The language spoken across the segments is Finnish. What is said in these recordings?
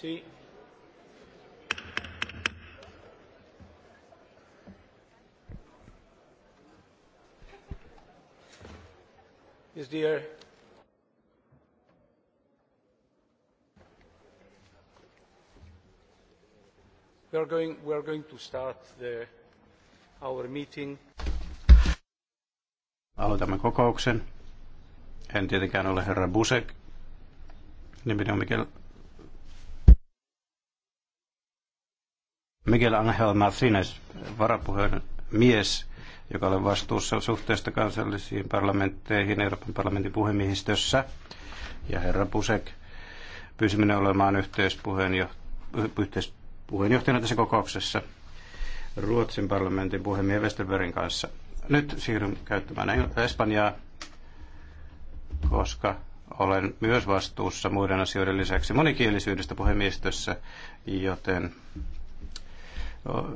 Sí. Yes, dear. We are going, we are going to start the, our meeting. Aloitamme kokouksen. En tietenkään ole herra Busek. Nimeni on Mikkel Miguel Angel Martinez, varapuheen mies, joka oli vastuussa suhteesta kansallisiin parlamentteihin Euroopan parlamentin puhemiehistössä, ja herra Pusek, pyysimme olemaan yhteispuheenjohtajana tässä kokouksessa Ruotsin parlamentin puhemiehen Westerbergin kanssa. Nyt siirryn käyttämään Espanjaa, koska olen myös vastuussa muiden asioiden lisäksi monikielisyydestä puhemiestössä, joten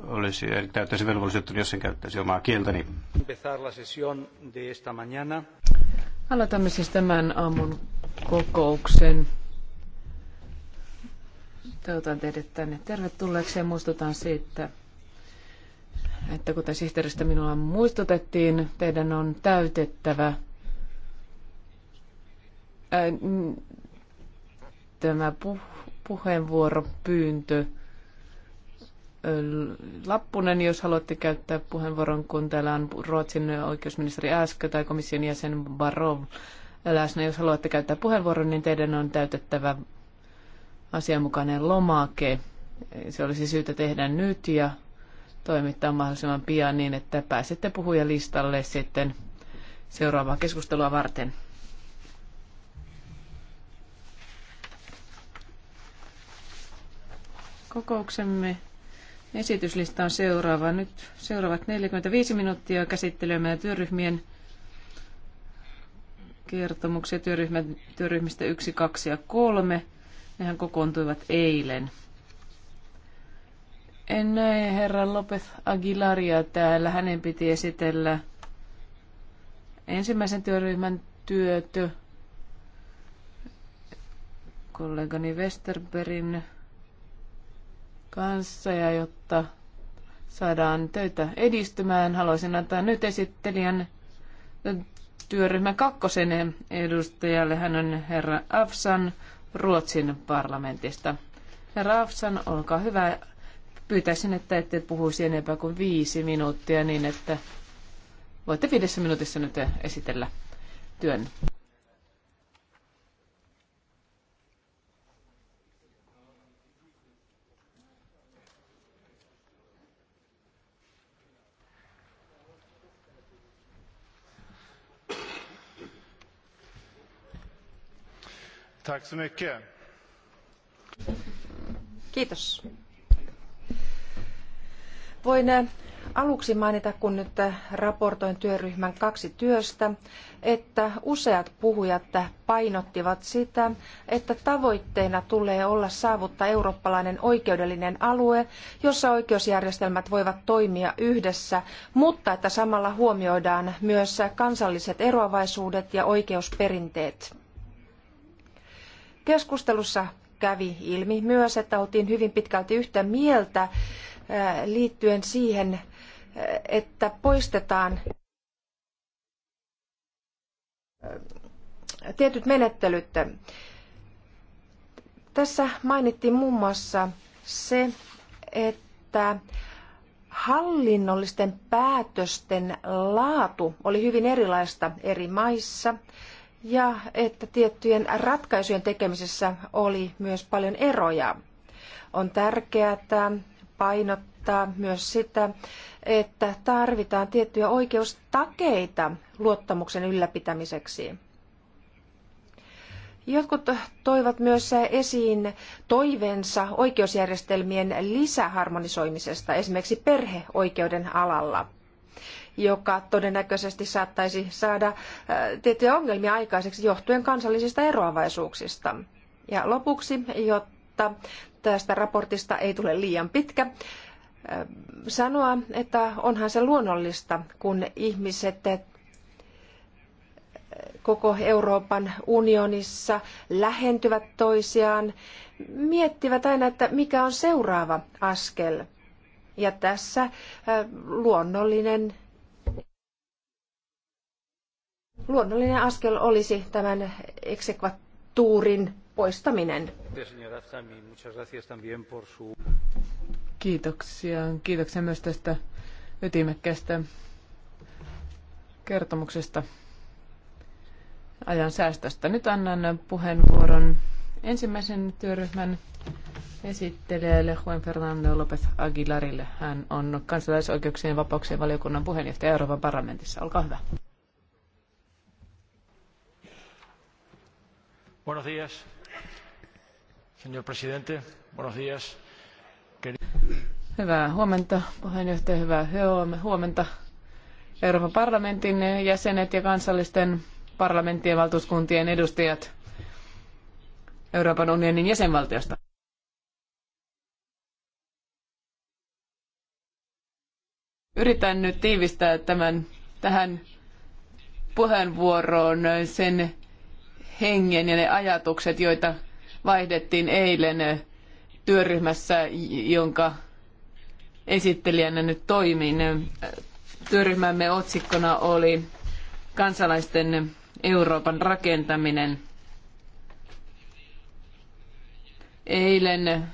olisi, täyttäisi velvollisuutta, jos sen käyttäisi omaa kieltäni. Niin... Aloitamme siis tämän aamun kokouksen. Toivotan teidät tänne tervetulleeksi ja muistutan siitä, että kuten sihteeristä minua muistutettiin, teidän on täytettävä tämä puheenvuoropyyntö pyyntö Lappunen, jos haluatte käyttää puheenvuoron, kun täällä on Ruotsin oikeusministeri Äskö tai komission jäsen Barov läsnä. Jos haluatte käyttää puheenvuoron, niin teidän on täytettävä asianmukainen lomake. Se olisi syytä tehdä nyt ja toimittaa mahdollisimman pian niin, että pääsette puhujalistalle sitten seuraavaa keskustelua varten. Kokouksemme Esityslista on seuraava. Nyt seuraavat 45 minuuttia käsittelemään työryhmien kertomuksia työryhmä, työryhmistä 1, 2 ja 3. Nehän kokoontuivat eilen. En näe herra Lopez Aguilaria täällä. Hänen piti esitellä ensimmäisen työryhmän työtö kollegani Westerberin kanssa ja jotta saadaan töitä edistymään, haluaisin antaa nyt esittelijän työryhmä kakkosen edustajalle. Hän on herra Afsan Ruotsin parlamentista. Herra Afsan, olkaa hyvä. Pyytäisin, että ette puhuisi enempää kuin viisi minuuttia niin, että voitte viidessä minuutissa nyt esitellä työn. Tack så mycket. Kiitos. Voin äh, aluksi mainita, kun nyt äh, raportoin työryhmän kaksi työstä, että useat puhujat äh, painottivat sitä, että tavoitteena tulee olla saavuttaa eurooppalainen oikeudellinen alue, jossa oikeusjärjestelmät voivat toimia yhdessä, mutta että samalla huomioidaan myös kansalliset eroavaisuudet ja oikeusperinteet. Keskustelussa kävi ilmi myös, että oltiin hyvin pitkälti yhtä mieltä äh, liittyen siihen, äh, että poistetaan äh, tietyt menettelyt. Tässä mainittiin muun muassa se, että hallinnollisten päätösten laatu oli hyvin erilaista eri maissa – ja että tiettyjen ratkaisujen tekemisessä oli myös paljon eroja. On tärkeää painottaa myös sitä, että tarvitaan tiettyjä oikeustakeita luottamuksen ylläpitämiseksi. Jotkut toivat myös esiin toiveensa oikeusjärjestelmien lisäharmonisoimisesta esimerkiksi perheoikeuden alalla – joka todennäköisesti saattaisi saada äh, tiettyjä ongelmia aikaiseksi johtuen kansallisista eroavaisuuksista. Ja lopuksi, jotta tästä raportista ei tule liian pitkä, äh, sanoa, että onhan se luonnollista, kun ihmiset äh, koko Euroopan unionissa lähentyvät toisiaan, miettivät aina, että mikä on seuraava askel. Ja tässä luonnollinen luonnollinen askel olisi tämän eksekvatuurin poistaminen. Kiitoksia. Kiitoksia myös tästä ytimekkäistä kertomuksesta ajan säästöstä. Nyt annan puheenvuoron ensimmäisen työryhmän esittelijälle Juan Fernando López Aguilarille. Hän on kansalaisoikeuksien ja vapauksien valiokunnan puheenjohtaja Euroopan parlamentissa. Olkaa hyvä. señor presidente. Buenos días. Hyvää huomenta, puheenjohtaja. Hyvää huomenta Euroopan parlamentin jäsenet ja kansallisten parlamenttien valtuuskuntien edustajat Euroopan unionin jäsenvaltiosta. Yritän nyt tiivistää tämän tähän puheenvuoroon sen hengen ja ne ajatukset, joita vaihdettiin eilen eh, työryhmässä, jonka esittelijänä nyt toimin. Eh, työryhmämme otsikkona oli kansalaisten Euroopan rakentaminen. Eilen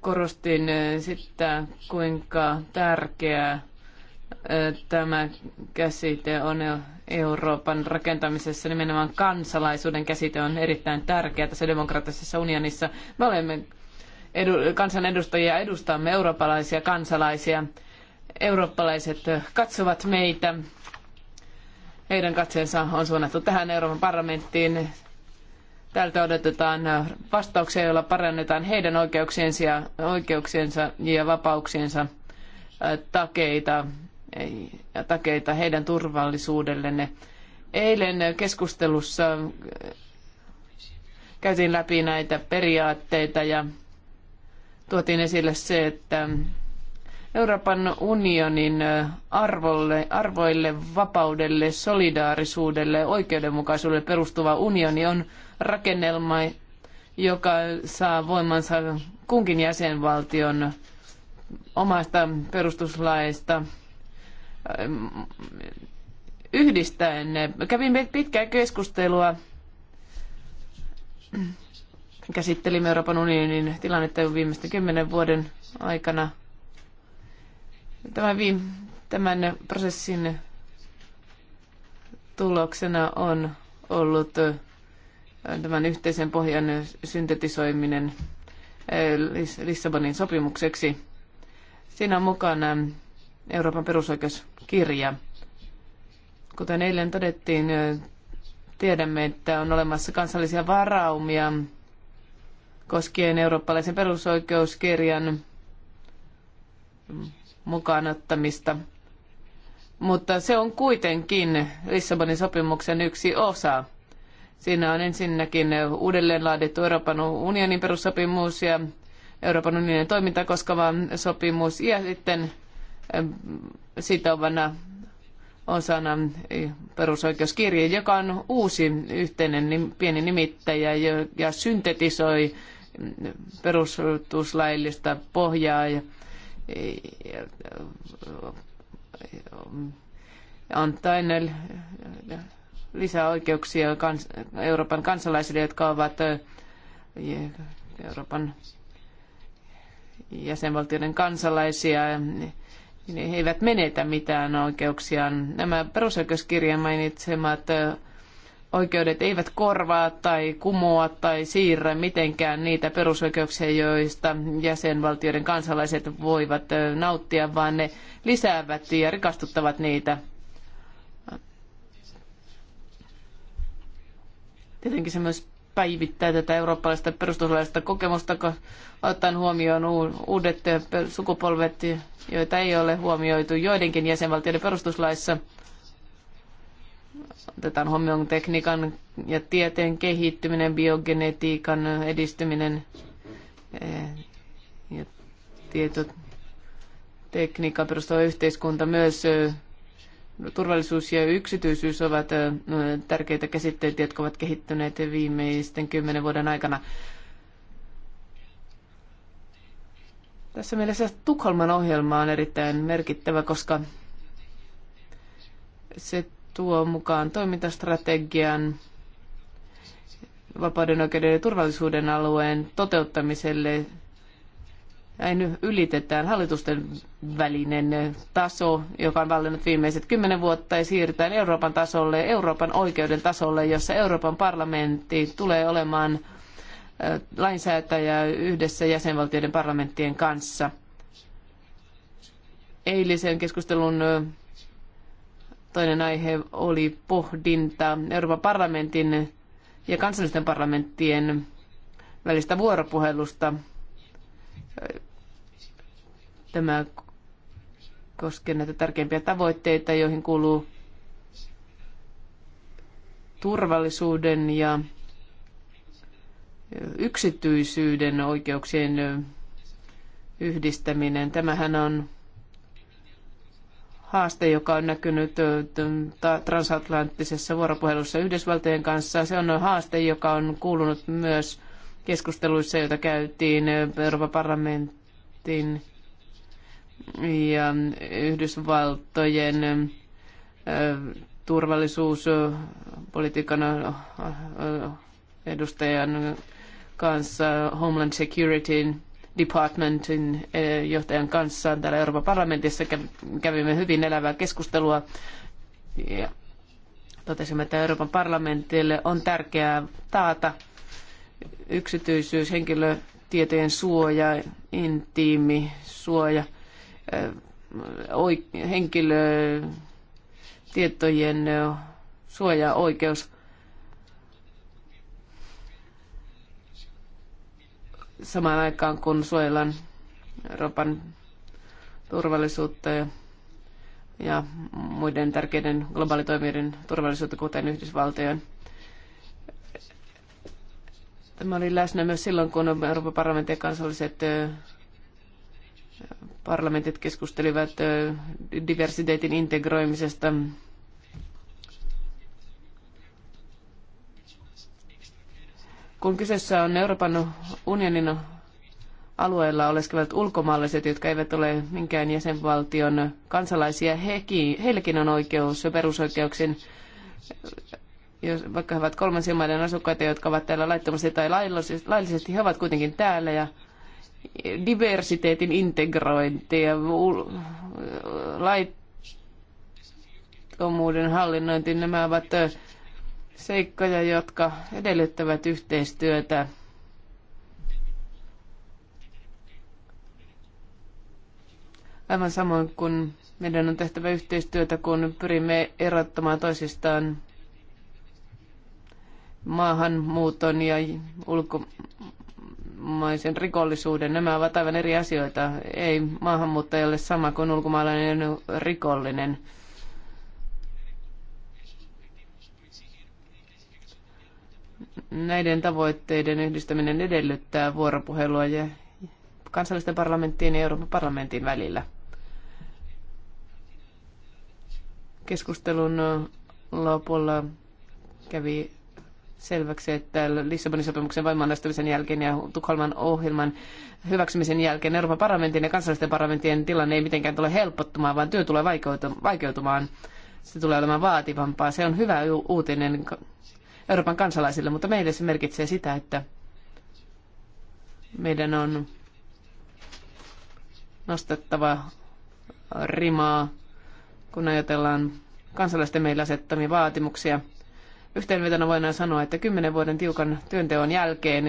korostin eh, sitä, kuinka tärkeää tämä käsite on Euroopan rakentamisessa nimenomaan kansalaisuuden käsite on erittäin tärkeä tässä demokraattisessa unionissa. Me olemme edu- kansanedustajia, edustamme eurooppalaisia kansalaisia. Eurooppalaiset katsovat meitä. Heidän katseensa on suunnattu tähän Euroopan parlamenttiin. Tältä odotetaan vastauksia, joilla parannetaan heidän oikeuksiensa ja vapauksiensa takeita ja takeita heidän turvallisuudellenne. Eilen keskustelussa äh, käytiin läpi näitä periaatteita ja tuotiin esille se, että Euroopan unionin äh, arvolle, arvoille, vapaudelle, solidaarisuudelle, oikeudenmukaisuudelle perustuva unioni on rakennelma, joka saa voimansa kunkin jäsenvaltion omasta perustuslaista yhdistäen. Kävimme pitkää keskustelua. Käsittelimme Euroopan unionin tilannetta viimeisten kymmenen vuoden aikana. Tämän, viime, tämän prosessin tuloksena on ollut tämän yhteisen pohjan syntetisoiminen Lissabonin sopimukseksi. Siinä on mukana Euroopan perusoikeus kirja. Kuten eilen todettiin, tiedämme, että on olemassa kansallisia varaumia koskien eurooppalaisen perusoikeuskirjan mukaanottamista. Mutta se on kuitenkin Lissabonin sopimuksen yksi osa. Siinä on ensinnäkin uudelleen laadittu Euroopan unionin perussopimus ja Euroopan unionin toimintaa koskeva sopimus ja sitten sitovana osana perusoikeuskirja, joka on uusi yhteinen pieni nimittäjä ja syntetisoi perustuslaillista pohjaa ja antaen lisää oikeuksia Euroopan kansalaisille, jotka ovat Euroopan jäsenvaltioiden kansalaisia niin he eivät menetä mitään oikeuksiaan. Nämä perusoikeuskirjan mainitsemat oikeudet eivät korvaa tai kumoa tai siirrä mitenkään niitä perusoikeuksia, joista jäsenvaltioiden kansalaiset voivat nauttia, vaan ne lisäävät ja rikastuttavat niitä. Tietenkin se myös päivittää tätä eurooppalaista perustuslaillista kokemusta, ottaen huomioon uudet sukupolvet, joita ei ole huomioitu joidenkin jäsenvaltioiden perustuslaissa. Otetaan huomioon tekniikan ja tieteen kehittyminen, biogenetiikan edistyminen eh, ja tietotekniikkaan perustuva yhteiskunta myös eh, turvallisuus ja yksityisyys ovat tärkeitä käsitteitä, jotka ovat kehittyneet viimeisten kymmenen vuoden aikana. Tässä mielessä Tukholman ohjelma on erittäin merkittävä, koska se tuo mukaan toimintastrategian vapauden, oikeuden ja turvallisuuden alueen toteuttamiselle näin ylitetään hallitusten välinen taso, joka on vallinnut viimeiset kymmenen vuotta, ja siirrytään Euroopan tasolle, Euroopan oikeuden tasolle, jossa Euroopan parlamentti tulee olemaan lainsäätäjä yhdessä jäsenvaltioiden parlamenttien kanssa. Eilisen keskustelun toinen aihe oli pohdinta Euroopan parlamentin ja kansallisten parlamenttien välistä vuoropuhelusta Tämä koskee näitä tärkeimpiä tavoitteita, joihin kuuluu turvallisuuden ja yksityisyyden oikeuksien yhdistäminen. Tämähän on haaste, joka on näkynyt äh, transatlanttisessa vuoropuhelussa Yhdysvaltojen kanssa. Se on haaste, joka on kuulunut myös keskusteluissa, joita käytiin äh, Euroopan parlamentin ja Yhdysvaltojen turvallisuuspolitiikan edustajan kanssa, Homeland Security Departmentin johtajan kanssa täällä Euroopan parlamentissa kävimme hyvin elävää keskustelua ja totesimme, että Euroopan parlamentille on tärkeää taata yksityisyys, henkilötietojen suoja, intiimi suoja – henkilötietojen suojaoikeus. Samaan aikaan kun suojellaan Euroopan turvallisuutta ja, ja muiden tärkeiden globaalitoimijoiden turvallisuutta, kuten Yhdysvaltojen. Tämä oli läsnä myös silloin, kun Euroopan parlamentin kansalliset parlamentit keskustelivat diversiteetin integroimisesta kun kyseessä on Euroopan unionin alueella oleskelevat ulkomaalaiset, jotka eivät ole minkään jäsenvaltion kansalaisia, heki, heilläkin on oikeus perusoikeuksiin, jos, vaikka he ovat kolmansien maiden asukkaita, jotka ovat täällä laittomasti tai laillisesti, he ovat kuitenkin täällä ja diversiteetin integrointia, laittomuuden hallinnointi, nämä ovat seikkoja, jotka edellyttävät yhteistyötä. Aivan samoin kuin meidän on tehtävä yhteistyötä, kun pyrimme erottamaan toisistaan maahanmuuton ja ulko- maisen rikollisuuden. Nämä ovat aivan eri asioita. Ei maahanmuuttajalle sama kuin ulkomaalainen rikollinen. Näiden tavoitteiden yhdistäminen edellyttää vuoropuhelua ja kansallisten parlamenttien ja Euroopan parlamentin välillä. Keskustelun lopulla kävi selväksi, että Lissabonin sopimuksen voimaanastumisen jälkeen ja Tukholman ohjelman hyväksymisen jälkeen Euroopan parlamentin ja kansallisten parlamentien tilanne ei mitenkään tule helpottumaan, vaan työ tulee vaikeutumaan. Se tulee olemaan vaativampaa. Se on hyvä uutinen Euroopan kansalaisille, mutta meille se merkitsee sitä, että meidän on nostettava rimaa, kun ajatellaan kansalaisten meillä asettamia vaatimuksia – Yhteenvetona voidaan sanoa, että kymmenen vuoden tiukan työnteon jälkeen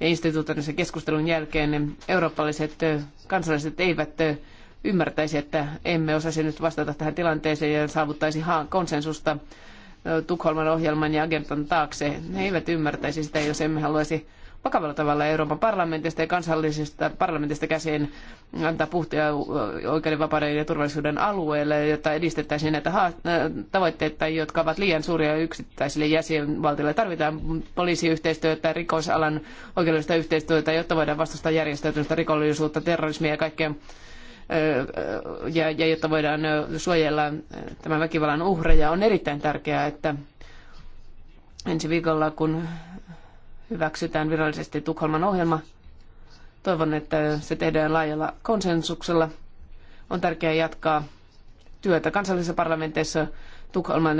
ja instituutioiden keskustelun jälkeen eurooppalaiset kansalaiset eivät ymmärtäisi, että emme osaisi nyt vastata tähän tilanteeseen ja saavuttaisi konsensusta Tukholman ohjelman ja agentan taakse. He eivät ymmärtäisi sitä, jos emme haluaisi vakavalla tavalla Euroopan parlamentista ja kansallisista parlamentista käsin antaa puhtia oikeuden, vapauden ja turvallisuuden alueelle, jotta edistettäisiin näitä äh, tavoitteita, jotka ovat liian suuria yksittäisille jäsenvaltioille. Tarvitaan poliisiyhteistyötä, rikosalan oikeudellista yhteistyötä, jotta voidaan vastustaa järjestäytymistä rikollisuutta, terrorismia ja kaikkea äh, ja, ja jotta voidaan suojella tämän väkivallan uhreja, on erittäin tärkeää, että ensi viikolla, kun hyväksytään virallisesti Tukholman ohjelma. Toivon, että se tehdään laajalla konsensuksella. On tärkeää jatkaa työtä kansallisissa parlamenteissa Tukholman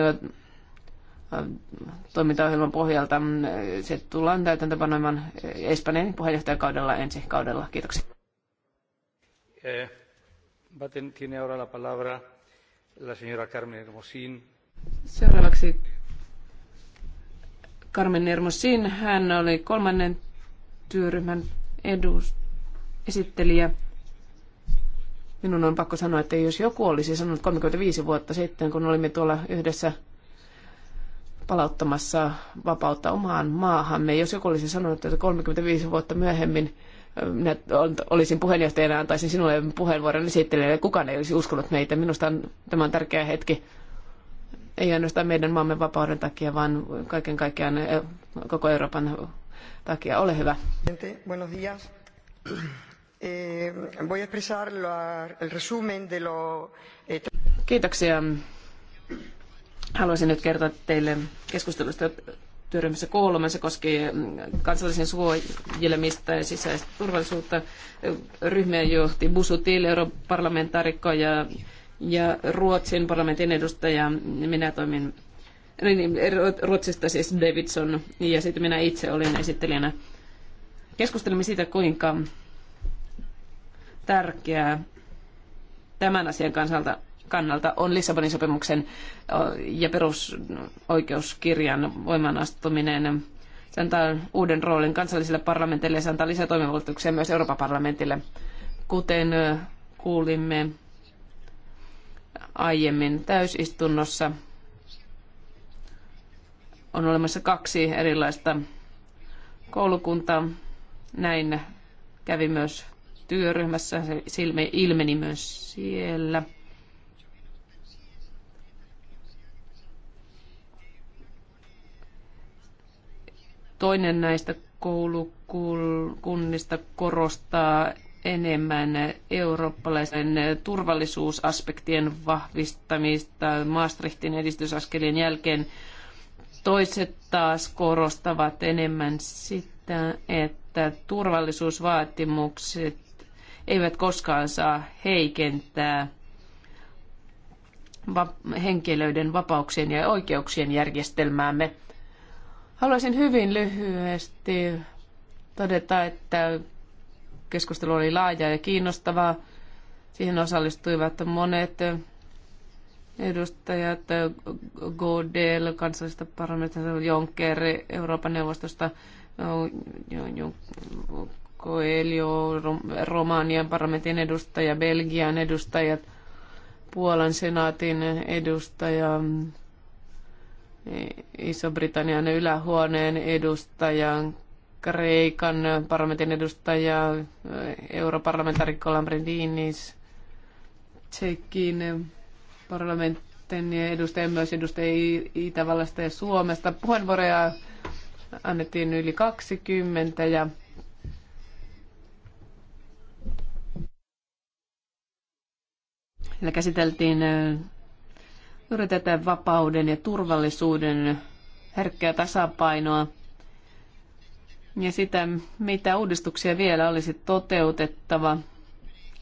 toimintaohjelman pohjalta. Se tullaan täytäntöpanoimaan Espanjan puheenjohtajakaudella ensi kaudella. Kiitoksia. Eh, Seuraavaksi Carmen Hermosin. Hän oli kolmannen työryhmän edus, esittelijä. Minun on pakko sanoa, että jos joku olisi sanonut 35 vuotta sitten, kun olimme tuolla yhdessä palauttamassa vapautta omaan maahamme, jos joku olisi sanonut, että 35 vuotta myöhemmin minä olisin puheenjohtajana antaisin sinulle puheenvuoron esittelijälle, kukaan ei olisi uskonut meitä. Minusta on, tämä on tärkeä hetki ei ainoastaan meidän maamme vapauden takia, vaan kaiken kaikkiaan eh, koko Euroopan takia. Ole hyvä. Buenos días. Eh, voy a expresar el resumen de lo... Eh, Kiitoksia. Haluaisin nyt kertoa teille keskustelusta työryhmässä kolme. Se koski mm, kansallisen suojelemista ja sisäistä turvallisuutta. Ryhmien johti Busutil, europarlamentaarikko ja ja Ruotsin parlamentin edustaja, minä toimin niin, niin, Ruotsista siis Davidson, ja sitten minä itse olin esittelijänä. Keskustelimme siitä, kuinka tärkeää tämän asian kansalta, kannalta on Lissabonin sopimuksen ja perusoikeuskirjan voimaanastuminen. Se antaa uuden roolin kansallisille parlamenteille ja se antaa lisää toimivaltuuksia myös Euroopan parlamentille. Kuten kuulimme aiemmin täysistunnossa. On olemassa kaksi erilaista koulukuntaa. Näin kävi myös työryhmässä, se silme ilmeni myös siellä. Toinen näistä koulukunnista korostaa enemmän eurooppalaisen turvallisuusaspektien vahvistamista Maastrichtin edistysaskelien jälkeen. Toiset taas korostavat enemmän sitä, että turvallisuusvaatimukset eivät koskaan saa heikentää henkilöiden vapauksien ja oikeuksien järjestelmäämme. Haluaisin hyvin lyhyesti todeta, että Keskustelu oli laaja ja kiinnostavaa. Siihen osallistuivat monet edustajat, Godel, kansallista parlamentista, Jonker, Euroopan neuvostosta, Coelho, Romanian parlamentin edustaja, Belgian edustajat, Puolan senaatin edustaja, Iso-Britannian ylähuoneen edustajan Kreikan parlamentin edustaja, europarlamentaarikko Lambridinis, Tsekin parlamentin edustaja, myös edustajia Itävallasta ja Suomesta. Puheenvuoroja annettiin yli 20 ja Siellä käsiteltiin äh, juuri tätä vapauden ja turvallisuuden herkkää tasapainoa ja sitä, mitä uudistuksia vielä olisi toteutettava,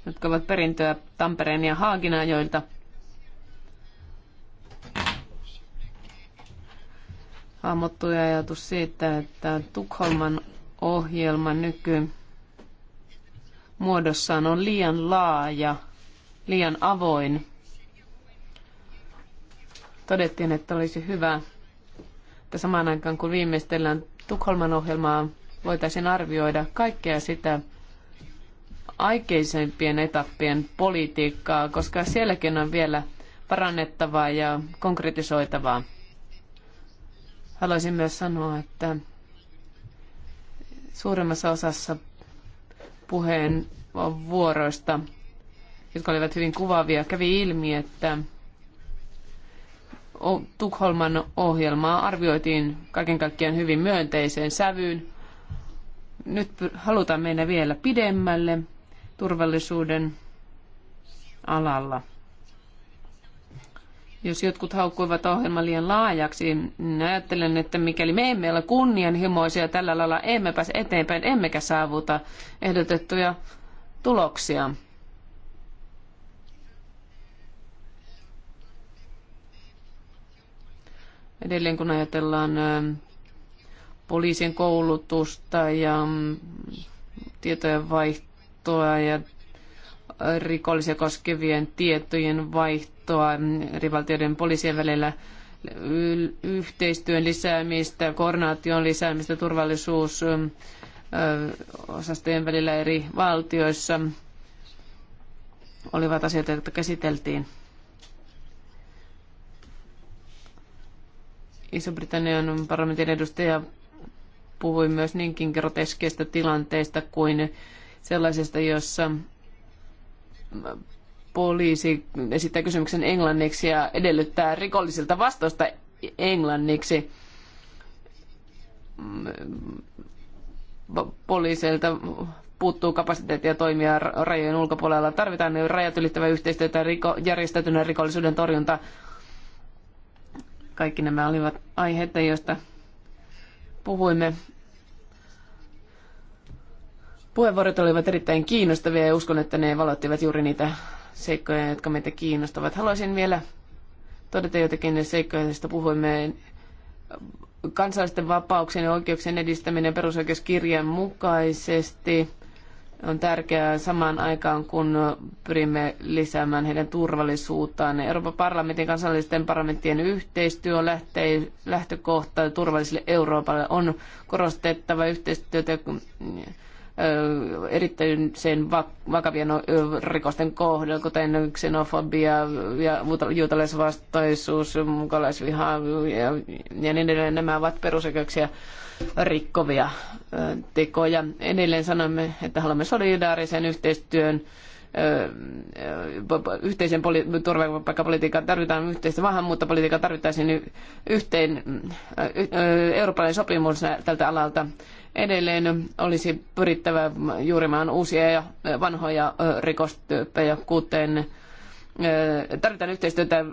jotka ovat perintöä Tampereen ja Haaginajoilta. Hahmottui ajatus siitä, että Tukholman ohjelma nyky muodossaan on liian laaja, liian avoin. Todettiin, että olisi hyvä, että samaan aikaan kun viimeistellään Tukholman ohjelmaa voitaisiin arvioida kaikkea sitä aikeisempien etappien politiikkaa, koska sielläkin on vielä parannettavaa ja konkretisoitavaa. Haluaisin myös sanoa, että suurimmassa osassa puheen vuoroista, jotka olivat hyvin kuvaavia, kävi ilmi, että Tukholman ohjelmaa arvioitiin kaiken kaikkiaan hyvin myönteiseen sävyyn. Nyt halutaan mennä vielä pidemmälle turvallisuuden alalla. Jos jotkut haukkuivat ohjelman liian laajaksi, niin ajattelen, että mikäli me emme ole kunnianhimoisia tällä lailla, emme pääse eteenpäin, emmekä saavuta ehdotettuja tuloksia. Edelleen kun ajatellaan poliisin koulutusta ja mm, tietojen vaihtoa ja rikollisia koskevien tietojen vaihtoa mm, eri valtioiden poliisien välillä, yhteistyön lisäämistä, koordinaation lisäämistä, turvallisuus osastojen välillä eri valtioissa olivat asioita, joita käsiteltiin. Iso-Britannian parlamentin edustaja puhui myös niinkin groteskeista tilanteista kuin sellaisesta, jossa poliisi esittää kysymyksen englanniksi ja edellyttää rikollisilta vastausta englanniksi poliiseilta puuttuu kapasiteettia toimia rajojen ulkopuolella. Tarvitaan rajat ylittävä yhteistyötä, riko, järjestäytyneen rikollisuuden torjunta, kaikki nämä olivat aiheita, joista puhuimme. Puheenvuorot olivat erittäin kiinnostavia ja uskon, että ne valottivat juuri niitä seikkoja, jotka meitä kiinnostavat. Haluaisin vielä todeta jotakin seikkoja, joista puhuimme Kansallisten vapauksien ja oikeuksien edistäminen perusoikeuskirjan mukaisesti on tärkeää samaan aikaan, kun pyrimme lisäämään heidän turvallisuuttaan. Euroopan parlamentin kansallisten parlamenttien yhteistyö on lähtökohta turvalliselle Euroopalle. On korostettava yhteistyötä erittäin sen vakavien rikosten kohdalla, kuten xenofobia ja juutalaisvastaisuus, mukalaisviha ja niin edelleen. Nämä ovat perusoikeuksia rikkovia tekoja. Edelleen sanomme, että haluamme solidaarisen yhteistyön yhteisen poli- turvapaikkapolitiikan tarvitaan, yhteistä maahanmuuttopolitiikkaa tarvittaisiin yhteen eurooppalainen sopimus tältä alalta. Edelleen olisi pyrittävä juurimaan uusia ja vanhoja rikostyyppejä, kuten tarvitaan yhteistyötä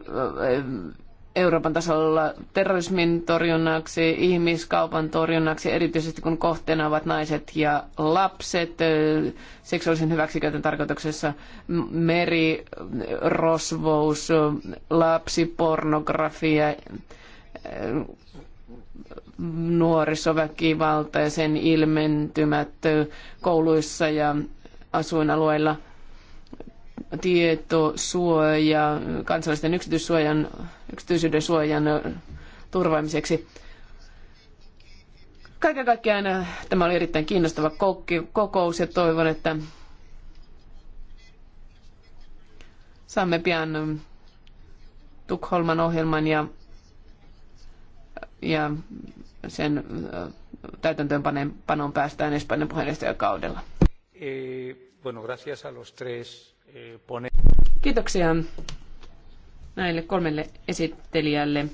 Euroopan tasolla terrorismin torjunnaksi, ihmiskaupan torjunnaksi, erityisesti kun kohteena ovat naiset ja lapset, seksuaalisen hyväksikäytön tarkoituksessa meri, rosvous, lapsipornografia, nuorisoväkivalta ja sen ilmentymät kouluissa ja asuinalueilla – tietosuoja, kansallisten yksityissuojan, yksityisyyden suojan turvaamiseksi. Kaiken kaikkiaan tämä oli erittäin kiinnostava kokous ja toivon, että saamme pian Tukholman ohjelman ja, ja sen täytäntöönpanoon päästään Espanjan puheenjohtajakaudella. Eh, bueno, gracias a los tres Kiitoksia näille kolmelle esittelijälle.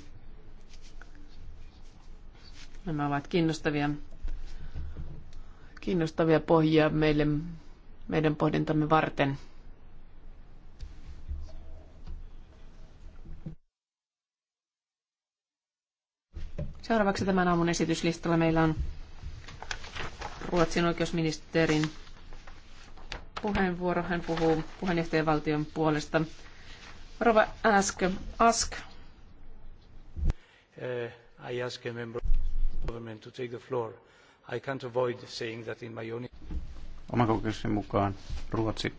Nämä ovat kiinnostavia, kiinnostavia pohjia meille, meidän pohdintamme varten. Seuraavaksi tämän aamun esityslistalla meillä on Ruotsin oikeusministerin puheenvuoro. Hän puhuu puheenjohtajavaltion puolesta. Rova Ask. Ask. Uh, I ask a member of government to take the floor. I can't avoid saying that in my own... Oman kokemukseni mukaan Ruotsi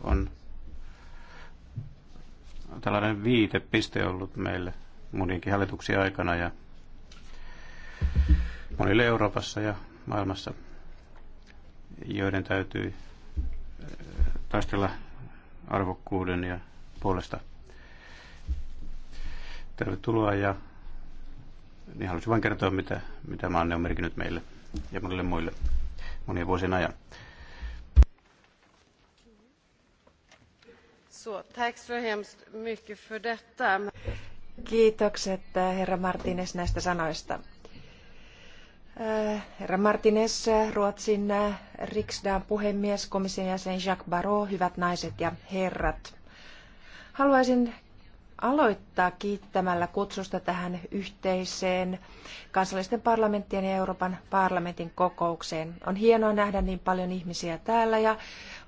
on tällainen viitepiste ollut meille moniinkin hallituksia aikana ja monille Euroopassa ja maailmassa, joiden täytyy taistella arvokkuuden ja puolesta. Tervetuloa ja niin halusin vain kertoa, mitä, mitä maanne on merkinnyt meille ja monille muille monien vuosien ajan. Så, tack så hemskt mycket för detta. Kiitokset eh, herra Martínez näistä sanoista. Äh, herra Martinez, Ruotsin äh, Riksdagen puhemies, komission jäsen Jacques Barrot, hyvät naiset ja herrat. Haluaisin aloittaa kiittämällä kutsusta tähän yhteiseen kansallisten parlamenttien ja Euroopan parlamentin kokoukseen. On hienoa nähdä niin paljon ihmisiä täällä ja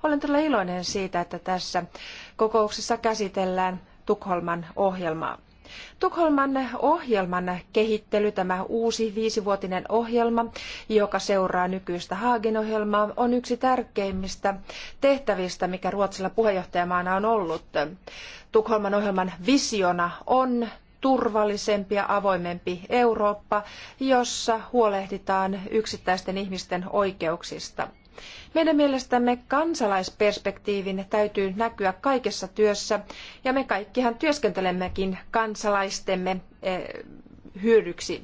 olen todella iloinen siitä, että tässä kokouksessa käsitellään Tukholman ohjelmaa. Tukholman ohjelman kehittely, tämä uusi viisivuotinen ohjelma, joka seuraa nykyistä Haagin ohjelmaa, on yksi tärkeimmistä tehtävistä, mikä Ruotsilla puheenjohtajamaana on ollut. Tukholman ohjelman visiona on turvallisempi ja avoimempi Eurooppa, jossa huolehditaan yksittäisten ihmisten oikeuksista. Meidän mielestämme kansalaisperspektiivin täytyy näkyä kaikessa työssä ja me kaikkihan työskentelemmekin kansalaistemme eh, hyödyksi.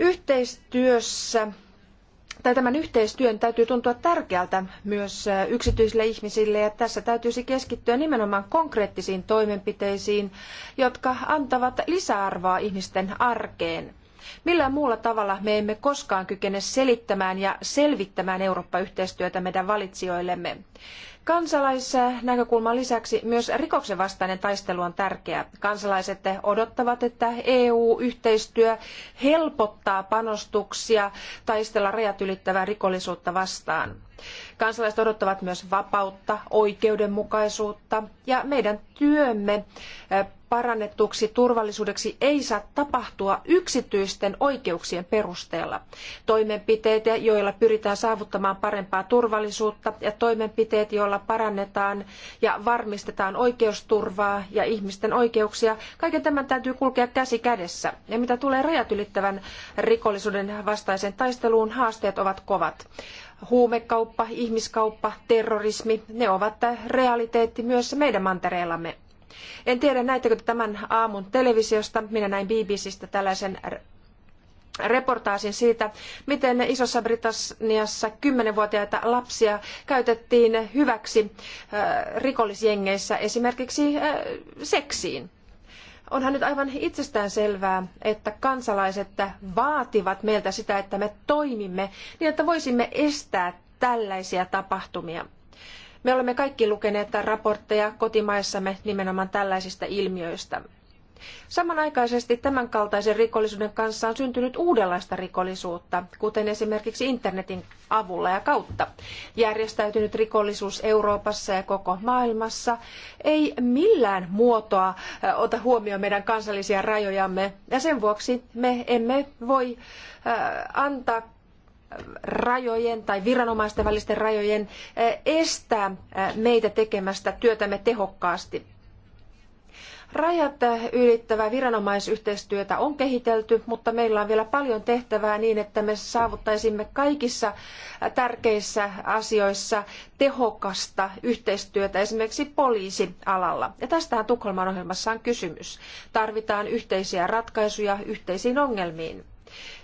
Yhteistyössä tai tämän yhteistyön täytyy tuntua tärkeältä myös eh, yksityisille ihmisille ja tässä täytyisi keskittyä nimenomaan konkreettisiin toimenpiteisiin, jotka antavat lisäarvoa ihmisten arkeen. Millään muulla tavalla me emme koskaan kykene selittämään ja selvittämään Eurooppa-yhteistyötä meidän valitsijoillemme. Kansalaisnäkökulman lisäksi myös rikoksen vastainen taistelu on tärkeä. Kansalaiset odottavat, että EU-yhteistyö helpottaa panostuksia taistella rajat ylittävää rikollisuutta vastaan. Kansalaiset odottavat myös vapautta, oikeudenmukaisuutta ja meidän työmme parannetuksi turvallisuudeksi ei saa tapahtua yksityisten oikeuksien perusteella. Toimenpiteet, joilla pyritään saavuttamaan parempaa turvallisuutta ja toimenpiteet, joilla parannetaan ja varmistetaan oikeusturvaa ja ihmisten oikeuksia, kaiken tämän täytyy kulkea käsi kädessä. Ja mitä tulee rajat ylittävän rikollisuuden vastaiseen taisteluun, haasteet ovat kovat huumekauppa, ihmiskauppa, terrorismi, ne ovat realiteetti myös meidän mantereellamme. En tiedä, näittekö tämän aamun televisiosta, minä näin BBCstä tällaisen reportaasin siitä, miten Isossa Britanniassa kymmenen vuotiaita lapsia käytettiin hyväksi äh, rikollisjengeissä esimerkiksi äh, seksiin. Onhan nyt aivan itsestään selvää, että kansalaiset vaativat meiltä sitä, että me toimimme niin, että voisimme estää tällaisia tapahtumia. Me olemme kaikki lukeneet raportteja kotimaissamme nimenomaan tällaisista ilmiöistä. Samanaikaisesti tämän kaltaisen rikollisuuden kanssa on syntynyt uudenlaista rikollisuutta, kuten esimerkiksi internetin avulla ja kautta. Järjestäytynyt rikollisuus Euroopassa ja koko maailmassa ei millään muotoa ota huomioon meidän kansallisia rajojamme, ja sen vuoksi me emme voi antaa rajojen tai viranomaisten välisten rajojen estää meitä tekemästä työtämme tehokkaasti. Rajat ylittävää viranomaisyhteistyötä on kehitelty, mutta meillä on vielä paljon tehtävää niin, että me saavuttaisimme kaikissa tärkeissä asioissa tehokasta yhteistyötä esimerkiksi poliisialalla. Ja tästähän Tukholman ohjelmassa on kysymys. Tarvitaan yhteisiä ratkaisuja yhteisiin ongelmiin.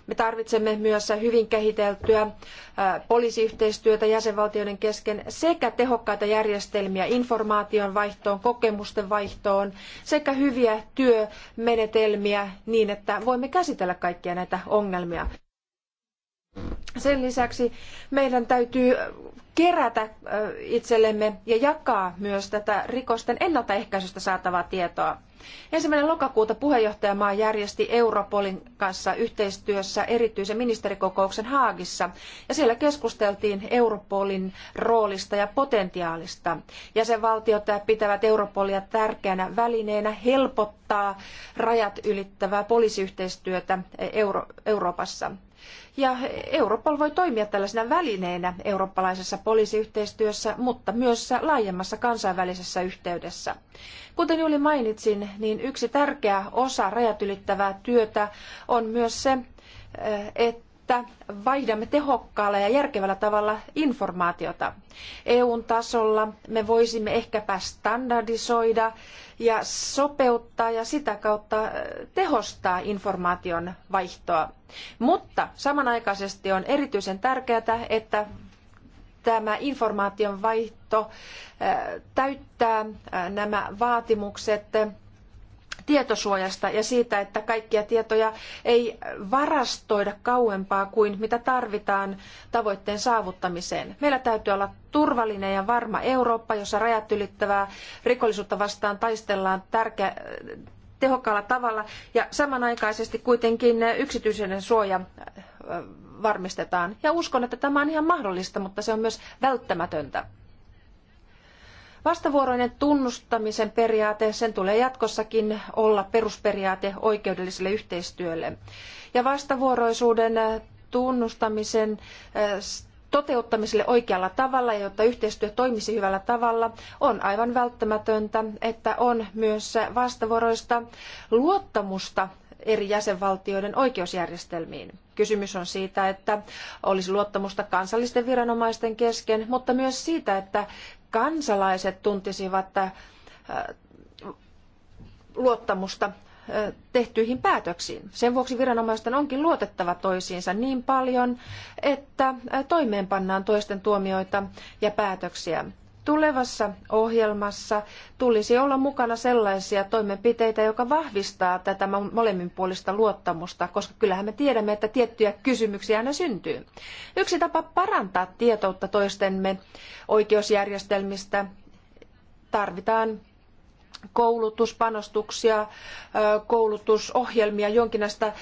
Me tarvitsemme myös hyvin kehiteltyä poliisiyhteistyötä jäsenvaltioiden kesken sekä tehokkaita järjestelmiä informaation vaihtoon, kokemusten vaihtoon sekä hyviä työmenetelmiä niin, että voimme käsitellä kaikkia näitä ongelmia. Sen lisäksi meidän täytyy kerätä itsellemme ja jakaa myös tätä rikosten ennaltaehkäisystä saatavaa tietoa. Ensimmäinen lokakuuta puheenjohtajamaa järjesti Europolin kanssa yhteistyössä erityisen ministerikokouksen Haagissa ja siellä keskusteltiin Europolin roolista ja potentiaalista. Jäsenvaltiot pitävät Europolia tärkeänä välineenä helpottaa rajat ylittävää poliisiyhteistyötä Euro Euroopassa. Ja Europol voi toimia tällaisena välineenä eurooppalaisessa poliisiyhteistyössä, mutta myös laajemmassa kansainvälisessä yhteydessä. Kuten juuri mainitsin, niin yksi tärkeä osa rajat ylittävää työtä on myös se, eh, että että vaihdamme tehokkaalla ja järkevällä tavalla informaatiota. EUn tasolla me voisimme ehkäpä standardisoida ja sopeuttaa ja sitä kautta äh, tehostaa informaation vaihtoa. Mutta samanaikaisesti on erityisen tärkeää, että tämä informaation vaihto äh, täyttää äh, nämä vaatimukset tietosuojasta ja siitä, että kaikkia tietoja ei varastoida kauempaa kuin mitä tarvitaan tavoitteen saavuttamiseen. Meillä täytyy olla turvallinen ja varma Eurooppa, jossa rajat ylittävää rikollisuutta vastaan taistellaan tärkeä, tehokkaalla tavalla ja samanaikaisesti kuitenkin yksityisen suoja varmistetaan. Ja uskon, että tämä on ihan mahdollista, mutta se on myös välttämätöntä. Vastavuoroinen tunnustamisen periaate, sen tulee jatkossakin olla perusperiaate oikeudelliselle yhteistyölle. Ja vastavuoroisuuden äh, tunnustamisen äh, toteuttamiselle oikealla tavalla ja jotta yhteistyö toimisi hyvällä tavalla, on aivan välttämätöntä, että on myös vastavuoroista luottamusta eri jäsenvaltioiden oikeusjärjestelmiin. Kysymys on siitä, että olisi luottamusta kansallisten viranomaisten kesken, mutta myös siitä, että kansalaiset tuntisivat äh, luottamusta äh, tehtyihin päätöksiin. Sen vuoksi viranomaisten onkin luotettava toisiinsa niin paljon, että äh, toimeenpannaan toisten tuomioita ja päätöksiä tulevassa ohjelmassa tulisi olla mukana sellaisia toimenpiteitä, joka vahvistaa tätä molemminpuolista luottamusta, koska kyllähän me tiedämme, että tiettyjä kysymyksiä aina syntyy. Yksi tapa parantaa tietoutta toistemme oikeusjärjestelmistä tarvitaan koulutuspanostuksia, koulutusohjelmia, jonkinlaista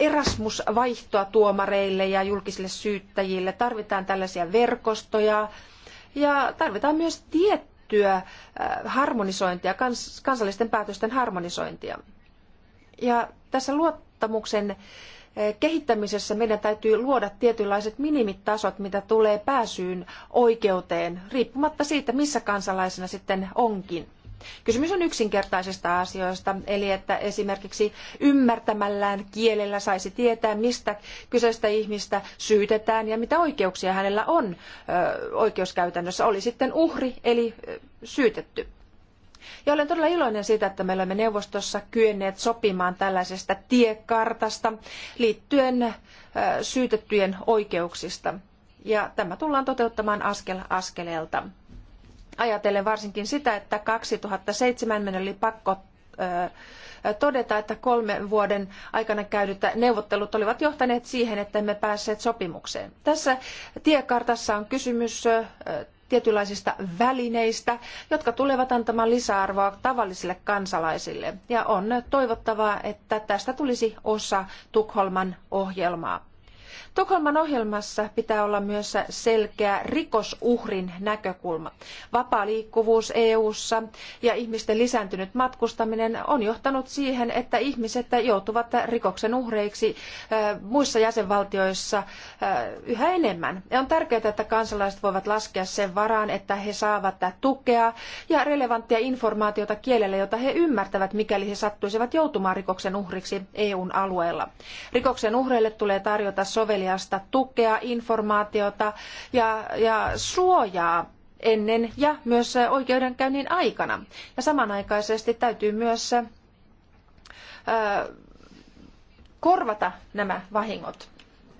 Erasmus-vaihtoa tuomareille ja julkisille syyttäjille. Tarvitaan tällaisia verkostoja, ja tarvitaan myös tiettyä äh, harmonisointia, kansallisten päätösten harmonisointia. Ja tässä luottamuksen äh, kehittämisessä meidän täytyy luoda tietynlaiset minimitasot, mitä tulee pääsyyn oikeuteen, riippumatta siitä, missä kansalaisena sitten onkin. Kysymys on yksinkertaisista asioista, eli että esimerkiksi ymmärtämällään kielellä saisi tietää, mistä kyseistä ihmistä syytetään ja mitä oikeuksia hänellä on oikeuskäytännössä, oli sitten uhri eli syytetty. Ja olen todella iloinen siitä, että me olemme neuvostossa kyenneet sopimaan tällaisesta tiekartasta liittyen syytettyjen oikeuksista. Ja tämä tullaan toteuttamaan askel askeleelta. Ajatellen varsinkin sitä, että 2007 oli pakko todeta, että kolmen vuoden aikana käydyt neuvottelut olivat johtaneet siihen, että emme päässeet sopimukseen. Tässä tiekartassa on kysymys tietynlaisista välineistä, jotka tulevat antamaan lisäarvoa tavallisille kansalaisille. Ja on toivottavaa, että tästä tulisi osa Tukholman ohjelmaa. Tukholman ohjelmassa pitää olla myös selkeä rikosuhrin näkökulma. Vapaa liikkuvuus EU:ssa ja ihmisten lisääntynyt matkustaminen on johtanut siihen, että ihmiset joutuvat rikoksen uhreiksi muissa jäsenvaltioissa yhä enemmän. Ja on tärkeää, että kansalaiset voivat laskea sen varaan, että he saavat tukea ja relevanttia informaatiota kielellä, jota he ymmärtävät, mikäli he sattuisivat joutumaan rikoksen uhriksi EUn alueella. Rikoksen uhreille tulee tarjota sovellutuksia toimeliasta tukea, informaatiota ja, ja suojaa ennen ja myös oikeudenkäynnin aikana. Ja samanaikaisesti täytyy myös korvata nämä vahingot.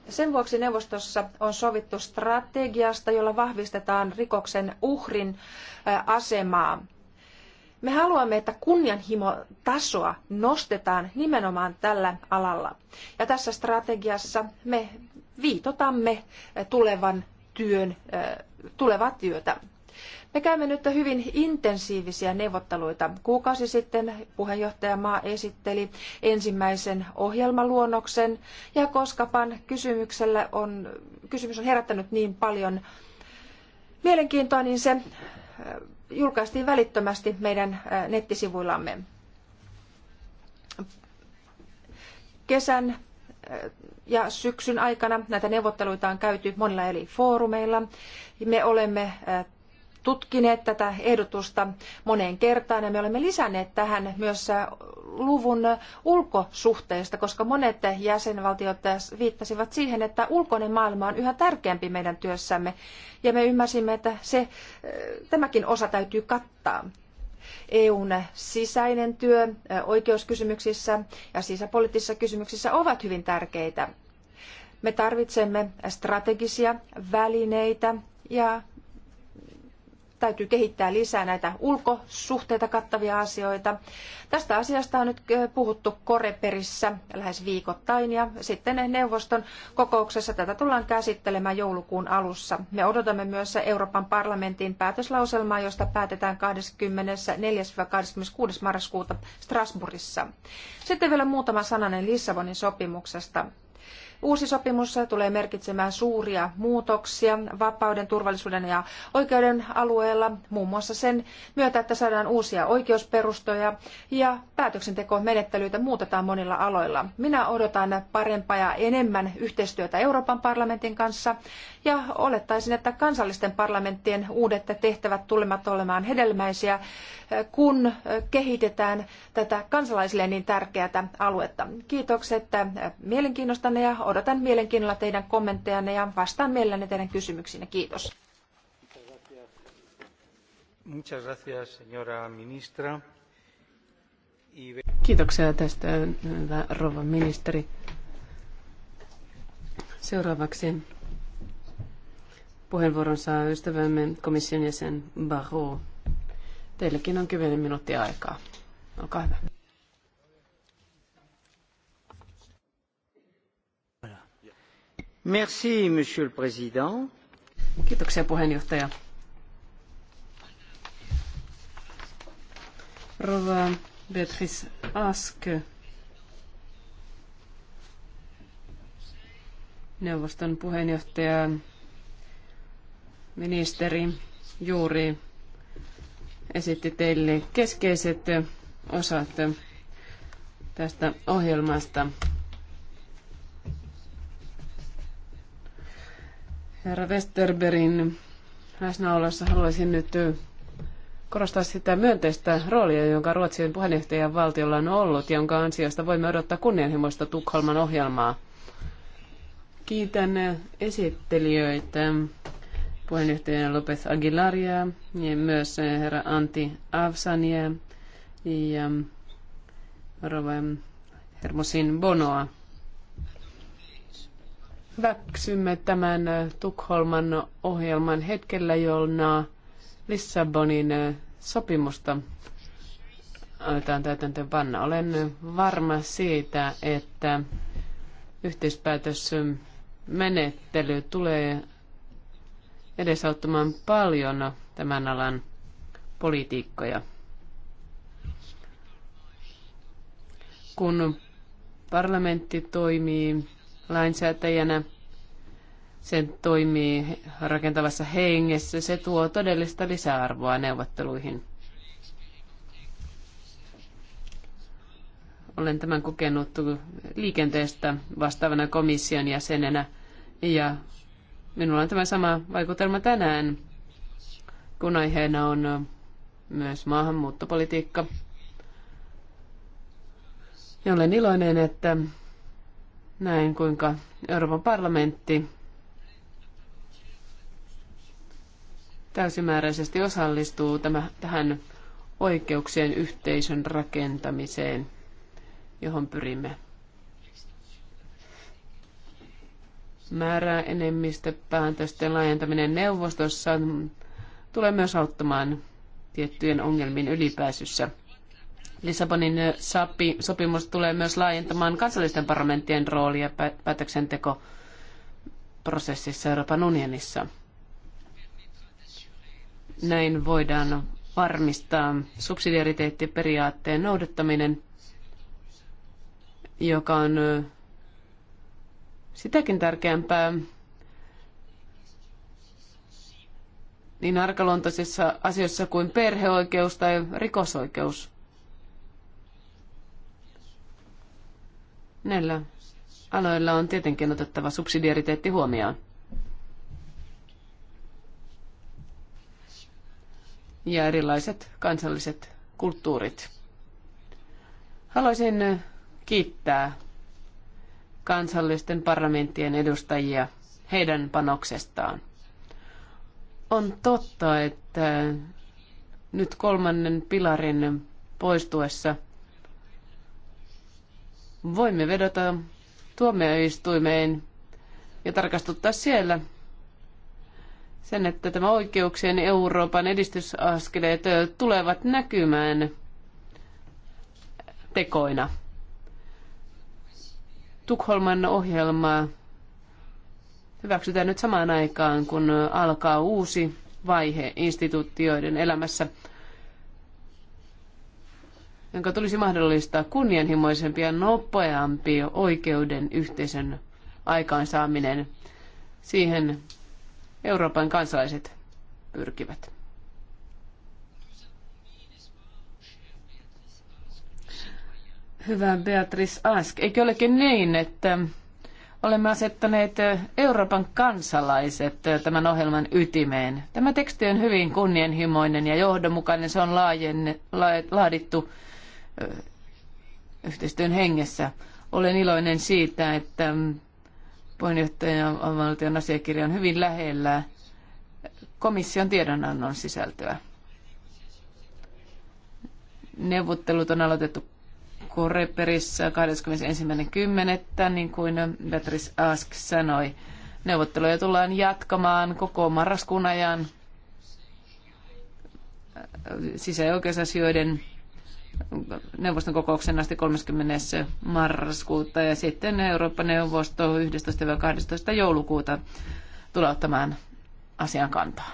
Sen vuoksi neuvostossa on sovittu strategiasta, jolla vahvistetaan rikoksen uhrin asemaa. Me haluamme, että kunnianhimotasoa nostetaan nimenomaan tällä alalla. Ja tässä strategiassa me viitotamme tulevan työn, tulevaa työtä. Me käymme nyt hyvin intensiivisiä neuvotteluita. Kuukausi sitten puheenjohtajamaa esitteli ensimmäisen ohjelmaluonnoksen ja koskapan kysymyksellä on, kysymys on herättänyt niin paljon mielenkiintoa, niin se julkaistiin välittömästi meidän nettisivuillamme. Kesän ja syksyn aikana näitä neuvotteluita on käyty monilla eri foorumeilla. Me olemme äh, tutkineet tätä ehdotusta moneen kertaan ja me olemme lisänneet tähän myös äh, luvun ulkosuhteista, koska monet jäsenvaltiot äh, viittasivat siihen, että ulkoinen maailma on yhä tärkeämpi meidän työssämme ja me ymmärsimme, että se, tämäkin osa täytyy kattaa. EUn sisäinen työ oikeuskysymyksissä ja sisäpoliittisissa kysymyksissä ovat hyvin tärkeitä. Me tarvitsemme strategisia välineitä ja täytyy kehittää lisää näitä ulkosuhteita kattavia asioita. Tästä asiasta on nyt puhuttu Koreperissä lähes viikoittain ja sitten neuvoston kokouksessa tätä tullaan käsittelemään joulukuun alussa. Me odotamme myös Euroopan parlamentin päätöslauselmaa, josta päätetään 24-26. marraskuuta Strasbourgissa. Sitten vielä muutama sananen Lissabonin sopimuksesta. Uusi sopimus tulee merkitsemään suuria muutoksia vapauden, turvallisuuden ja oikeuden alueella, muun muassa sen myötä, että saadaan uusia oikeusperustoja ja päätöksentekomenettelyitä muutetaan monilla aloilla. Minä odotan parempaa ja enemmän yhteistyötä Euroopan parlamentin kanssa ja olettaisin, että kansallisten parlamenttien uudet tehtävät tulevat olemaan hedelmäisiä, kun kehitetään tätä kansalaisille niin tärkeää aluetta. Kiitokset mielenkiinnostanne ja odotan mielenkiinnolla teidän kommenttejanne ja vastaan mielelläni teidän kysymyksiinne. Kiitos. Kiitoksia tästä, hyvä rouva ministeri. Seuraavaksi puheenvuoron saa ystävämme komission jäsen Barrot. Teilläkin on 10 minuuttia aikaa. Olkaa hyvä. Merci, monsieur le président. Kiitoksia puheenjohtaja. Rova Beatrice Ask, neuvoston puheenjohtaja, ministeri juuri esitti teille keskeiset osat tästä ohjelmasta. herra Westerberin läsnäolossa haluaisin nyt korostaa sitä myönteistä roolia, jonka Ruotsin puheenjohtajan valtiolla on ollut, jonka ansiosta voimme odottaa kunnianhimoista Tukholman ohjelmaa. Kiitän esittelijöitä, puheenjohtaja Lopez Aguilaria ja myös herra Antti Avsania ja Rova Hermosin Bonoa hyväksymme tämän äh, Tukholman ohjelman hetkellä, jolna Lissabonin äh, sopimusta aletaan täytäntöön panna. Olen äh, varma siitä, että yhteispäätösmenettely tulee edesauttamaan paljon tämän alan politiikkoja. Kun parlamentti toimii lainsäätäjänä. Se toimii rakentavassa hengessä. Se tuo todellista lisäarvoa neuvotteluihin. Olen tämän kokenut liikenteestä vastaavana komission jäsenenä ja minulla on tämä sama vaikutelma tänään, kun aiheena on myös maahanmuuttopolitiikka. Ja olen iloinen, että näin kuinka Euroopan parlamentti täysimääräisesti osallistuu tämä, tähän oikeuksien yhteisön rakentamiseen, johon pyrimme. Määrää enemmistöpäätösten laajentaminen neuvostossa tulee myös auttamaan tiettyjen ongelmien ylipääsyssä. Lissabonin sopimus tulee myös laajentamaan kansallisten parlamenttien roolia päätöksentekoprosessissa Euroopan unionissa. Näin voidaan varmistaa subsidiariteettiperiaatteen noudattaminen, joka on sitäkin tärkeämpää niin arkaluontoisissa asioissa kuin perheoikeus tai rikosoikeus. Näillä aloilla on tietenkin otettava subsidiariteetti huomioon. Ja erilaiset kansalliset kulttuurit. Haluaisin kiittää kansallisten parlamenttien edustajia heidän panoksestaan. On totta, että nyt kolmannen pilarin poistuessa – voimme vedota tuomioistuimeen ja tarkastuttaa siellä sen, että tämä oikeuksien Euroopan edistysaskeleet tulevat näkymään tekoina. Tukholman ohjelma hyväksytään nyt samaan aikaan, kun alkaa uusi vaihe instituutioiden elämässä – jonka tulisi mahdollistaa kunnianhimoisempi ja nopeampi oikeuden yhteisön aikaansaaminen. Siihen Euroopan kansalaiset pyrkivät. Hyvä Beatrice Ask. Eikö olekin niin, että olemme asettaneet Euroopan kansalaiset tämän ohjelman ytimeen? Tämä teksti on hyvin kunnianhimoinen ja johdonmukainen. Se on laajenne, la, laadittu yhteistyön hengessä. Olen iloinen siitä, että mm, puheenjohtajan valtion asiakirja on hyvin lähellä komission tiedonannon sisältöä. Neuvottelut on aloitettu Koreperissä 21.10. niin kuin Beatrice Ask sanoi. Neuvotteluja tullaan jatkamaan koko marraskuun ajan sisä- ja oikeusasioiden neuvoston kokouksen asti 30. marraskuuta ja sitten Eurooppa-neuvosto 11-12 joulukuuta tulee ottamaan asian kantaa.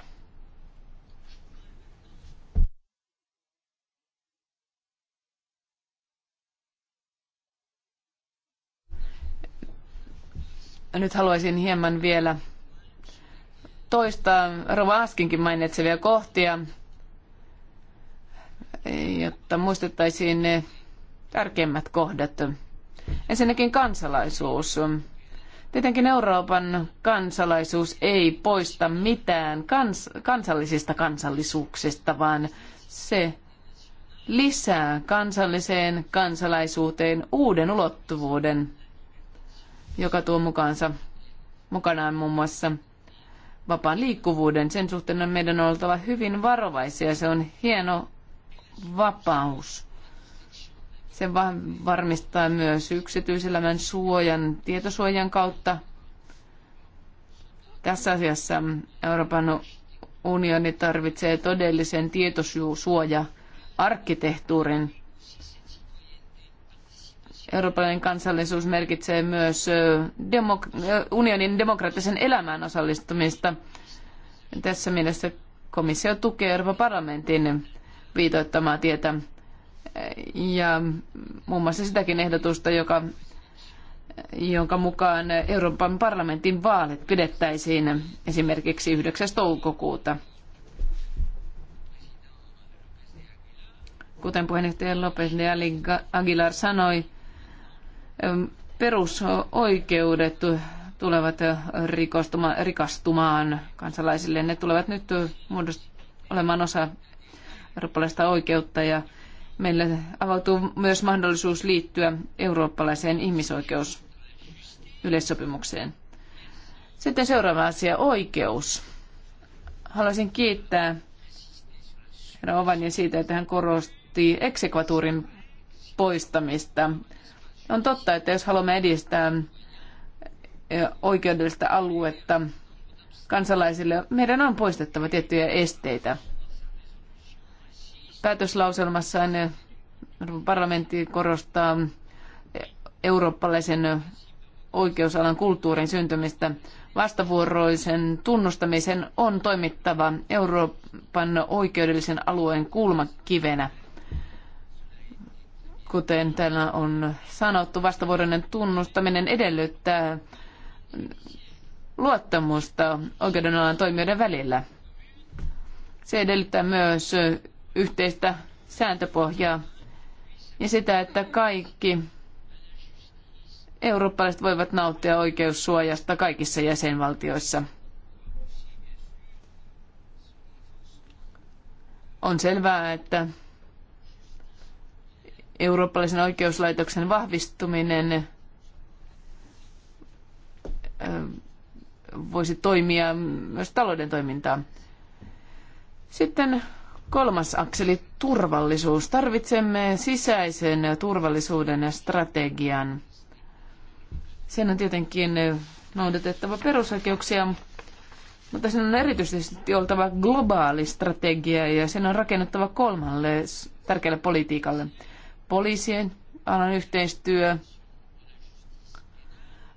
nyt haluaisin hieman vielä toistaa Rova Askinkin mainitsevia kohtia jotta muistettaisiin ne tärkeimmät kohdat. Ensinnäkin kansalaisuus. Tietenkin Euroopan kansalaisuus ei poista mitään kans- kansallisista kansallisuuksista, vaan se lisää kansalliseen kansalaisuuteen uuden ulottuvuuden, joka tuo mukaansa, mukanaan muun muassa vapaan liikkuvuuden. Sen suhteen on oltava hyvin varovaisia. Se on hieno vapaus. Se varmistaa myös yksityiselämän suojan tietosuojan kautta. Tässä asiassa Euroopan unioni tarvitsee todellisen tietosuoja-arkkitehtuurin. Eurooppalainen kansallisuus merkitsee myös demo- unionin demokraattisen elämään osallistumista. Tässä mielessä komissio tukee Euroopan parlamentin viitoittamaa tietä. Ja muun muassa sitäkin ehdotusta, joka, jonka mukaan Euroopan parlamentin vaalit pidettäisiin esimerkiksi 9. toukokuuta. Kuten puheenjohtaja Lopez de Aguilar sanoi, perusoikeudet tulevat rikastumaan kansalaisille. Ne tulevat nyt olemaan osa eurooppalaista oikeutta ja meille avautuu myös mahdollisuus liittyä eurooppalaiseen ihmisoikeusyleissopimukseen. Sitten seuraava asia, oikeus. Haluaisin kiittää herra Ovanin siitä, että hän korosti eksekvatuurin poistamista. On totta, että jos haluamme edistää oikeudellista aluetta kansalaisille, meidän on poistettava tiettyjä esteitä päätöslauselmassaan parlamentti korostaa eurooppalaisen oikeusalan kulttuurin syntymistä. Vastavuoroisen tunnustamisen on toimittava Euroopan oikeudellisen alueen kulmakivenä. Kuten täällä on sanottu, vastavuoroinen tunnustaminen edellyttää luottamusta oikeudenalan toimijoiden välillä. Se edellyttää myös yhteistä sääntöpohjaa ja sitä, että kaikki eurooppalaiset voivat nauttia oikeussuojasta kaikissa jäsenvaltioissa. On selvää, että eurooppalaisen oikeuslaitoksen vahvistuminen voisi toimia myös talouden toimintaa. Sitten Kolmas akseli, turvallisuus. Tarvitsemme sisäisen turvallisuuden strategian. Sen on tietenkin noudatettava perusoikeuksia, mutta sen on erityisesti oltava globaali strategia ja sen on rakennettava kolmalle tärkeälle politiikalle. Poliisien alan yhteistyö,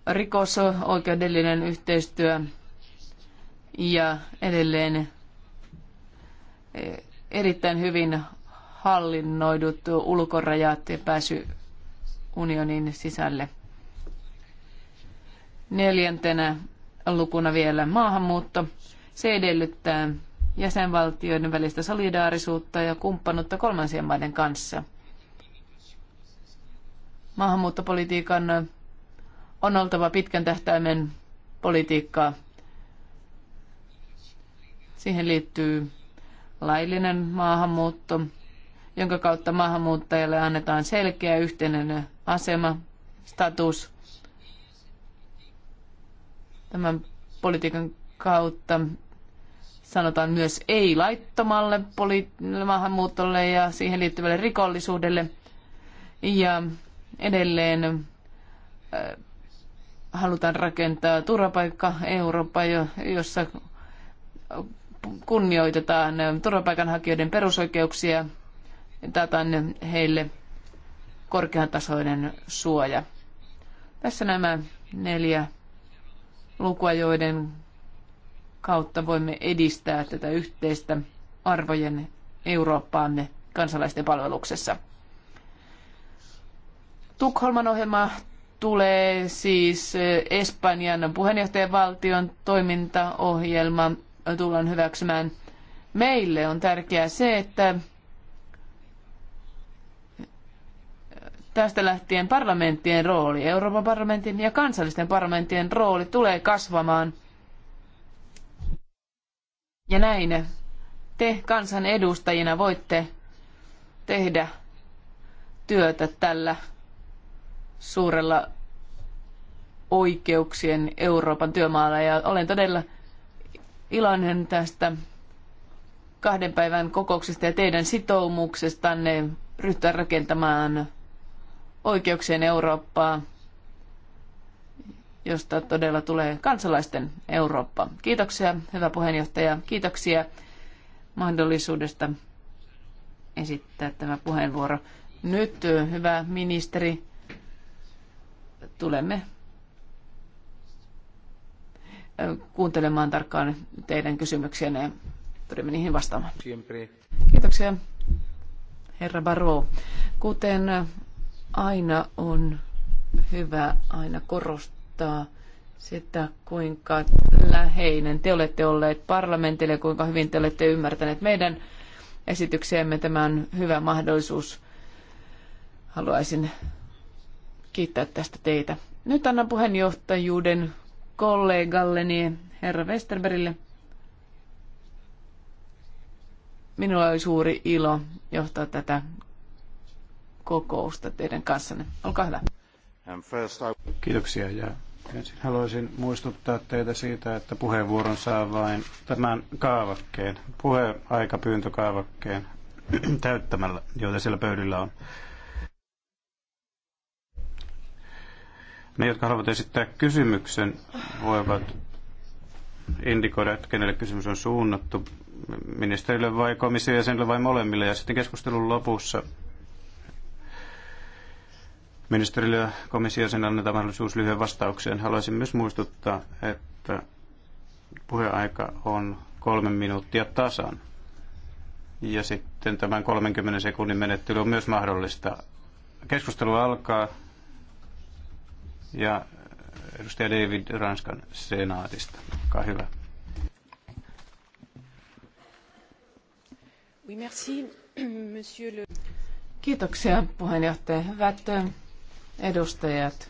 rikosoikeudellinen yhteistyö ja edelleen eh, erittäin hyvin hallinnoidut ulkorajat ja pääsy unionin sisälle. Neljäntenä lukuna vielä maahanmuutto. Se edellyttää jäsenvaltioiden välistä solidaarisuutta ja kumppanuutta kolmansien maiden kanssa. Maahanmuuttopolitiikan on oltava pitkän tähtäimen politiikkaa. Siihen liittyy laillinen maahanmuutto, jonka kautta maahanmuuttajalle annetaan selkeä yhteinen asema, status. Tämän politiikan kautta sanotaan myös ei laittomalle poli- maahanmuutolle ja siihen liittyvälle rikollisuudelle. Ja edelleen äh, halutaan rakentaa turvapaikka Eurooppa, jossa kunnioitetaan turvapaikanhakijoiden perusoikeuksia ja taataan heille tasoinen suoja. Tässä nämä neljä lukua, joiden kautta voimme edistää tätä yhteistä arvojen Eurooppaamme kansalaisten palveluksessa. Tukholman ohjelma tulee siis Espanjan puheenjohtajavaltion toimintaohjelma tullaan hyväksymään. Meille on tärkeää se, että tästä lähtien parlamenttien rooli, Euroopan parlamentin ja kansallisten parlamenttien rooli tulee kasvamaan. Ja näin te kansan edustajina voitte tehdä työtä tällä suurella oikeuksien Euroopan työmaalla ja olen todella iloinen tästä kahden päivän kokouksesta ja teidän sitoumuksestanne ryhtyä rakentamaan oikeuksien Eurooppaa, josta todella tulee kansalaisten Eurooppa. Kiitoksia, hyvä puheenjohtaja. Kiitoksia mahdollisuudesta esittää tämä puheenvuoro. Nyt, hyvä ministeri, tulemme kuuntelemaan tarkkaan teidän kysymyksiänne ja pyrimme niihin vastaamaan. Kiitoksia, herra Baro. Kuten aina on hyvä aina korostaa sitä, kuinka läheinen te olette olleet parlamentille ja kuinka hyvin te olette ymmärtäneet meidän esityksiämme. Tämä on hyvä mahdollisuus. Haluaisin kiittää tästä teitä. Nyt annan puheenjohtajuuden kollegalleni herra Westerbergille. Minulla oli suuri ilo johtaa tätä kokousta teidän kanssanne. Olkaa hyvä. Kiitoksia ja ensin haluaisin muistuttaa teitä siitä, että puheenvuoron saa vain tämän kaavakkeen, puheaikapyyntökaavakkeen täyttämällä, joita siellä pöydillä on. Ne, jotka haluavat esittää kysymyksen, voivat indikoida, että kenelle kysymys on suunnattu, ministerille vai komission jäsenille vai molemmille. Ja sitten keskustelun lopussa ministerille ja komission jäsenille annetaan mahdollisuus lyhyen vastaukseen. Haluaisin myös muistuttaa, että puheaika on kolme minuuttia tasan. Ja sitten tämän 30 sekunnin menettely on myös mahdollista. Keskustelu alkaa ja edustaja David Ranskan senaatista. Olkaa hyvä. Kiitoksia puheenjohtaja. Hyvät edustajat.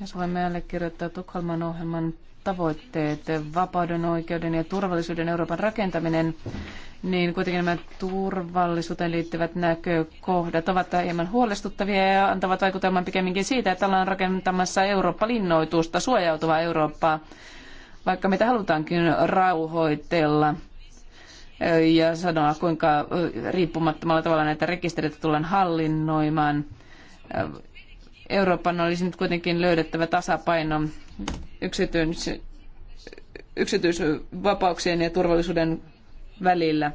Jos voimme allekirjoittaa Tukholman ohjelman tavoitteet, vapauden, oikeuden ja turvallisuuden Euroopan rakentaminen, niin kuitenkin nämä turvallisuuteen liittyvät näkökohdat ovat hieman huolestuttavia ja antavat vaikutelman pikemminkin siitä, että ollaan rakentamassa Eurooppa-linnoitusta, suojautuvaa Eurooppaa, vaikka mitä halutaankin rauhoitella ja sanoa, kuinka riippumattomalla tavalla näitä rekistereitä tullaan hallinnoimaan. Euroopan olisi nyt kuitenkin löydettävä tasapaino yksityis- yksityisvapauksien ja turvallisuuden välillä.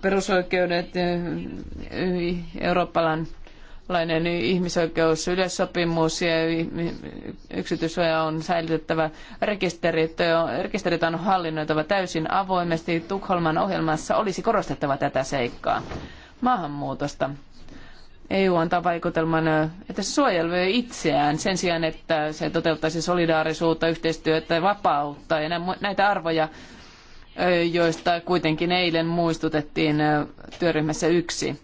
Perusoikeudet, eh, eurooppalainen ihmisoikeus, yleissopimus ja yksityisoja on säilytettävä. Rekisterit, eh, rekisterit on hallinnoitava täysin avoimesti. Tukholman ohjelmassa olisi korostettava tätä seikkaa. Maahanmuutosta. EU antaa vaikutelman, eh, että se suojelee itseään sen sijaan, että se toteuttaisi solidaarisuutta, yhteistyötä, vapautta ja näitä arvoja joista kuitenkin eilen muistutettiin työryhmässä yksi.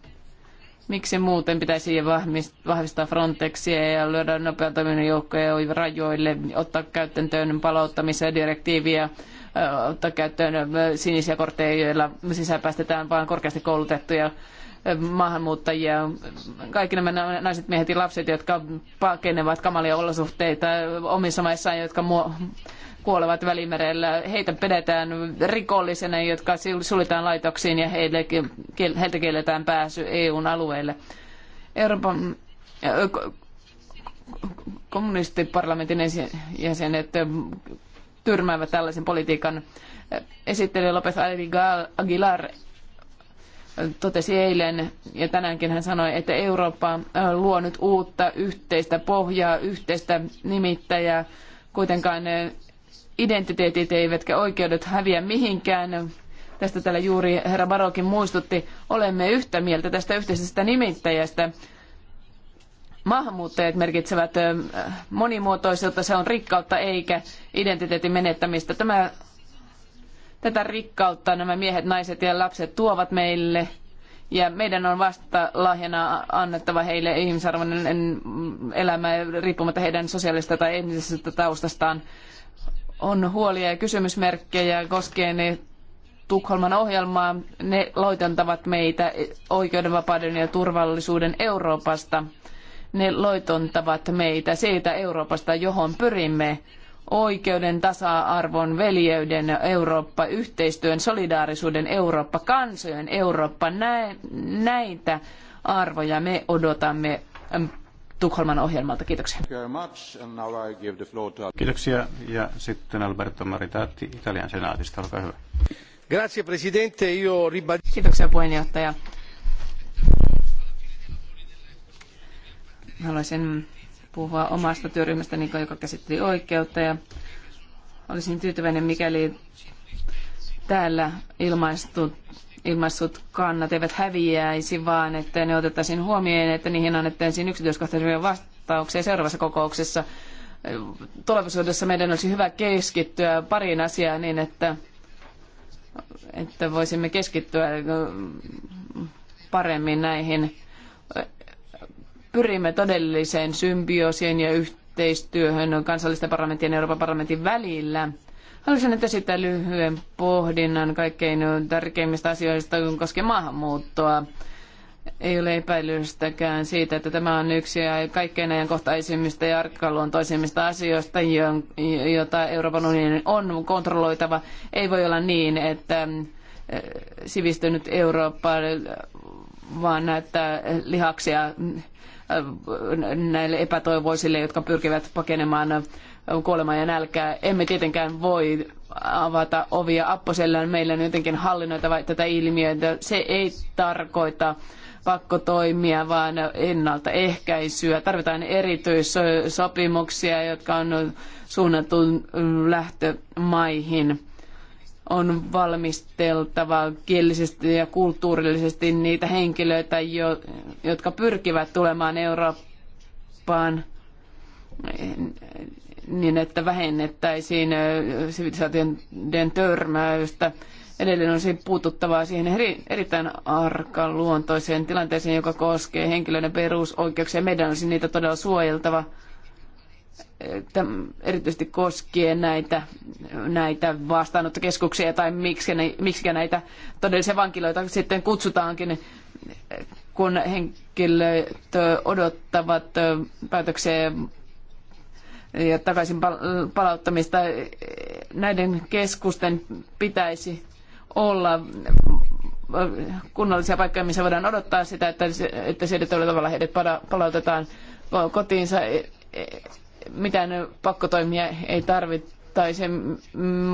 Miksi muuten pitäisi vahvistaa Frontexia ja lyödä nopean toiminnan joukkoja rajoille, ottaa käyttöön palauttamisen direktiiviä, ottaa käyttöön sinisiä kortteja, joilla päästetään vain korkeasti koulutettuja maahanmuuttajia. Kaikki nämä naiset, miehet ja lapset, jotka pakenevat kamalia olosuhteita omissa maissaan, jotka kuolevat välimerellä. Heitä pidetään rikollisena, jotka suljetaan laitoksiin ja heille, heiltä kielletään pääsy EUn alueelle. Euroopan kommunistiparlamentin jäsenet tyrmäävät tällaisen politiikan. Esittelijä Lopez Aguilar totesi eilen ja tänäänkin hän sanoi, että Eurooppa äh, luo nyt uutta yhteistä pohjaa, yhteistä nimittäjää. Kuitenkaan äh, identiteetit eivätkä oikeudet häviä mihinkään. Tästä täällä juuri herra Barokin muistutti. Olemme yhtä mieltä tästä yhteisestä nimittäjästä. Maahanmuuttajat merkitsevät äh, monimuotoisuutta, se on rikkautta eikä identiteetin menettämistä. Tämä Tätä rikkautta nämä miehet, naiset ja lapset tuovat meille. Ja meidän on vasta lahjana annettava heille ihmisarvoinen elämä riippumatta heidän sosiaalista tai etnisestä taustastaan. On huolia ja kysymysmerkkejä koskien Tukholman ohjelmaa. Ne loitontavat meitä oikeudenvapauden ja turvallisuuden Euroopasta. Ne loitontavat meitä siitä Euroopasta, johon pyrimme oikeuden, tasa-arvon, veljeyden Eurooppa, yhteistyön, solidaarisuuden Eurooppa, kansojen Eurooppa. Näitä arvoja me odotamme Tukholman ohjelmalta. Kiitoksia. Kiitoksia. Ja sitten Alberto Maritatti Italian senaatista. Olkaa hyvä. Grazie, presidente. Io ribad... Kiitoksia puheenjohtaja. Haluaisin puhua omasta työryhmästäni, niin joka käsitteli oikeutta. Ja olisin tyytyväinen, mikäli täällä ilmaistut, ilmaissut kannat eivät häviäisi, vaan että ne otettaisiin huomioon, että niihin annettaisiin yksityiskohtaisia vastauksia seuraavassa kokouksessa. Tulevaisuudessa meidän olisi hyvä keskittyä pariin asiaan niin, että, että voisimme keskittyä mm, paremmin näihin pyrimme todelliseen symbioosien ja yhteistyöhön kansallisten parlamenttien ja Euroopan parlamentin välillä. Haluaisin nyt esittää lyhyen pohdinnan kaikkein tärkeimmistä asioista, kun koskee maahanmuuttoa. Ei ole epäilystäkään siitä, että tämä on yksi kaikkein ajankohtaisimmista ja arkaluontoisimmista asioista, jota Euroopan unionin on kontrolloitava. Ei voi olla niin, että eh, sivistynyt Eurooppa vaan näyttää lihaksia äh, näille epätoivoisille, jotka pyrkivät pakenemaan kuolemaa ja nälkää. Emme tietenkään voi avata ovia apposellään. Meillä on jotenkin hallinnoitava tätä ilmiötä. Se ei tarkoita pakkotoimia, vaan ennaltaehkäisyä. Tarvitaan erityissopimuksia, jotka on suunnattu lähtömaihin on valmisteltava kielisesti ja kulttuurillisesti niitä henkilöitä, jo, jotka pyrkivät tulemaan Eurooppaan niin, että vähennettäisiin sivilisaatioiden törmäystä. Edelleen olisi puututtavaa siihen eri, erittäin arkaluontoiseen tilanteeseen, joka koskee henkilöiden perusoikeuksia. Meidän olisi niitä todella suojeltava erityisesti koskien näitä, näitä vastaanottokeskuksia tai miksi, ne, miksi näitä todellisia vankiloita sitten kutsutaankin, kun henkilöt odottavat päätöksiä ja takaisin palauttamista. Näiden keskusten pitäisi olla kunnallisia paikkoja, missä voidaan odottaa sitä, että, että sieltä tavalla heidät palautetaan kotiinsa mitään pakkotoimia ei tai se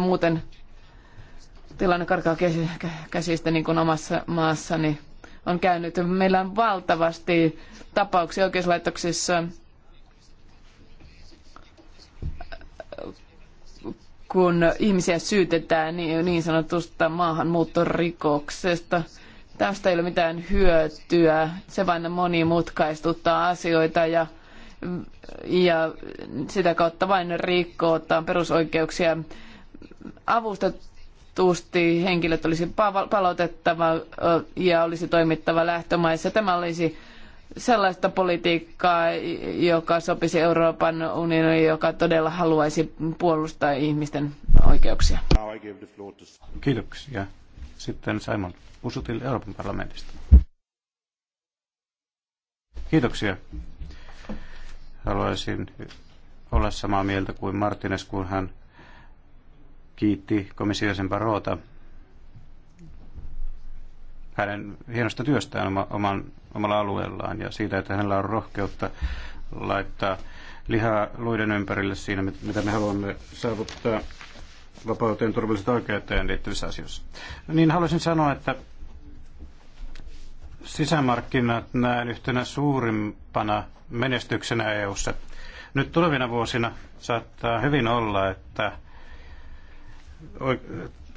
muuten tilanne karkaa käsistä niin kuin omassa maassani on käynyt. Meillä on valtavasti tapauksia oikeuslaitoksissa, kun ihmisiä syytetään niin, niin sanotusta maahanmuuttorikoksesta. Tästä ei ole mitään hyötyä, se vain monimutkaistuttaa asioita ja ja sitä kautta vain rikkootaan perusoikeuksia. Avustetusti henkilöt olisi palautettava ja olisi toimittava lähtömaissa. Tämä olisi sellaista politiikkaa, joka sopisi Euroopan unionille, joka todella haluaisi puolustaa ihmisten oikeuksia. Kiitoksia. Sitten Simon Pusutil Euroopan parlamentista. Kiitoksia Haluaisin olla samaa mieltä kuin Martines, kun hän kiitti komissiosen Baroota hänen hienosta työstään oma, oman, omalla alueellaan ja siitä, että hänellä on rohkeutta laittaa lihaa luiden ympärille siinä, mitä me haluamme saavuttaa vapauteen, turvallisuuteen, oikeuteen liittyvissä asioissa. No niin haluaisin sanoa, että sisämarkkinat näen yhtenä suurimpana menestyksenä EU:ssa. Nyt tulevina vuosina saattaa hyvin olla, että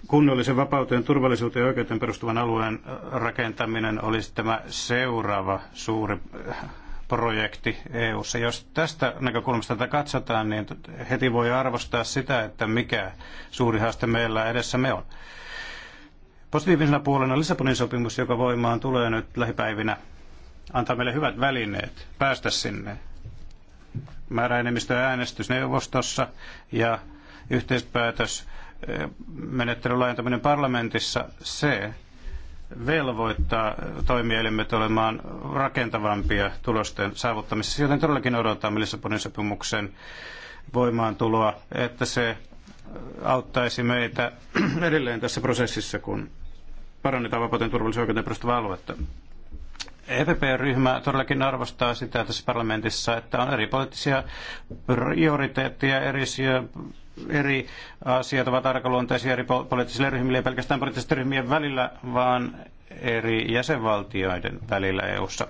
kunnollisen vapauteen, turvallisuuteen ja oikeuteen perustuvan alueen rakentaminen olisi tämä seuraava suuri äh, projekti EU:ssa. Jos tästä näkökulmasta tätä katsotaan, niin heti voi arvostaa sitä, että mikä suuri haaste meillä edessämme on. Positiivisena puolena Lissabonin sopimus, joka voimaan tulee nyt lähipäivinä, antaa meille hyvät välineet päästä sinne. Määräenemmistöäänestys neuvostossa ja yhteispäätös eh, menettelyn laajentaminen parlamentissa, se velvoittaa toimielimet olemaan rakentavampia tulosten saavuttamisessa, joten todellakin odotamme Lissabonin sopimuksen voimaantuloa, että se auttaisi meitä edelleen tässä prosessissa, kun parannetaan vapauteen turvallisuuteen perustuva aluetta. EPP-ryhmä todellakin arvostaa sitä tässä parlamentissa, että on eri poliittisia prioriteetteja, eri, eri asiat ovat arkaluonteisia eri poliittisille ryhmille, ei pelkästään poliittisten ryhmien välillä, vaan eri jäsenvaltioiden välillä EU-ssa.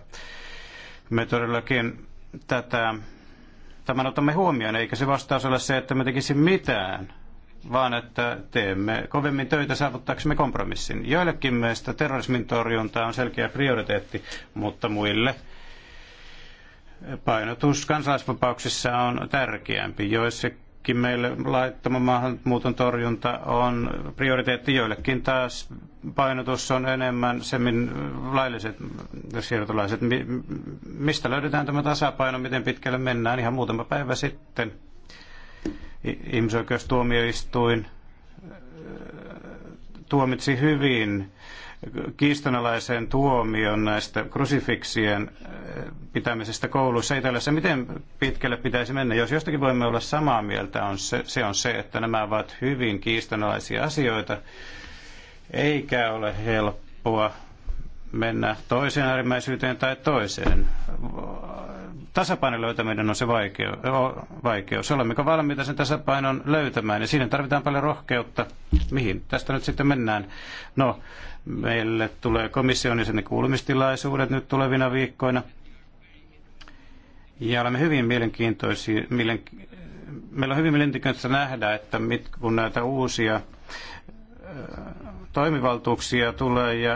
Me todellakin tätä, tämän otamme huomioon, eikä se vastaus ole se, että me tekisimme mitään vaan että teemme kovemmin töitä saavuttaaksemme kompromissin. Joillekin meistä terrorismin torjunta on selkeä prioriteetti, mutta muille painotus kansalaisvapauksissa on tärkeämpi. Joissakin meille laittoman maahanmuuton torjunta on prioriteetti, joillekin taas painotus on enemmän semmin lailliset siirtolaiset. Mistä löydetään tämä tasapaino, miten pitkälle mennään? Ihan muutama päivä sitten Ihmisoikeustuomioistuin äh, tuomitsi hyvin kiistanalaisen tuomion näistä krusifiksien äh, pitämisestä kouluissa Italiassa. Miten pitkälle pitäisi mennä? Jos jostakin voimme olla samaa mieltä, on se, se on se, että nämä ovat hyvin kiistanalaisia asioita, eikä ole helppoa mennä toiseen äärimmäisyyteen tai toiseen tasapainon löytäminen on se vaikeu, vaikeus. Olemmeko valmiita sen tasapainon löytämään? Ja siinä tarvitaan paljon rohkeutta. Mihin tästä nyt sitten mennään? No, meille tulee komission ja sen kuulumistilaisuudet nyt tulevina viikkoina. Ja olemme hyvin mielenkiintoisia, mielen, meillä on hyvin mielenkiintoista nähdä, että mit, kun näitä uusia toimivaltuuksia tulee ja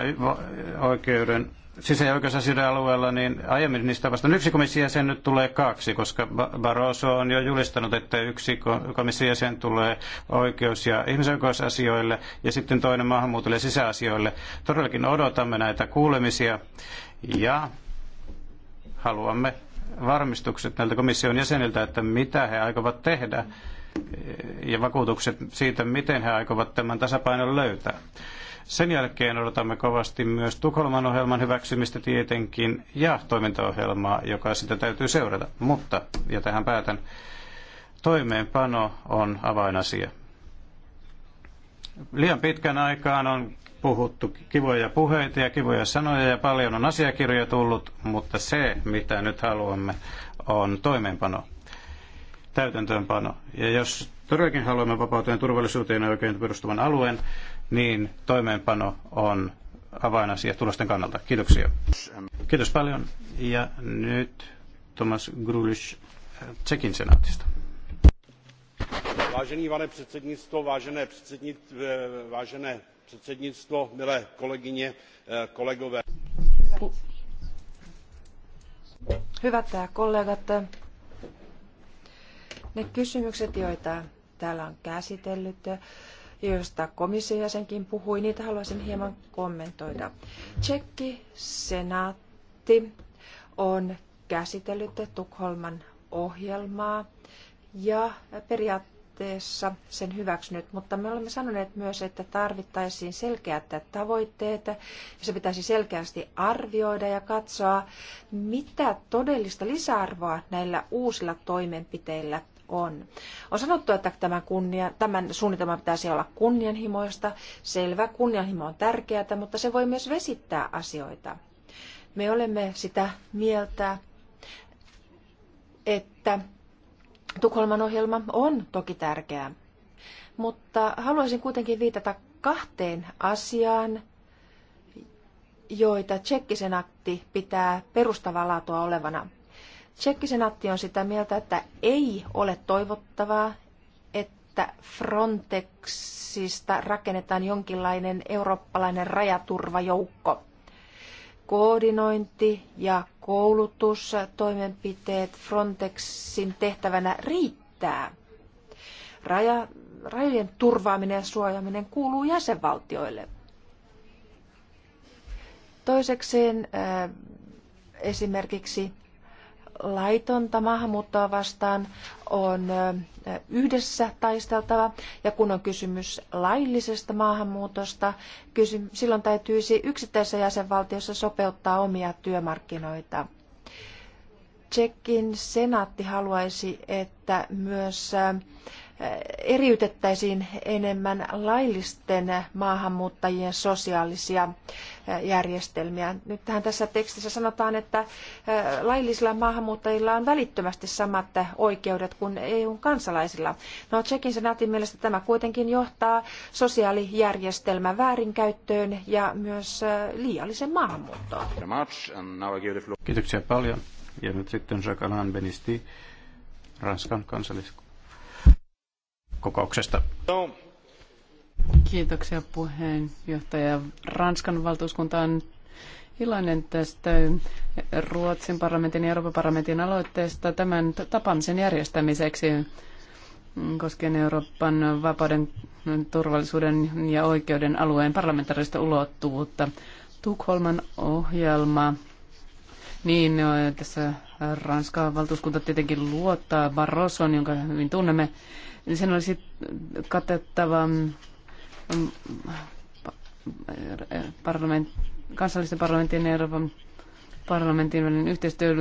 oikeuden sisä- ja oikeusasioiden alueella, niin aiemmin niistä vasta yksi komissiojäsen nyt tulee kaksi, koska Barroso on jo julistanut, että yksi komissiojäsen tulee oikeus- ja ihmisoikeusasioille ja sitten toinen maahanmuutolle ja sisäasioille. Todellakin odotamme näitä kuulemisia ja haluamme varmistukset näiltä komission jäseniltä, että mitä he aikovat tehdä ja vakuutukset siitä, miten he aikovat tämän tasapainon löytää. Sen jälkeen odotamme kovasti myös Tukholman ohjelman hyväksymistä tietenkin ja toimintaohjelmaa, joka sitä täytyy seurata. Mutta, ja tähän päätän, toimeenpano on avainasia. Liian pitkän aikaan on puhuttu kivoja puheita ja kivoja sanoja ja paljon on asiakirjoja tullut, mutta se, mitä nyt haluamme, on toimeenpano, täytäntöönpano. Ja jos todellakin haluamme vapauteen turvallisuuteen ja oikein perustuvan alueen, niin toimeenpano on avainasia tulosten kannalta. Kiitoksia. Kiitos paljon. Ja nyt Tomas Grulish Tsekin senaatista. Vážený pane předsednictvo, vážené, předsednit, vážené předsednictvo, milé kolegyně, kolegové. Hyvät kollegat, ne kysymykset, joita täällä on käsitellyt, joista komission jäsenkin puhui, niitä haluaisin hieman kommentoida. Tsekki senaatti on käsitellyt Tukholman ohjelmaa ja periaatteessa sen hyväksynyt, mutta me olemme sanoneet myös, että tarvittaisiin selkeät tavoitteet ja se pitäisi selkeästi arvioida ja katsoa, mitä todellista lisäarvoa näillä uusilla toimenpiteillä on. On sanottu, että tämän, kunnia, tämän suunnitelman pitäisi olla kunnianhimoista. Selvä, kunnianhimo on tärkeää, mutta se voi myös vesittää asioita. Me olemme sitä mieltä, että Tukholman ohjelma on toki tärkeä, mutta haluaisin kuitenkin viitata kahteen asiaan, joita tsekkisen akti pitää perustavaa laatua olevana. Tsekkisenatti on sitä mieltä, että ei ole toivottavaa, että Frontexista rakennetaan jonkinlainen eurooppalainen rajaturvajoukko. Koordinointi ja koulutustoimenpiteet Frontexin tehtävänä riittää. Raja, rajojen turvaaminen ja suojaaminen kuuluu jäsenvaltioille. Toisekseen äh, esimerkiksi laitonta maahanmuuttoa vastaan on yhdessä taisteltava. Ja kun on kysymys laillisesta maahanmuutosta, silloin täytyisi yksittäisessä jäsenvaltiossa sopeuttaa omia työmarkkinoita. Tsekin senaatti haluaisi, että myös eriytettäisiin enemmän laillisten maahanmuuttajien sosiaalisia järjestelmiä. Nythän tässä tekstissä sanotaan, että laillisilla maahanmuuttajilla on välittömästi samat oikeudet kuin EU-kansalaisilla. No Tsekin senaatin mielestä tämä kuitenkin johtaa sosiaalijärjestelmän väärinkäyttöön ja myös liiallisen maahanmuuttoon. Kiitoksia paljon. Ja nyt sitten Jacques Alain Benisti, Ranskan kansalliskuva kokouksesta. Kiitoksia puheenjohtaja. Ranskan valtuuskunta on iloinen tästä Ruotsin parlamentin ja Euroopan parlamentin aloitteesta tämän tapaamisen järjestämiseksi koskien Euroopan vapauden, turvallisuuden ja oikeuden alueen parlamentaarista ulottuvuutta. Tukholman ohjelma. Niin, no, tässä Ranskan valtuuskunta tietenkin luottaa Barroson, jonka hyvin tunnemme niin sen olisi katettava mm, mm, parlament, kansallisten parlamenttien ja Euroopan parlamentin välinen yhteistyö.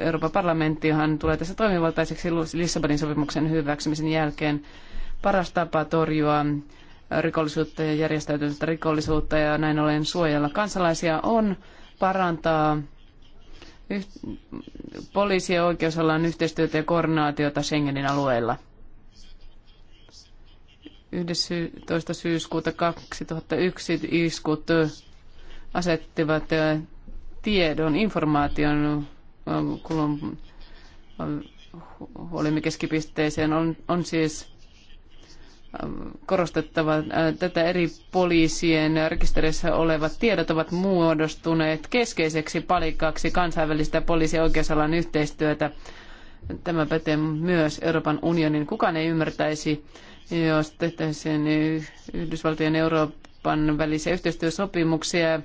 Euroopan parlamenttihan tulee tässä toimivaltaiseksi Lissabonin sopimuksen hyväksymisen jälkeen. Paras tapa torjua rikollisuutta ja järjestäytynyttä rikollisuutta ja näin ollen suojella kansalaisia on parantaa yht- poliisi- ja oikeusalan yhteistyötä ja koordinaatiota Schengenin alueella. 11. syyskuuta 2001 iskut asettivat tiedon, informaation kulun huolimme keskipisteeseen. On, on siis korostettava tätä eri poliisien rekisterissä olevat tiedot ovat muodostuneet keskeiseksi palikaksi kansainvälistä poliisi- ja oikeusalan yhteistyötä. Tämä pätee myös Euroopan unionin. Kukaan ei ymmärtäisi jos tehtäisiin Yhdysvaltojen ja Euroopan välisiä yhteistyösopimuksia,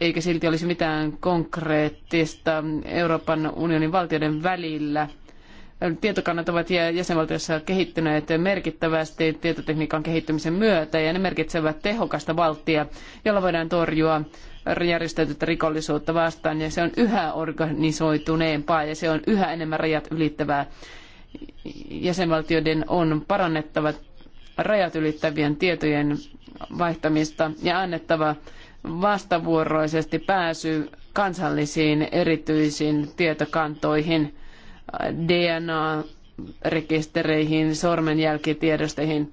eikä silti olisi mitään konkreettista Euroopan unionin valtioiden välillä. Tietokannat ovat jäsenvaltioissa kehittyneet merkittävästi tietotekniikan kehittymisen myötä ja ne merkitsevät tehokasta valtia, jolla voidaan torjua järjestäytyttä rikollisuutta vastaan ja se on yhä organisoituneempaa ja se on yhä enemmän rajat ylittävää jäsenvaltioiden on parannettava rajat ylittävien tietojen vaihtamista ja annettava vastavuoroisesti pääsy kansallisiin erityisiin tietokantoihin, DNA-rekistereihin, sormenjälkitiedostoihin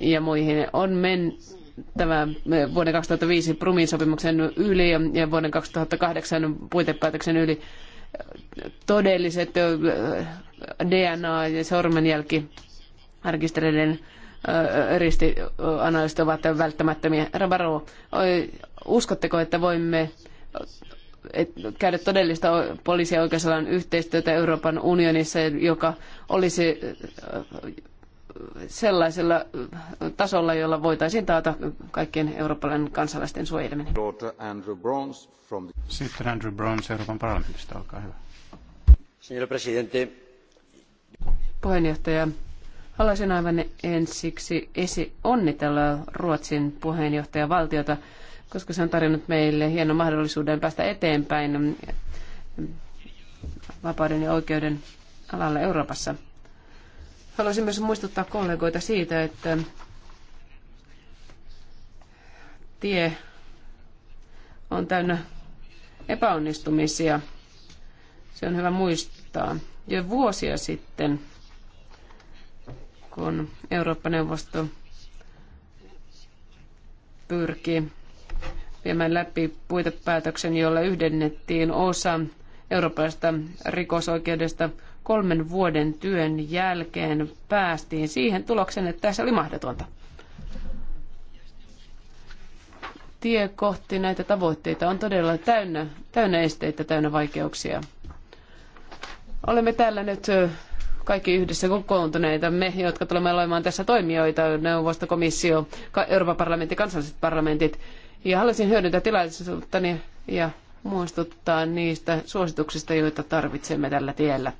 ja muihin. On mentävä vuoden 2005 Prumin sopimuksen yli ja vuoden 2008 puitepäätöksen yli todelliset DNA- ja sormenjälkiarkistereiden ristianalyysit ovat välttämättömiä. Rabaro, uskotteko, että voimme käydä todellista poliisi- ja oikeusalan yhteistyötä Euroopan unionissa, joka olisi sellaisella tasolla, jolla voitaisiin taata kaikkien eurooppalaisten kansalaisten suojeleminen. Sitten Andrew Euroopan parlamentista, olkaa hyvä. presidente, puheenjohtaja. Haluaisin aivan ensiksi esi- onnitella Ruotsin puheenjohtajavaltiota, koska se on tarjonnut meille hienon mahdollisuuden päästä eteenpäin vapauden ja oikeuden alalla Euroopassa. Haluaisin myös muistuttaa kollegoita siitä, että tie on täynnä epäonnistumisia. Se on hyvä muistaa jo vuosia sitten, kun Eurooppa-neuvosto pyrki viemään läpi puitepäätöksen, jolla yhdennettiin osa eurooppalaisesta rikosoikeudesta kolmen vuoden työn jälkeen päästiin siihen tulokseen, että tässä oli mahdotonta. Tie kohti näitä tavoitteita on todella täynnä, täynnä esteitä, täynnä vaikeuksia. Olemme täällä nyt kaikki yhdessä kokoontuneita, me, jotka tulemme olemaan tässä toimijoita, neuvosto, komissio, Euroopan parlamentti, kansalliset parlamentit. Ja haluaisin hyödyntää tilaisuuttani ja muistuttaa niistä suosituksista, joita tarvitsemme tällä tiellä.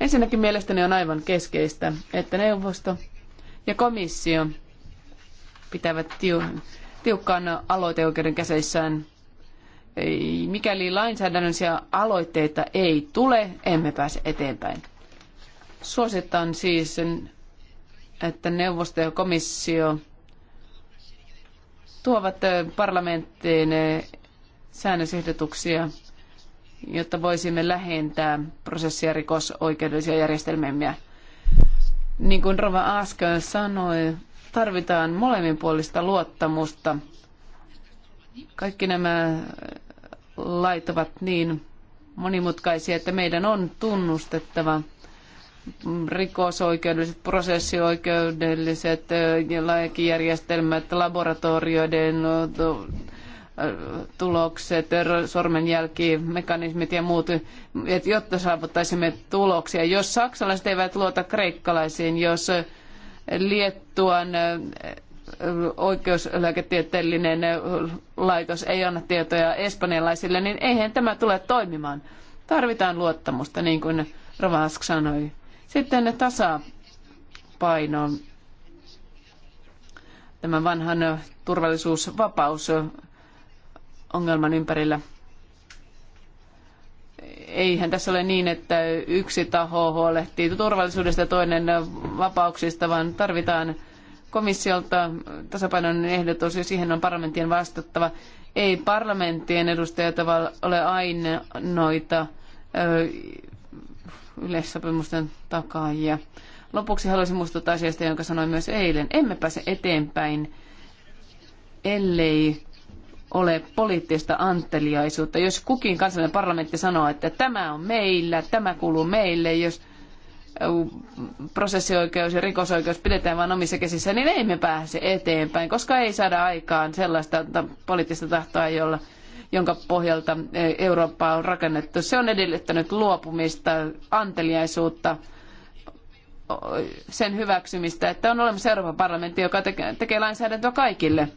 Ensinnäkin mielestäni on aivan keskeistä, että neuvosto ja komissio pitävät tiukkaan aloiteoikeuden käsissään – mikäli lainsäädännöllisiä aloitteita ei tule, emme pääse eteenpäin. Suositan siis, että neuvosto ja komissio tuovat parlamenttiin säännösehdotuksia, jotta voisimme lähentää prosessia rikosoikeudellisia järjestelmiä. Niin kuin Rova Aaskö sanoi, tarvitaan molemminpuolista luottamusta – kaikki nämä lait ovat niin monimutkaisia, että meidän on tunnustettava rikosoikeudelliset, prosessioikeudelliset lakijärjestelmät, laboratorioiden tulokset, sormenjälkimekanismit ja muut, että jotta saavuttaisimme tuloksia. Jos saksalaiset eivät luota kreikkalaisiin, jos Liettuan oikeuslääketieteellinen laitos ei anna tietoja espanjalaisille, niin eihän tämä tule toimimaan. Tarvitaan luottamusta, niin kuin Ravask sanoi. Sitten ne tasapaino, tämän vanhan turvallisuusvapaus ongelman ympärillä. Eihän tässä ole niin, että yksi taho huolehtii turvallisuudesta ja toinen vapauksista, vaan tarvitaan – komissiolta tasapainoinen ehdotus ja siihen on parlamenttien vastattava. Ei parlamenttien edustajat ole ainoita yleissopimusten takaajia. Lopuksi haluaisin muistuttaa asiasta, jonka sanoin myös eilen. Emme pääse eteenpäin, ellei ole poliittista anteliaisuutta. Jos kukin kansallinen parlamentti sanoo, että tämä on meillä, tämä kuuluu meille, jos prosessioikeus ja rikosoikeus pidetään vain omissa käsissä, niin ei me pääse eteenpäin, koska ei saada aikaan sellaista poliittista tahtoa, jolla, jonka pohjalta e, Eurooppaa on rakennettu. Se on edellyttänyt luopumista, anteliaisuutta, sen hyväksymistä, että on olemassa Euroopan parlamentti, joka tekee lainsäädäntöä kaikille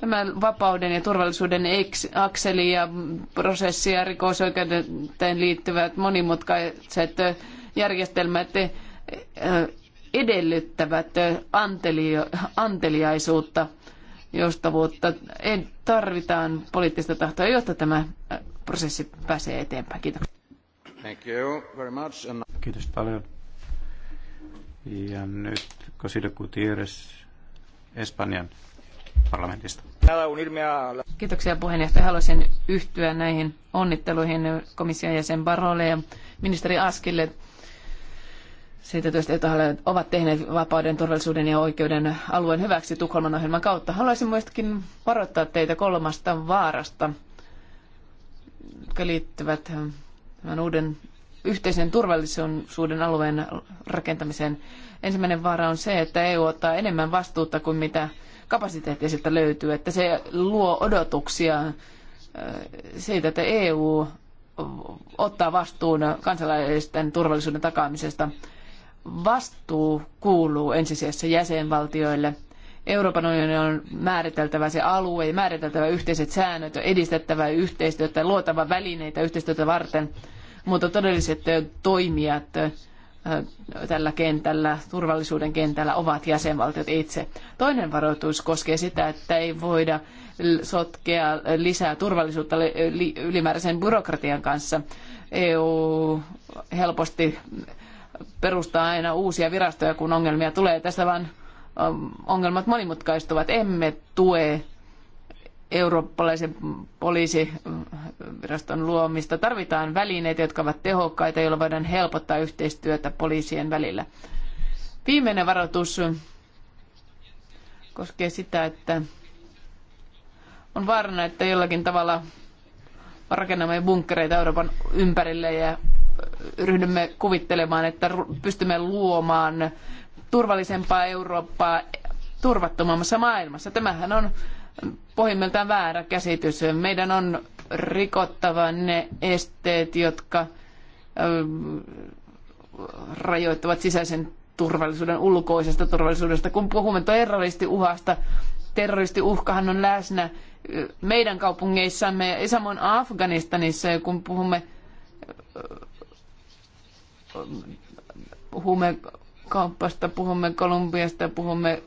tämä vapauden ja turvallisuuden akseli ja prosessi ja rikosoikeuteen liittyvät monimutkaiset e, järjestelmät eh, edellyttävät eh, anteliaisuutta, joustavuutta. Tarvitaan poliittista tahtoa, jotta tämä eh, prosessi pääsee eteenpäin. Kiitoksia. Thank you very much. And... Kiitos paljon. Ja nyt Cosido Gutierrez Espanjan parlamentista. Kiitoksia puheenjohtaja. Haluaisin yhtyä näihin onnitteluihin komission jäsen Barolle ja ministeri Askille siitä jota he ovat tehneet vapauden, turvallisuuden ja oikeuden alueen hyväksi Tukholman ohjelman kautta. Haluaisin muistakin varoittaa teitä kolmasta vaarasta, jotka liittyvät tämän uuden yhteisen turvallisuuden alueen rakentamiseen. Ensimmäinen vaara on se, että EU ottaa enemmän vastuuta kuin mitä kapasiteettia siltä löytyy, että se luo odotuksia siitä, että EU ottaa vastuun kansalaisten turvallisuuden takaamisesta – vastuu kuuluu ensisijassa jäsenvaltioille. Euroopan unionin on määriteltävä se alue ja määriteltävä yhteiset säännöt, ja edistettävä yhteistyötä, luotava välineitä yhteistyötä varten, mutta todelliset toimijat tällä kentällä, turvallisuuden kentällä ovat jäsenvaltiot itse. Toinen varoitus koskee sitä, että ei voida sotkea lisää turvallisuutta ylimääräisen byrokratian kanssa. EU helposti perustaa aina uusia virastoja, kun ongelmia tulee. Tässä vaan ähm, ongelmat monimutkaistuvat. Emme tue eurooppalaisen poliisiviraston luomista. Tarvitaan välineitä, jotka ovat tehokkaita, joilla voidaan helpottaa yhteistyötä poliisien välillä. Viimeinen varoitus koskee sitä, että on vaarana, että jollakin tavalla rakennamme bunkkereita Euroopan ympärille ja ryhdymme kuvittelemaan, että pystymme luomaan turvallisempaa Eurooppaa turvattomammassa maailmassa. Tämähän on pohjimmiltaan väärä käsitys. Meidän on rikottava ne esteet, jotka rajoittavat sisäisen turvallisuuden ulkoisesta turvallisuudesta. Kun puhumme terroristiuhasta, terroristiuhkahan on läsnä meidän kaupungeissamme ja samoin Afganistanissa, kun puhumme puhumme kaupasta, puhumme Kolumbiasta, puhumme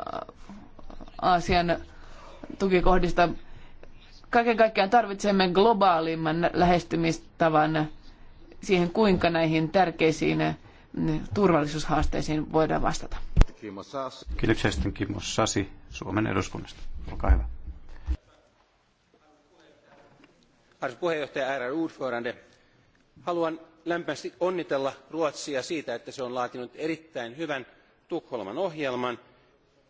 äh, Aasian tukikohdista. Kaiken kaikkiaan tarvitsemme globaalimman lähestymistavan siihen, kuinka näihin tärkeisiin mm, turvallisuushaasteisiin voidaan vastata. Kiitoksia sitten Kimmo Sasi Suomen eduskunnasta. Olkaa hyvä. Arvoisa puheenjohtaja, ärade ordförande. Haluan lämpimästi onnitella ruotsia siitä että se on laatinut erittäin hyvän tukholman ohjelman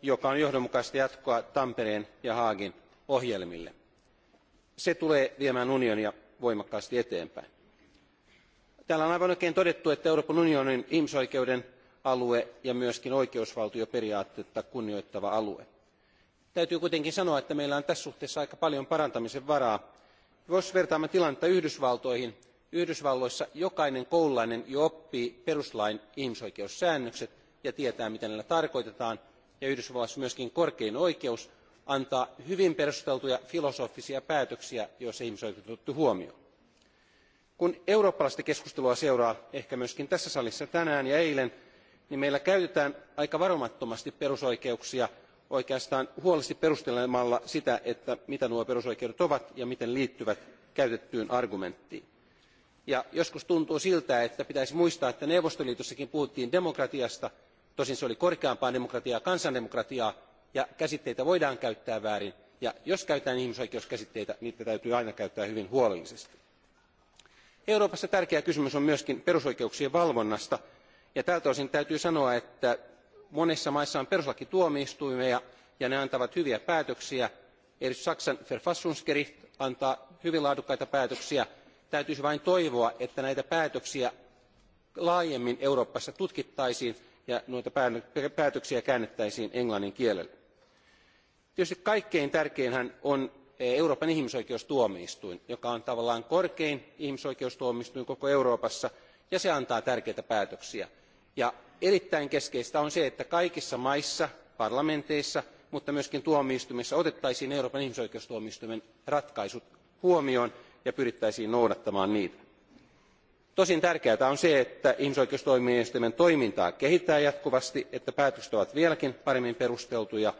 joka on johdonmukaista jatkoa tampereen ja haagin ohjelmille. se tulee viemään unionia voimakkaasti eteenpäin. täällä on aivan oikein todettu että euroopan unionin ihmisoikeuden alue ja myös oikeusvaltioperiaatetta kunnioittava alue. täytyy kuitenkin sanoa että meillä on tässä suhteessa aika paljon parantamisen varaa. jos vertaamme tilannetta yhdysvaltoihin yhdysvalloissa jokainen koululainen jo oppii perustuslain ihmisoikeussäännökset ja tietää mitä niillä tarkoitetaan ja yhdysvalloissa myöskin korkein oikeus antaa hyvin perusteltuja filosofisia päätöksiä joissa ihmisoikeudet on otettu huomioon. kun eurooppalaista keskustelua seuraa ehkä myöskin tässä salissa tänään ja eilen niin meillä käytetään aika varomattomasti perusoikeuksia oikeastaan huolellisesti perustelemalla sitä mitä nuo perusoikeudet ovat ja miten ne liittyvät käytettyyn argumenttiin ja joskus tuntuu siltä että pitäisi muistaa että neuvostoliitossakin puhuttiin demokratiasta tosin se oli korkeampaa demokratiaa kansandemokratiaa ja käsitteitä voidaan käyttää väärin ja jos käytetään ihmisoikeuskäsitteitä niitä täytyy aina käyttää hyvin huolellisesti. euroopassa tärkeä kysymys on myös perusoikeuksien valvonnasta ja tältä osin täytyy sanoa että monissa maissa on perustuslakituomioistuimia ja ne antavat hyviä päätöksiä. erityisesti saksan verfassungsgericht antaa hyvin laadukkaita päätöksiä täytyisi vain toivoa että näitä päätöksiä laajemmin euroopassa tutkittaisiin ja noita päätöksiä käännettäisiin englannin kielelle. tietysti kaikkein tärkeinhän on eh, euroopan ihmisoikeustuomioistuin joka on tavallaan korkein ihmisoikeustuomioistuin koko euroopassa ja se antaa tärkeitä päätöksiä. Ja erittäin keskeistä on se että kaikissa maissa parlamenteissa mutta myös tuomioistuimissa otettaisiin euroopan ihmisoikeustuomioistuimen ratkaisut huomioon ja pyrittäisiin noudattamaan niitä. tosin tärkeää on se että ihmisoikeustuomioistuimen toimintaa kehitetään jatkuvasti että päätökset ovat vieläkin paremmin perusteltuja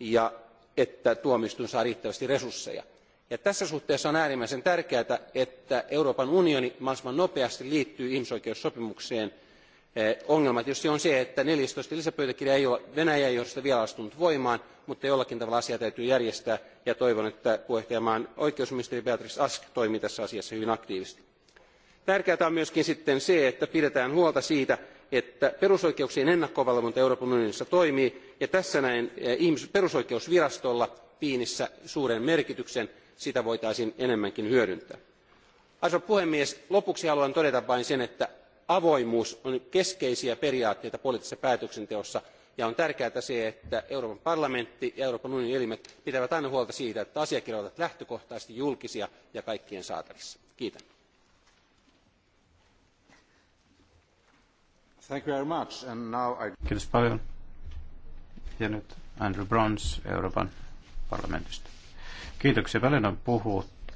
ja että tuomioistuin saa riittävästi resursseja. Ja tässä suhteessa on äärimmäisen tärkeää että euroopan unioni mahdollisimman nopeasti liittyy ihmisoikeussopimukseen Eh, ongelma tietysti on se, että 14 lisäpöytäkirja ei ole Venäjän johdosta vielä astunut voimaan, mutta jollakin tavalla asia täytyy järjestää ja toivon, että puheenjohtajamaan oikeusministeri Beatrice Ask toimii tässä asiassa hyvin aktiivisesti. Tärkeää on myöskin sitten se, että pidetään huolta siitä, että perusoikeuksien ennakkovalvonta Euroopan unionissa toimii ja tässä näen eh, perusoikeusvirastolla piinissä suuren merkityksen, sitä voitaisiin enemmänkin hyödyntää. Arvoisa puhemies, lopuksi haluan todeta vain sen, että avoimuus on keskeisiä periaatteita poliittisessa päätöksenteossa ja on tärkeää että euroopan parlamentti ja euroopan unionin elimet pitävät aina huolta siitä että asiakirjat ovat lähtökohtaisesti julkisia ja kaikkien saatavissa. kiitän. Kiitos paljon. Andrew Brons Euroopan parlamentista. Kiitoksia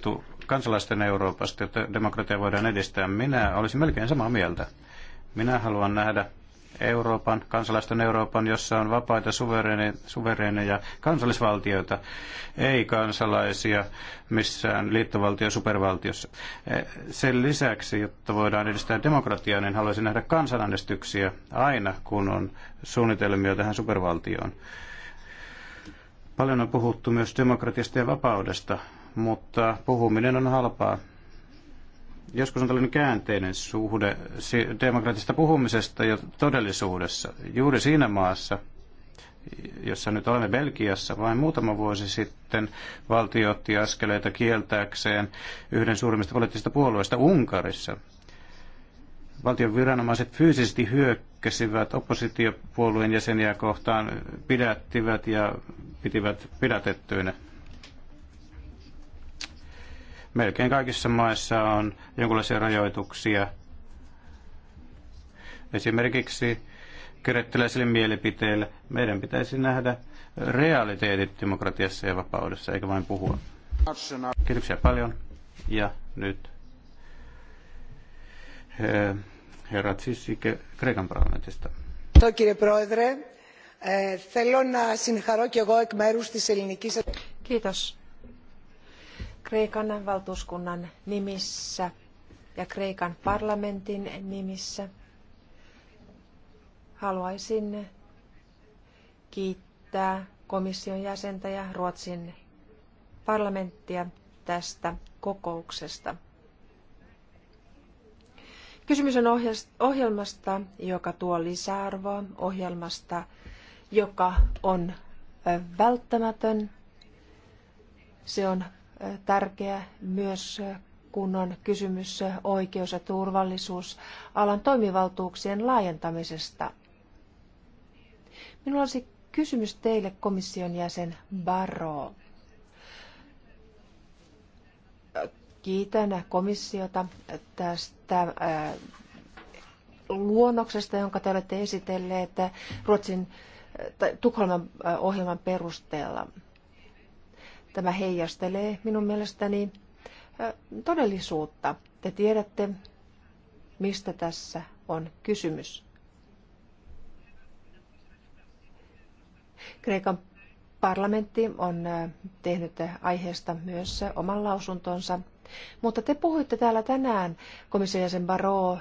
puhuttu kansalaisten Euroopasta, jotta demokratia voidaan edistää. Minä olisin melkein samaa mieltä. Minä haluan nähdä Euroopan, kansalaisten Euroopan, jossa on vapaita suvereneja, kansallisvaltioita, ei kansalaisia missään liittovaltio supervaltiossa. E, sen lisäksi, jotta voidaan edistää demokratiaa, niin haluaisin nähdä kansanäänestyksiä aina, kun on suunnitelmia tähän supervaltioon. Paljon on puhuttu myös demokratiasta ja vapaudesta mutta puhuminen on halpaa. Joskus on tällainen käänteinen suhde demokraattista puhumisesta ja todellisuudessa. Juuri siinä maassa, jossa nyt olemme Belgiassa, vain muutama vuosi sitten valtio otti askeleita kieltääkseen yhden suurimmista poliittisista puolueista Unkarissa. Valtion viranomaiset fyysisesti hyökkäsivät oppositiopuolueen jäseniä kohtaan, pidättivät ja pitivät pidätettyinä. Melkein kaikissa maissa on jonkinlaisia rajoituksia. Esimerkiksi kerettiläisille mielipiteille. Meidän pitäisi nähdä realiteetit demokratiassa ja vapaudessa, eikä vain puhua. Kiitoksia paljon. Ja nyt eh, herra Tsissi Kreikan parlamentista. Eh, eh, Kiitos Kreikan valtuuskunnan nimissä ja Kreikan parlamentin nimissä haluaisin kiittää komission jäsentä ja Ruotsin parlamenttia tästä kokouksesta. Kysymys on ohjelmasta, joka tuo lisäarvoa, ohjelmasta, joka on välttämätön. Se on tärkeä myös kun on kysymys oikeus- ja turvallisuusalan toimivaltuuksien laajentamisesta. Minulla olisi kysymys teille, komission jäsen Barro. Kiitän komissiota tästä äh, luonnoksesta, jonka te olette esitelleet äh, Ruotsin äh, Tukholman ohjelman perusteella. Tämä heijastelee minun mielestäni todellisuutta. Te tiedätte, mistä tässä on kysymys. Kreikan parlamentti on tehnyt aiheesta myös oman lausuntonsa. Mutta te puhuitte täällä tänään, komission jäsen Baro,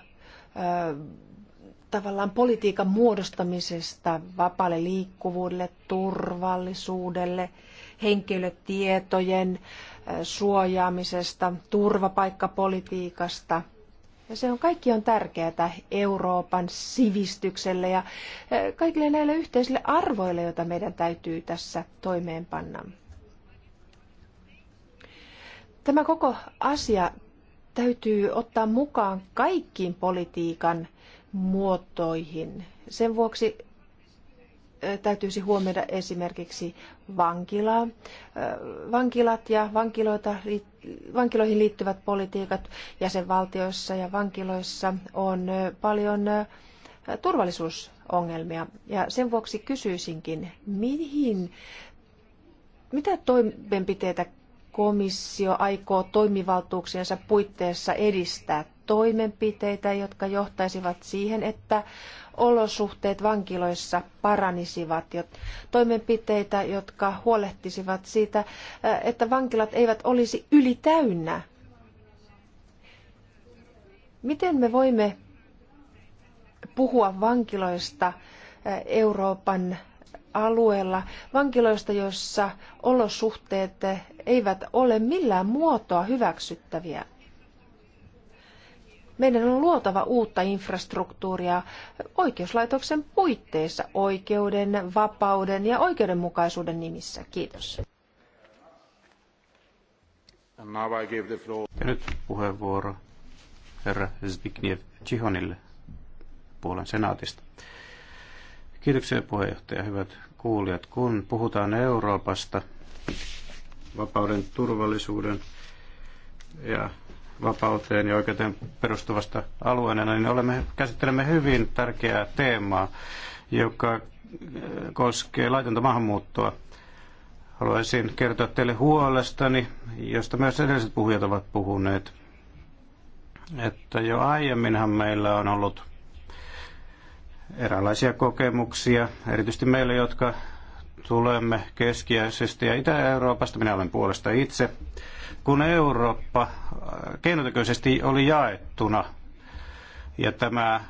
tavallaan politiikan muodostamisesta vapaalle liikkuvuudelle, turvallisuudelle – henkilötietojen suojaamisesta, turvapaikkapolitiikasta. Ja se on kaikki on tärkeää Euroopan sivistykselle ja kaikille näille yhteisille arvoille, joita meidän täytyy tässä toimeenpanna. Tämä koko asia täytyy ottaa mukaan kaikkiin politiikan muotoihin. Sen vuoksi täytyisi huomioida esimerkiksi vankila, vankilat ja vankiloita, vankiloihin liittyvät politiikat jäsenvaltioissa ja vankiloissa on paljon turvallisuusongelmia. Ja sen vuoksi kysyisinkin, mihin, mitä toimenpiteitä komissio aikoo toimivaltuuksiensa puitteissa edistää toimenpiteitä, jotka johtaisivat siihen, että olosuhteet vankiloissa paranisivat. Toimenpiteitä, jotka huolehtisivat siitä, että vankilat eivät olisi ylitäynnä. Miten me voimme puhua vankiloista Euroopan alueella vankiloista, joissa olosuhteet eivät ole millään muotoa hyväksyttäviä. Meidän on luotava uutta infrastruktuuria oikeuslaitoksen puitteissa oikeuden, vapauden ja oikeudenmukaisuuden nimissä. Kiitos. Ja nyt puheenvuoro herra Zbigniew Chihonille puolen senaatista. Kiitoksia puheenjohtaja, hyvät kuulijat. Kun puhutaan Euroopasta, vapauden, turvallisuuden ja vapauteen ja oikeuteen perustuvasta alueena, niin olemme, käsittelemme hyvin tärkeää teemaa, joka äh, koskee laitonta maahanmuuttoa. Haluaisin kertoa teille huolestani, josta myös edelliset puhujat ovat puhuneet, että jo aiemminhan meillä on ollut eräänlaisia kokemuksia, erityisesti meille, jotka tulemme keskiäisestä ja Itä-Euroopasta, minä olen puolesta itse, kun Eurooppa äh, keinotekoisesti oli jaettuna ja tämä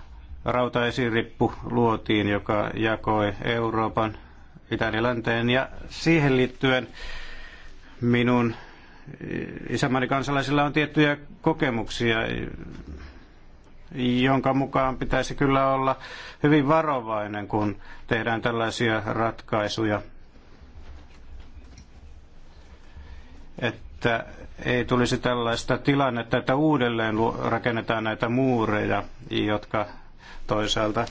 rautaesirippu luotiin, joka jakoi Euroopan itään ja länteen ja siihen liittyen minun isämaani kansalaisilla on tiettyjä kokemuksia jonka mukaan pitäisi kyllä olla hyvin varovainen, kun tehdään tällaisia ratkaisuja. Että ei tulisi tällaista tilannetta, että uudelleen rakennetaan näitä muureja, jotka toisaalta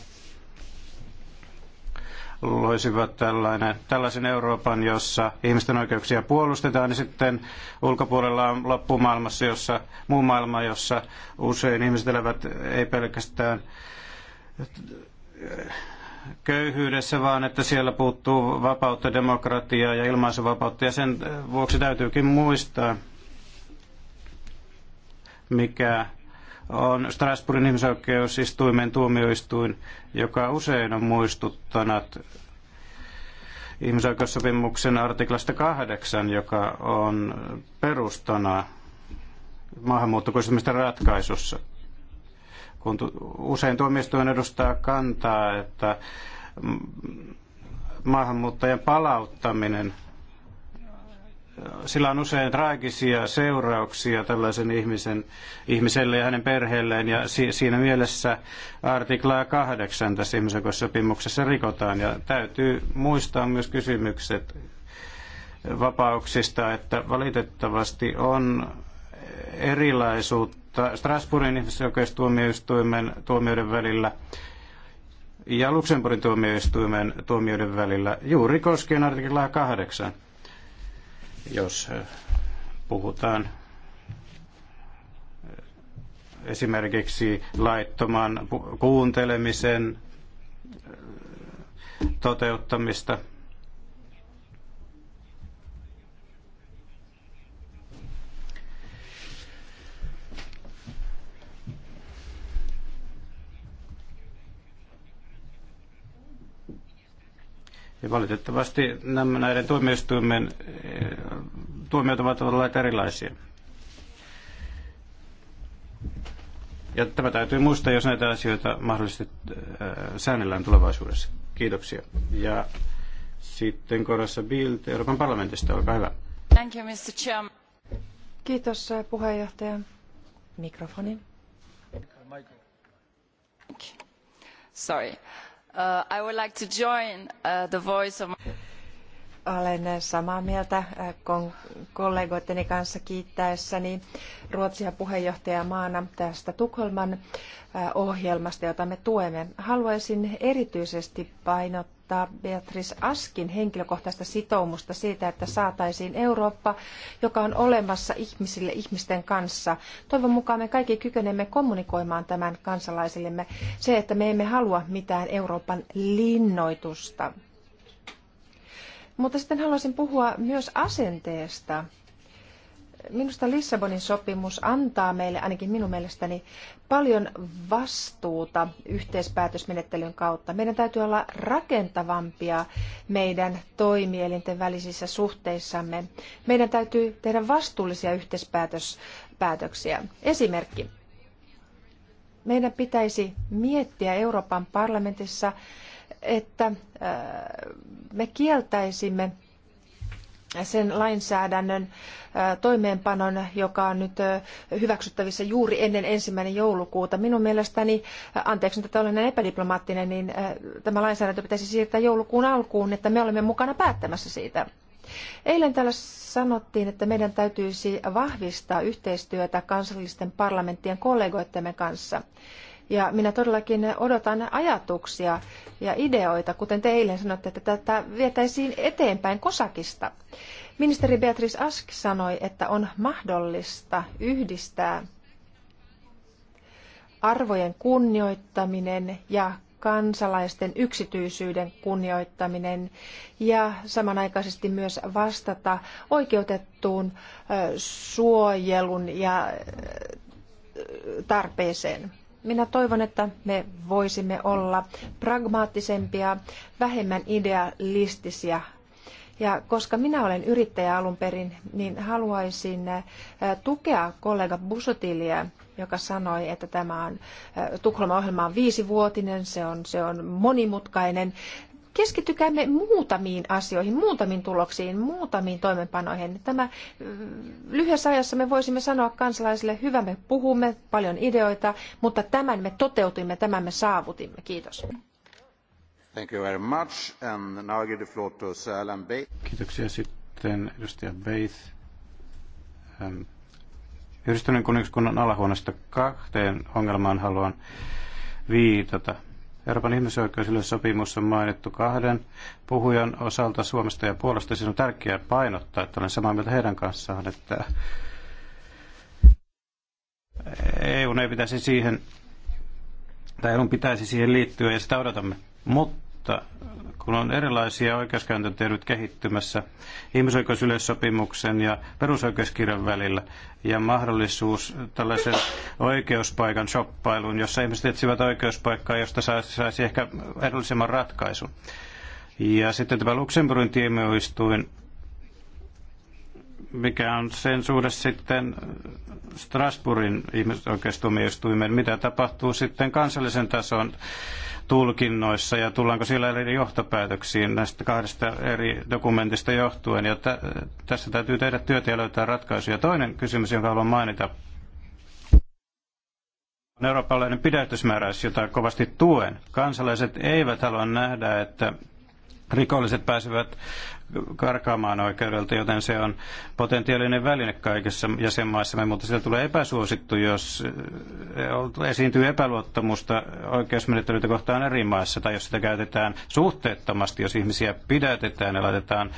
loisivat tällainen, tällaisen Euroopan, jossa ihmisten oikeuksia puolustetaan, niin sitten ulkopuolella on loppumaailmassa, jossa muu maailma, jossa usein ihmiset elävät ei pelkästään köyhyydessä, vaan että siellä puuttuu vapautta, demokratiaa ja ilmaisuvapautta. Ja sen vuoksi täytyykin muistaa, mikä on Strasbourgin ihmisoikeusistuimen tuomioistuin, joka usein on muistuttanut ihmisoikeussopimuksen artiklasta 8, joka on perustana maahanmuuttokysymysten ratkaisussa. Kun usein tuomioistuin edustaa kantaa, että maahanmuuttajan palauttaminen – sillä on usein traagisia seurauksia tällaisen ihmisen, ihmiselle ja hänen perheelleen, ja si, siinä mielessä artiklaa kahdeksan tässä ihmisoikeussopimuksessa rikotaan, ja täytyy muistaa myös kysymykset vapauksista, että valitettavasti on erilaisuutta Strasbourgin ihmisoikeustuomioistuimen tuomioiden välillä ja Luxemburgin tuomioistuimen tuomioiden välillä juuri koskien artiklaa 8 jos puhutaan esimerkiksi laittoman kuuntelemisen toteuttamista, Ja valitettavasti nämä, näiden tuomioistuimen eh, tuomiot ovat olleet erilaisia. Ja tämä täytyy muistaa, jos näitä asioita mahdollisesti eh, säännellään tulevaisuudessa. Kiitoksia. Ja sitten Korassa Bild Euroopan parlamentista, olkaa hyvä. Thank you, Mr. Chairman. Kiitos eh, puheenjohtaja. Mikrofoni. Sorry. Uh, I would like to join uh, the voice of olen samaa mieltä äh, kollegoitteni kanssa kiittäessäni Ruotsia puheenjohtajamaana tästä Tukholman äh, ohjelmasta, jota me tuemme. Haluaisin erityisesti painottaa Beatrice Askin henkilökohtaista sitoumusta siitä, että saataisiin Eurooppa, joka on olemassa ihmisille ihmisten kanssa. Toivon mukaan me kaikki kykenemme kommunikoimaan tämän kansalaisillemme se, että me emme halua mitään Euroopan linnoitusta mutta sitten haluaisin puhua myös asenteesta. Minusta Lissabonin sopimus antaa meille, ainakin minun mielestäni, paljon vastuuta yhteispäätösmenettelyn kautta. Meidän täytyy olla rakentavampia meidän toimielinten välisissä suhteissamme. Meidän täytyy tehdä vastuullisia yhteispäätöspäätöksiä. Esimerkki. Meidän pitäisi miettiä Euroopan parlamentissa, että äh, me kieltäisimme sen lainsäädännön äh, toimeenpanon, joka on nyt äh, hyväksyttävissä juuri ennen ensimmäinen joulukuuta. Minun mielestäni, anteeksi nyt, että olen näin epädiplomaattinen, niin tämä lainsäädäntö pitäisi siirtää joulukuun alkuun, että me olemme mukana päättämässä siitä. Eilen täällä sanottiin, että meidän täytyisi vahvistaa yhteistyötä kansallisten parlamenttien kollegoittemme kanssa. Ja minä todellakin odotan ajatuksia ja ideoita, kuten te eilen sanotte, että tätä vietäisiin eteenpäin kosakista. Ministeri Beatrice Ask sanoi, että on mahdollista yhdistää arvojen kunnioittaminen ja kansalaisten yksityisyyden kunnioittaminen ja samanaikaisesti myös vastata oikeutettuun suojelun ja tarpeeseen. Minä toivon, että me voisimme olla pragmaattisempia, vähemmän idealistisia ja koska minä olen yrittäjä alun perin, niin haluaisin äh, tukea kollega Busotilia, joka sanoi, että tämä on, äh, Tukholman ohjelma on viisivuotinen, se on, se on monimutkainen. Keskitykäämme muutamiin asioihin, muutamiin tuloksiin, muutamiin toimenpanoihin. Tämä mm, lyhyessä ajassa me voisimme sanoa kansalaisille, hyvä me puhumme, paljon ideoita, mutta tämän me toteutimme, tämän me saavutimme. Kiitos. Thank you very much. And now I give the floor to Sir Alan Bates. Kiitoksia sitten edustaja Bates. Ähm, Yhdistyneen kuningaskunnan alahuoneesta kahteen ongelmaan haluan viitata. Euroopan ihmisoikeusyleissopimus on mainittu kahden puhujan osalta Suomesta ja Puolasta. Siinä on tärkeää painottaa, että olen samaa mieltä heidän kanssaan, että EU ei pitäisi siihen, tai EUn pitäisi siihen liittyä ja sitä odotamme. Mutta mutta kun on erilaisia oikeuskäytäntöjä nyt kehittymässä ihmisoikeusyleissopimuksen ja perusoikeuskirjan välillä ja mahdollisuus tällaisen oikeuspaikan shoppailuun, jossa ihmiset etsivät oikeuspaikkaa, josta saisi, saisi ehkä edullisemman ratkaisun. Ja sitten tämä Luxemburgin tiemioistuin mikä on sen suhde sitten Strasbourgin ihmisoikeustuomioistuimen, mitä tapahtuu sitten kansallisen tason tulkinnoissa ja tullaanko siellä eri johtopäätöksiin näistä kahdesta eri dokumentista johtuen. Ja t- tässä täytyy tehdä työtä ja löytää ratkaisuja. Toinen kysymys, jonka haluan mainita, on eurooppalainen pidätysmääräys, jota kovasti tuen. Kansalaiset eivät halua nähdä, että rikolliset pääsevät karkaamaan oikeudelta, joten se on potentiaalinen väline kaikissa jäsenmaissamme, mutta sitä tulee epäsuosittu, jos eh, esiintyy epäluottamusta oikeusmenettelyitä kohtaan eri maissa, tai jos sitä käytetään suhteettomasti, jos ihmisiä pidätetään ja laitetaan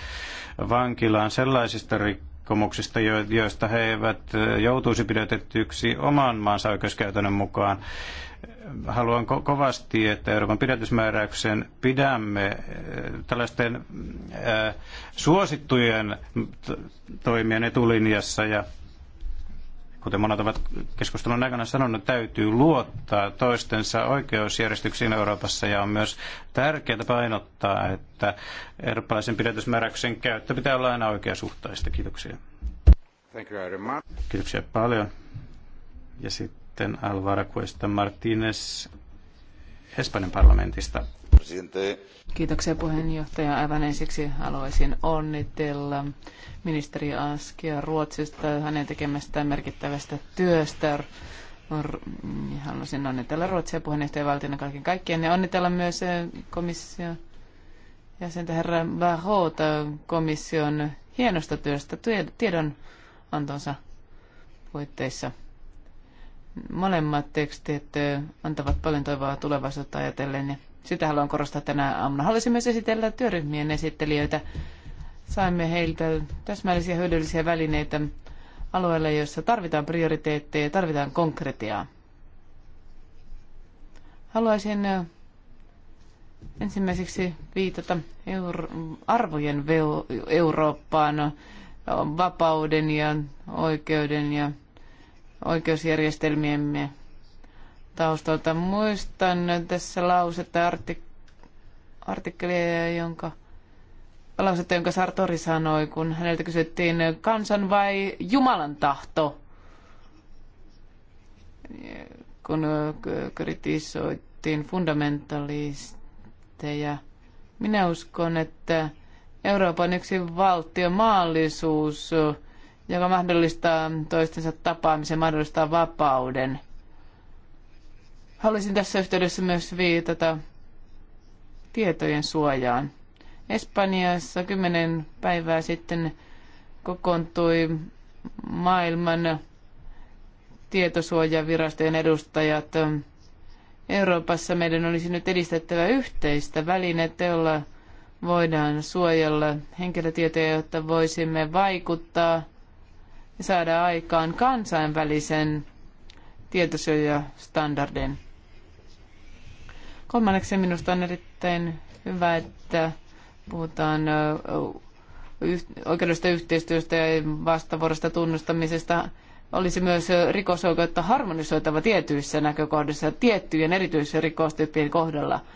vankilaan sellaisista rikkomuksista, joista he eivät eh, joutuisi pidätettyiksi oman maansa oikeuskäytännön mukaan haluan ko- kovasti, että Euroopan pidätysmääräyksen pidämme äh, tällaisten ää, äh, suosittujen toimien etulinjassa ja kuten monet ovat keskustelun aikana sanoneet, täytyy luottaa toistensa oikeusjärjestyksiin Euroopassa ja on myös tärkeää painottaa, että eurooppalaisen pidätysmääräyksen käyttö pitää olla aina oikeasuhtaista. Kiitoksia. Thank you very much. Kiitoksia paljon. Ja sitten sitten Alvaro Cuesta Martínez Espanjan parlamentista. Kiitoksia puheenjohtaja. Aivan ensiksi haluaisin onnitella ministeri Askia Ruotsista hänen tekemästään merkittävästä työstä. Haluaisin onnitella Ruotsia puheenjohtajavaltiona kaiken kaikkiaan ja onnitella myös eh, komission jäsentä herra Barrota komission hienosta työstä tiedonantonsa puitteissa. Molemmat tekstit antavat paljon toivoa tulevaisuutta ajatellen ja niin sitä haluan korostaa tänä aamuna. Haluaisin myös esitellä työryhmien esittelijöitä. Saimme heiltä täsmällisiä hyödyllisiä välineitä alueelle, jossa tarvitaan prioriteetteja ja tarvitaan konkretiaa. Haluaisin ensimmäiseksi viitata euro, arvojen Eurooppaan, vapauden ja oikeuden ja oikeusjärjestelmiemme taustalta. Muistan tässä lausetta artik- artikkelia, jonka lausetta, jonka Sartori sanoi, kun häneltä kysyttiin kansan vai Jumalan tahto, kun kritisoitiin fundamentalisteja. Minä uskon, että Euroopan yksi valtio maallisuus joka mahdollistaa toistensa tapaamisen, mahdollistaa vapauden. Haluaisin tässä yhteydessä myös viitata tietojen suojaan. Espanjassa kymmenen päivää sitten kokoontui maailman tietosuojavirastojen edustajat. Euroopassa meidän olisi nyt edistettävä yhteistä välinettä, jolla voidaan suojella henkilötietoja, jotta voisimme vaikuttaa – saada aikaan kansainvälisen tietosuojastandardin. Kolmanneksi minusta on erittäin hyvä, että puhutaan oikeudellisesta yhteistyöstä ja vastavuorosta tunnustamisesta. Olisi myös rikosoikeutta harmonisoitava tietyissä näkökohdissa, tiettyjen erityisrikostyyppien kohdalla –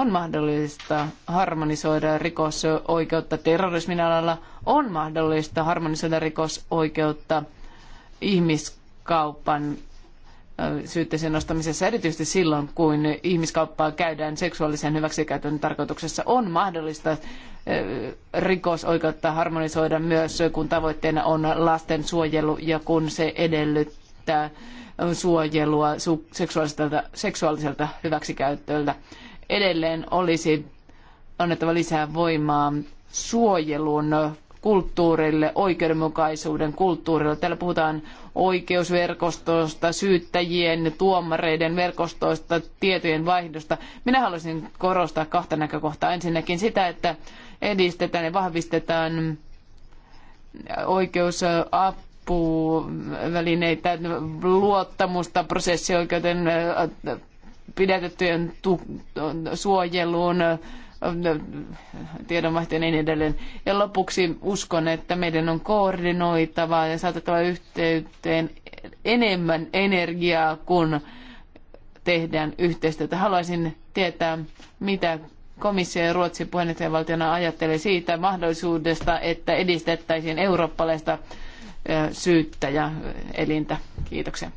on mahdollista harmonisoida rikosoikeutta terrorismin alalla, on mahdollista harmonisoida rikosoikeutta ihmiskaupan syytteeseen nostamisessa, erityisesti silloin, kun ihmiskauppaa käydään seksuaalisen hyväksikäytön tarkoituksessa, on mahdollista rikosoikeutta harmonisoida myös, kun tavoitteena on lasten suojelu ja kun se edellyttää suojelua seksuaaliselta, seksuaaliselta hyväksikäytöltä edelleen olisi annettava lisää voimaa suojelun kulttuurille, oikeudenmukaisuuden kulttuurille. Täällä puhutaan oikeusverkostosta, syyttäjien, tuomareiden verkostoista, tietojen vaihdosta. Minä haluaisin korostaa kahta näkökohtaa. Ensinnäkin sitä, että edistetään ja vahvistetaan oikeusapuvälineitä, välineitä, luottamusta, prosessioikeuden pidätettyjen tu- suojeluun, tiedonvaihteen ja niin edelleen. Ja lopuksi uskon, että meidän on koordinoitava ja saatettava yhteyteen enemmän energiaa, kun tehdään yhteistyötä. Haluaisin tietää, mitä komissio ja Ruotsin puheenjohtajavaltiona ajattelee siitä mahdollisuudesta, että edistettäisiin eurooppalaista syyttäjäelintä. Kiitoksia.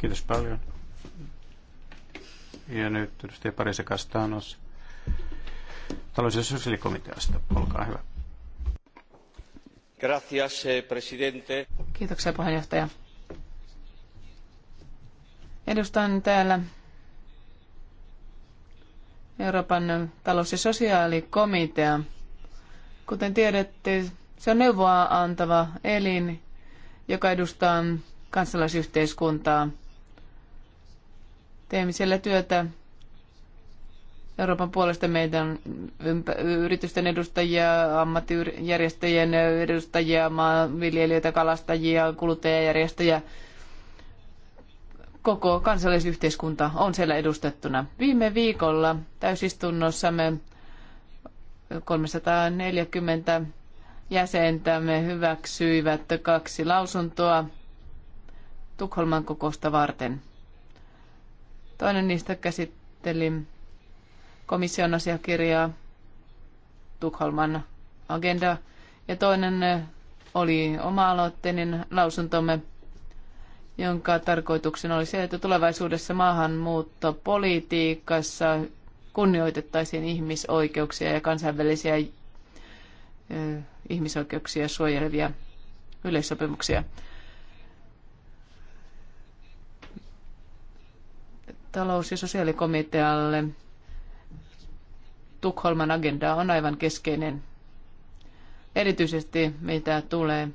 Kiitos paljon. Ja nyt edustaja Parisa Kastanos talous- ja sosiaalikomiteasta. Olkaa hyvä. Gracias, eh, presidente. Kiitoksia puheenjohtaja. Edustan täällä Euroopan talous- ja sosiaalikomitea. Kuten tiedätte, se on neuvoa antava elin, joka edustaa kansalaisyhteiskuntaa – Teemme siellä työtä Euroopan puolesta meidän yritysten edustajia, ammattijärjestöjen edustajia, maanviljelijöitä, kalastajia, kuluttajajärjestöjä. Koko kansallisyhteiskunta on siellä edustettuna. Viime viikolla täysistunnossamme 340 jäsentämme hyväksyivät kaksi lausuntoa Tukholman kokousta varten. Toinen niistä käsitteli komission asiakirjaa, Tukholman agenda, ja toinen oli oma-aloitteinen lausuntomme, jonka tarkoituksena oli se, että tulevaisuudessa maahanmuuttopolitiikassa kunnioitettaisiin ihmisoikeuksia ja kansainvälisiä ihmisoikeuksia suojelevia yleissopimuksia. talous- ja sosiaalikomitealle Tukholman agenda on aivan keskeinen, erityisesti mitä tulee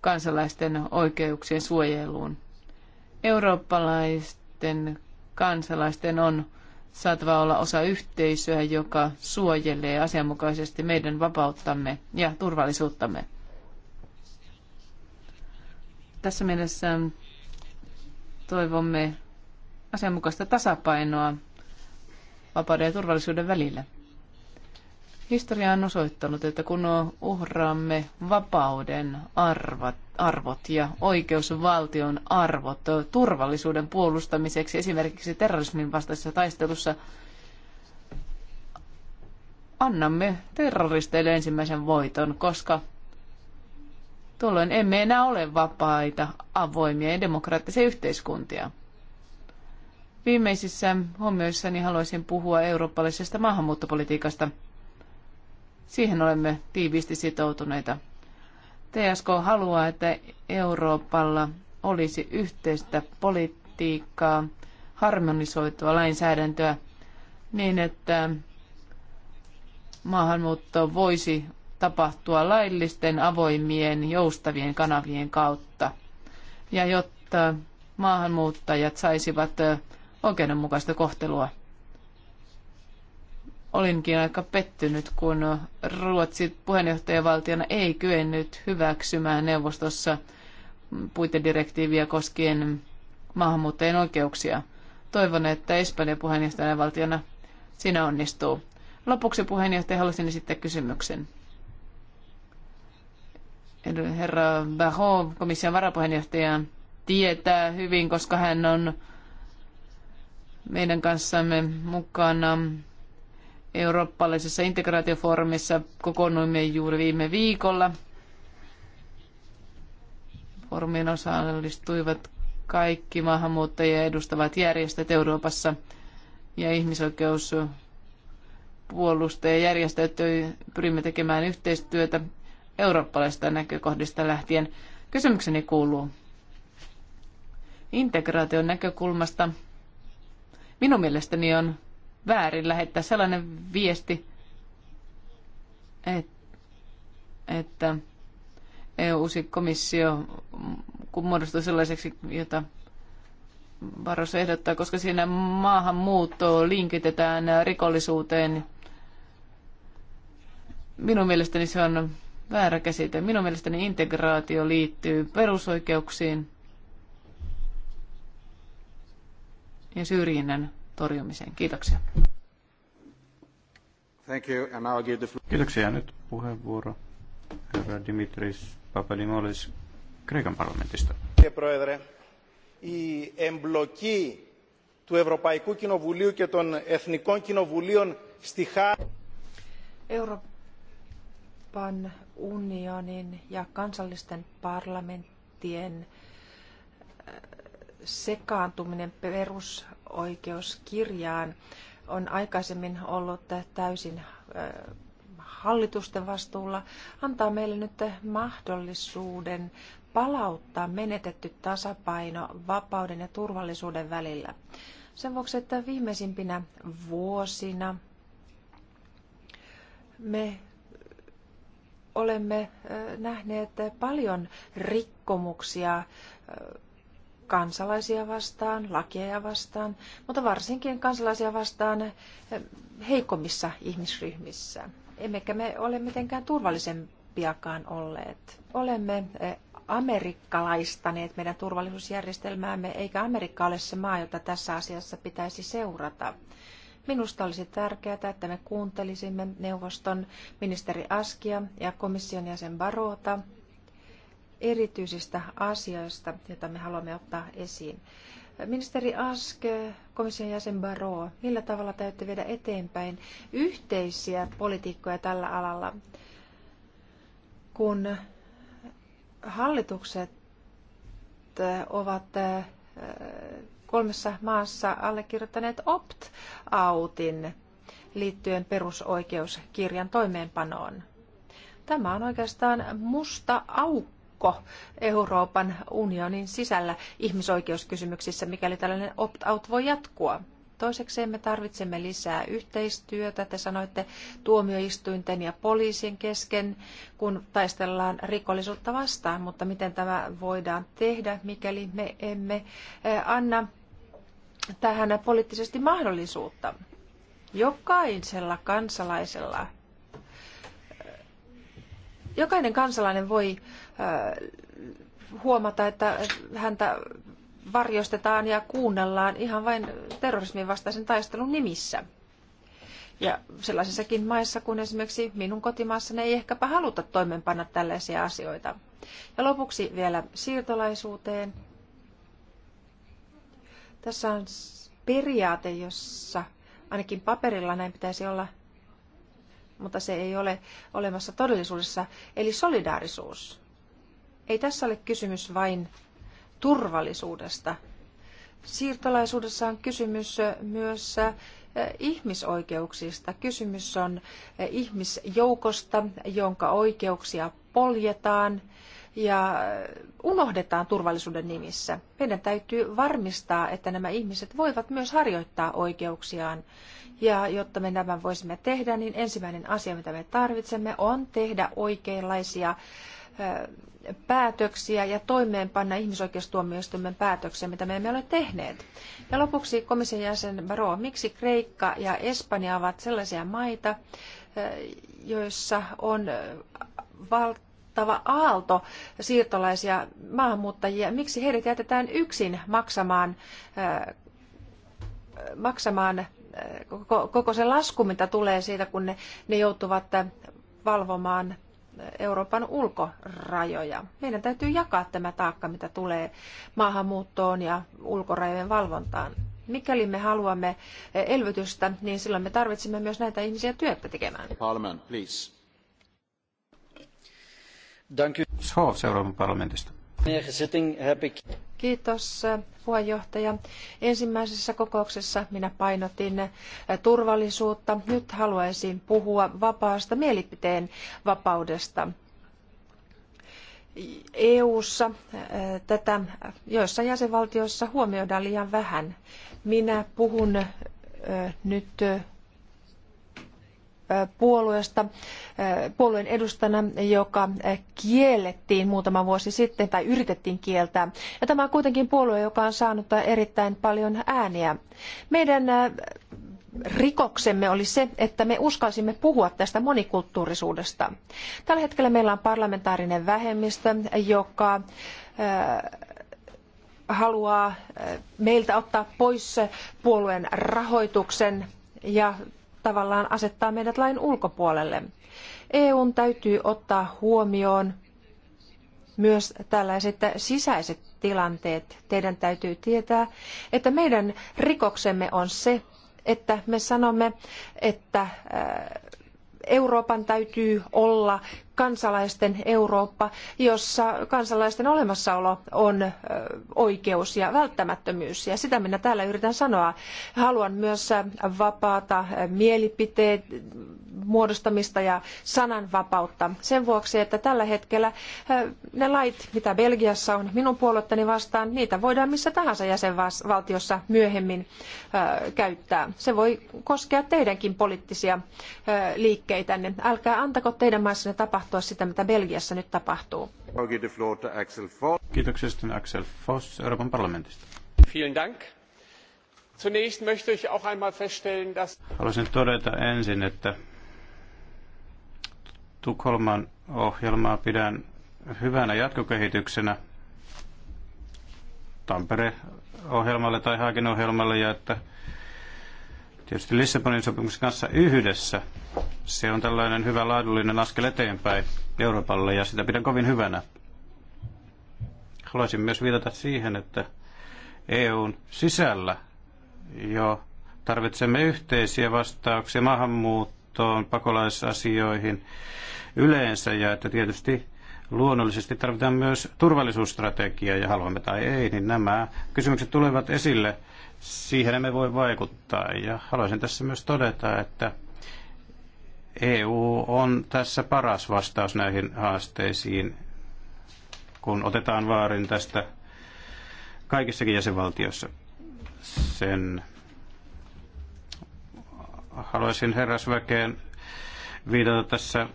kansalaisten oikeuksien suojeluun. Eurooppalaisten kansalaisten on saatava olla osa yhteisöä, joka suojelee asianmukaisesti meidän vapauttamme ja turvallisuuttamme. Tässä mielessä Toivomme asianmukaista tasapainoa vapauden ja turvallisuuden välillä. Historia on osoittanut, että kun uhraamme vapauden arvat, arvot ja oikeusvaltion arvot turvallisuuden puolustamiseksi esimerkiksi terrorismin vastaisessa taistelussa, annamme terroristeille ensimmäisen voiton, koska Tuolloin emme enää ole vapaita, avoimia ja demokraattisia yhteiskuntia. Viimeisissä huomioissani haluaisin puhua eurooppalaisesta maahanmuuttopolitiikasta. Siihen olemme tiiviisti sitoutuneita. TSK haluaa, että Euroopalla olisi yhteistä politiikkaa, harmonisoitua lainsäädäntöä niin, että maahanmuutto voisi tapahtua laillisten, avoimien, joustavien kanavien kautta. Ja jotta maahanmuuttajat saisivat oikeudenmukaista kohtelua. Olinkin aika pettynyt, kun Ruotsi puheenjohtajavaltiona ei kyennyt hyväksymään neuvostossa puitedirektiiviä koskien maahanmuuttajien oikeuksia. Toivon, että Espanjan puheenjohtajavaltiona siinä onnistuu. Lopuksi puheenjohtaja haluaisin esittää kysymyksen herra Baho, komission varapuheenjohtaja, tietää hyvin, koska hän on meidän kanssamme mukana eurooppalaisessa integraatiofoorumissa. Kokoonnuimme juuri viime viikolla. Foorumiin osallistuivat kaikki maahanmuuttajia edustavat järjestöt Euroopassa ja ihmisoikeuspuolustajajärjestöt. Pyrimme tekemään yhteistyötä Eurooppalaisesta näkökohdista lähtien. Kysymykseni kuuluu integraation näkökulmasta. Minun mielestäni on väärin lähettää sellainen viesti, että EU-uusi komissio kun muodostuu sellaiseksi, jota Barroso ehdottaa, koska siinä maahanmuuttoa linkitetään rikollisuuteen. Minun mielestäni se on väärä käsite. Minun mielestäni integraatio liittyy perusoikeuksiin ja syrjinnän torjumiseen. Kiitoksia. Thank you, and I'll give the floor. Kiitoksia. Nyt puheenvuoro herra Dimitris Papadimolis Kreikan parlamentista. Euroopan unionin ja kansallisten parlamenttien äh, sekaantuminen perusoikeuskirjaan on aikaisemmin ollut täysin äh, hallitusten vastuulla, antaa meille nyt mahdollisuuden palauttaa menetetty tasapaino vapauden ja turvallisuuden välillä. Sen vuoksi, että viimeisimpinä vuosina me olemme nähneet paljon rikkomuksia kansalaisia vastaan, lakeja vastaan, mutta varsinkin kansalaisia vastaan heikommissa ihmisryhmissä. Emmekä me ole mitenkään turvallisempiakaan olleet. Olemme amerikkalaistaneet meidän turvallisuusjärjestelmäämme, eikä Amerikka ole se maa, jota tässä asiassa pitäisi seurata. Minusta olisi tärkeää, että me kuuntelisimme neuvoston ministeri Askia ja komission jäsen Barota erityisistä asioista, joita me haluamme ottaa esiin. Ministeri Ask, komission jäsen Baro, millä tavalla täytyy viedä eteenpäin yhteisiä politiikkoja tällä alalla, kun hallitukset ovat kolmessa maassa allekirjoittaneet opt-outin liittyen perusoikeuskirjan toimeenpanoon. Tämä on oikeastaan musta aukko Euroopan unionin sisällä ihmisoikeuskysymyksissä, mikäli tällainen opt-out voi jatkua. Toisekseen me tarvitsemme lisää yhteistyötä, te sanoitte, tuomioistuinten ja poliisin kesken, kun taistellaan rikollisuutta vastaan, mutta miten tämä voidaan tehdä, mikäli me emme eh, anna tähän poliittisesti mahdollisuutta. Jokaisella kansalaisella, jokainen kansalainen voi huomata, että häntä varjostetaan ja kuunnellaan ihan vain terrorismin vastaisen taistelun nimissä. Ja sellaisissakin maissa kuin esimerkiksi minun kotimaassani ei ehkäpä haluta toimeenpanna tällaisia asioita. Ja lopuksi vielä siirtolaisuuteen tässä on periaate, jossa ainakin paperilla näin pitäisi olla, mutta se ei ole olemassa todellisuudessa, eli solidaarisuus. Ei tässä ole kysymys vain turvallisuudesta. Siirtolaisuudessa on kysymys myös ihmisoikeuksista. Kysymys on ihmisjoukosta, jonka oikeuksia poljetaan ja unohdetaan turvallisuuden nimissä. Meidän täytyy varmistaa, että nämä ihmiset voivat myös harjoittaa oikeuksiaan. Ja jotta me nämä voisimme tehdä, niin ensimmäinen asia, mitä me tarvitsemme, on tehdä oikeanlaisia päätöksiä ja toimeenpanna ihmisoikeustuomioistuimen päätöksiä, mitä me emme ole tehneet. Ja lopuksi komission jäsen Baro, miksi Kreikka ja Espanja ovat sellaisia maita, joissa on valtio valtava aalto siirtolaisia maahanmuuttajia. Miksi heidät jätetään yksin maksamaan, äh, maksamaan äh, koko, koko se lasku, mitä tulee siitä, kun ne, ne joutuvat valvomaan Euroopan ulkorajoja. Meidän täytyy jakaa tämä taakka, mitä tulee maahanmuuttoon ja ulkorajojen valvontaan. Mikäli me haluamme elvytystä, niin silloin me tarvitsemme myös näitä ihmisiä työtä tekemään. Parliament, please seuraavan parlamentista. Kiitos eh, puheenjohtaja. Ensimmäisessä kokouksessa minä painotin eh, turvallisuutta. Nyt haluaisin puhua vapaasta mielipiteen vapaudesta. EU:ssa eh, tätä joissain jäsenvaltioissa huomioidaan liian vähän. Minä puhun nyt puolueesta, puolueen edustajana, joka kiellettiin muutama vuosi sitten tai yritettiin kieltää. Ja tämä on kuitenkin puolue, joka on saanut erittäin paljon ääniä. Meidän rikoksemme oli se, että me uskalsimme puhua tästä monikulttuurisuudesta. Tällä hetkellä meillä on parlamentaarinen vähemmistö, joka haluaa meiltä ottaa pois puolueen rahoituksen ja tavallaan asettaa meidät lain ulkopuolelle. EUn täytyy ottaa huomioon myös tällaiset sisäiset tilanteet. Teidän täytyy tietää, että meidän rikoksemme on se, että me sanomme, että Euroopan täytyy olla kansalaisten Eurooppa, jossa kansalaisten olemassaolo on oikeus ja välttämättömyys. Ja sitä minä täällä yritän sanoa. Haluan myös vapaata mielipiteen muodostamista ja sananvapautta. Sen vuoksi, että tällä hetkellä ne lait, mitä Belgiassa on minun puoluettani vastaan, niitä voidaan missä tahansa jäsenvaltiossa myöhemmin käyttää. Se voi koskea teidänkin poliittisia liikkeitänne. Älkää antako teidän maissanne tapahtua tapahtua sitä, mitä Belgiassa nyt tapahtuu. Kiitoksia sitten Axel Voss Euroopan parlamentista. Vielen Dank. Zunächst möchte ich auch einmal feststellen, dass... Haluaisin todeta ensin, että Tukholman ohjelmaa pidän hyvänä jatkokehityksenä Tampere-ohjelmalle tai Haakin ohjelmalle ja että Tietysti Lissabonin sopimuksen kanssa yhdessä. Se on tällainen hyvä laadullinen askel eteenpäin Euroopalle ja sitä pidän kovin hyvänä. Haluaisin myös viitata siihen, että EUn sisällä jo tarvitsemme yhteisiä vastauksia maahanmuuttoon, pakolaisasioihin yleensä ja että tietysti luonnollisesti tarvitaan myös turvallisuusstrategia ja haluamme tai ei, niin nämä kysymykset tulevat esille – Siihen emme voi vaikuttaa ja haluaisin tässä myös todeta, että EU on tässä paras vastaus näihin haasteisiin, kun otetaan vaarin tästä kaikissakin jäsenvaltiossa. Sen haluaisin herrasväkeen viitata tässä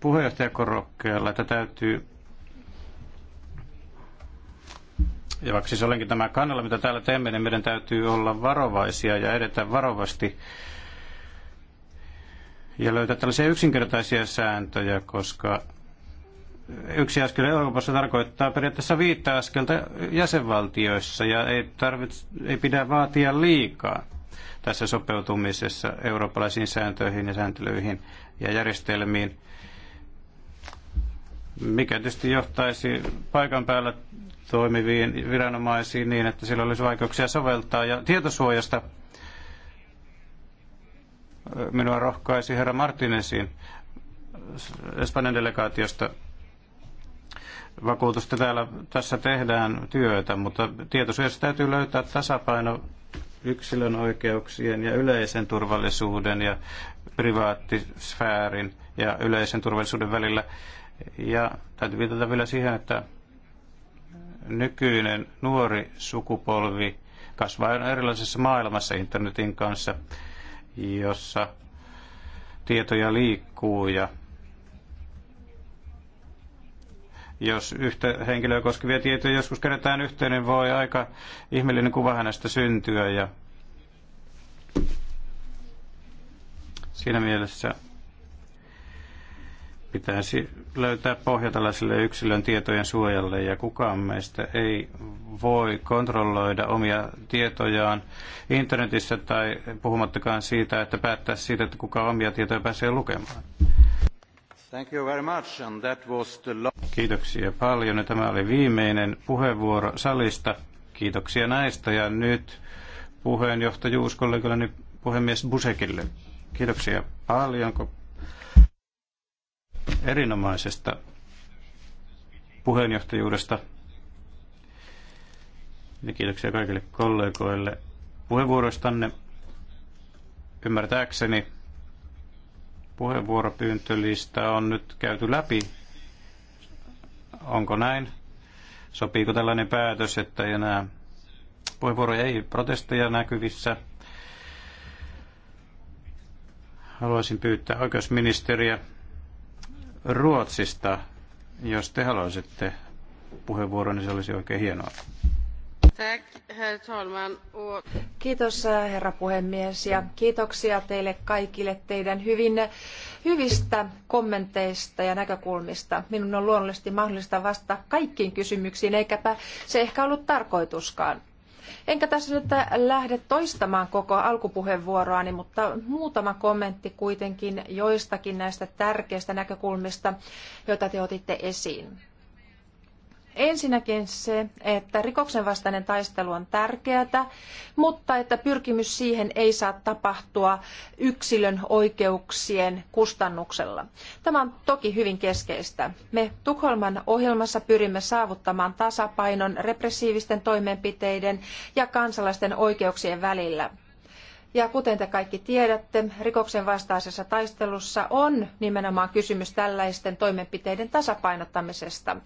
puheenjohtajakorokkeella, että täytyy Ja vaikka siis olenkin tämä kannalla, mitä täällä teemme, niin meidän täytyy olla varovaisia ja edetä varovasti ja löytää tällaisia yksinkertaisia sääntöjä, koska yksi askel Euroopassa tarkoittaa periaatteessa viittä askelta jäsenvaltioissa ja ei, tarvitse, ei pidä vaatia liikaa tässä sopeutumisessa eurooppalaisiin sääntöihin ja sääntelyihin ja järjestelmiin, mikä tietysti johtaisi paikan päällä toimiviin viranomaisiin niin, että sillä olisi vaikeuksia soveltaa. Ja tietosuojasta minua rohkaisi herra Martinesin Espanjan delegaatiosta vakuutusta täällä tässä tehdään työtä, mutta tietosuojassa täytyy löytää tasapaino yksilön oikeuksien ja yleisen turvallisuuden ja privaattisfäärin ja yleisen turvallisuuden välillä. Ja täytyy viitata vielä siihen, että nykyinen nuori sukupolvi kasvaa erilaisessa maailmassa internetin kanssa, jossa tietoja liikkuu ja jos yhtä henkilöä koskevia tietoja joskus kerätään yhteen, niin voi aika ihmeellinen kuva hänestä syntyä ja siinä mielessä Pitäisi löytää pohja tällaiselle yksilön tietojen suojalle ja kukaan meistä ei voi kontrolloida omia tietojaan internetissä tai puhumattakaan siitä, että päättää siitä, että kuka omia tietoja pääsee lukemaan. Thank you very much. And that was the... Kiitoksia paljon. Ja tämä oli viimeinen puheenvuoro salista. Kiitoksia näistä ja nyt puheenjohtajuuskollegalleni puhemies Busekille. Kiitoksia paljon erinomaisesta puheenjohtajuudesta. Ja kiitoksia kaikille kollegoille puheenvuoroistanne. Ymmärtääkseni puheenvuoropyyntölistä on nyt käyty läpi. Onko näin? Sopiiko tällainen päätös, että ei enää puheenvuoroja ei protesteja näkyvissä? Haluaisin pyytää oikeusministeriä Ruotsista. Jos te haluaisitte puheenvuoron, niin se olisi oikein hienoa. Kiitos eh, herra puhemies ja kiitoksia teille kaikille teidän hyvin, hyvistä kommenteista ja näkökulmista. Minun on luonnollisesti mahdollista vastata kaikkiin kysymyksiin, eikäpä se ehkä ollut tarkoituskaan. Enkä tässä nyt lähde toistamaan koko alkupuheenvuoroani, mutta muutama kommentti kuitenkin joistakin näistä tärkeistä näkökulmista, joita te otitte esiin. Ensinnäkin se, että rikoksen vastainen taistelu on tärkeää, mutta että pyrkimys siihen ei saa tapahtua yksilön oikeuksien kustannuksella. Tämä on toki hyvin keskeistä. Me Tukholman ohjelmassa pyrimme saavuttamaan tasapainon repressiivisten toimenpiteiden ja kansalaisten oikeuksien välillä. Ja kuten te kaikki tiedätte, rikoksen vastaisessa taistelussa on nimenomaan kysymys tällaisten toimenpiteiden tasapainottamisesta.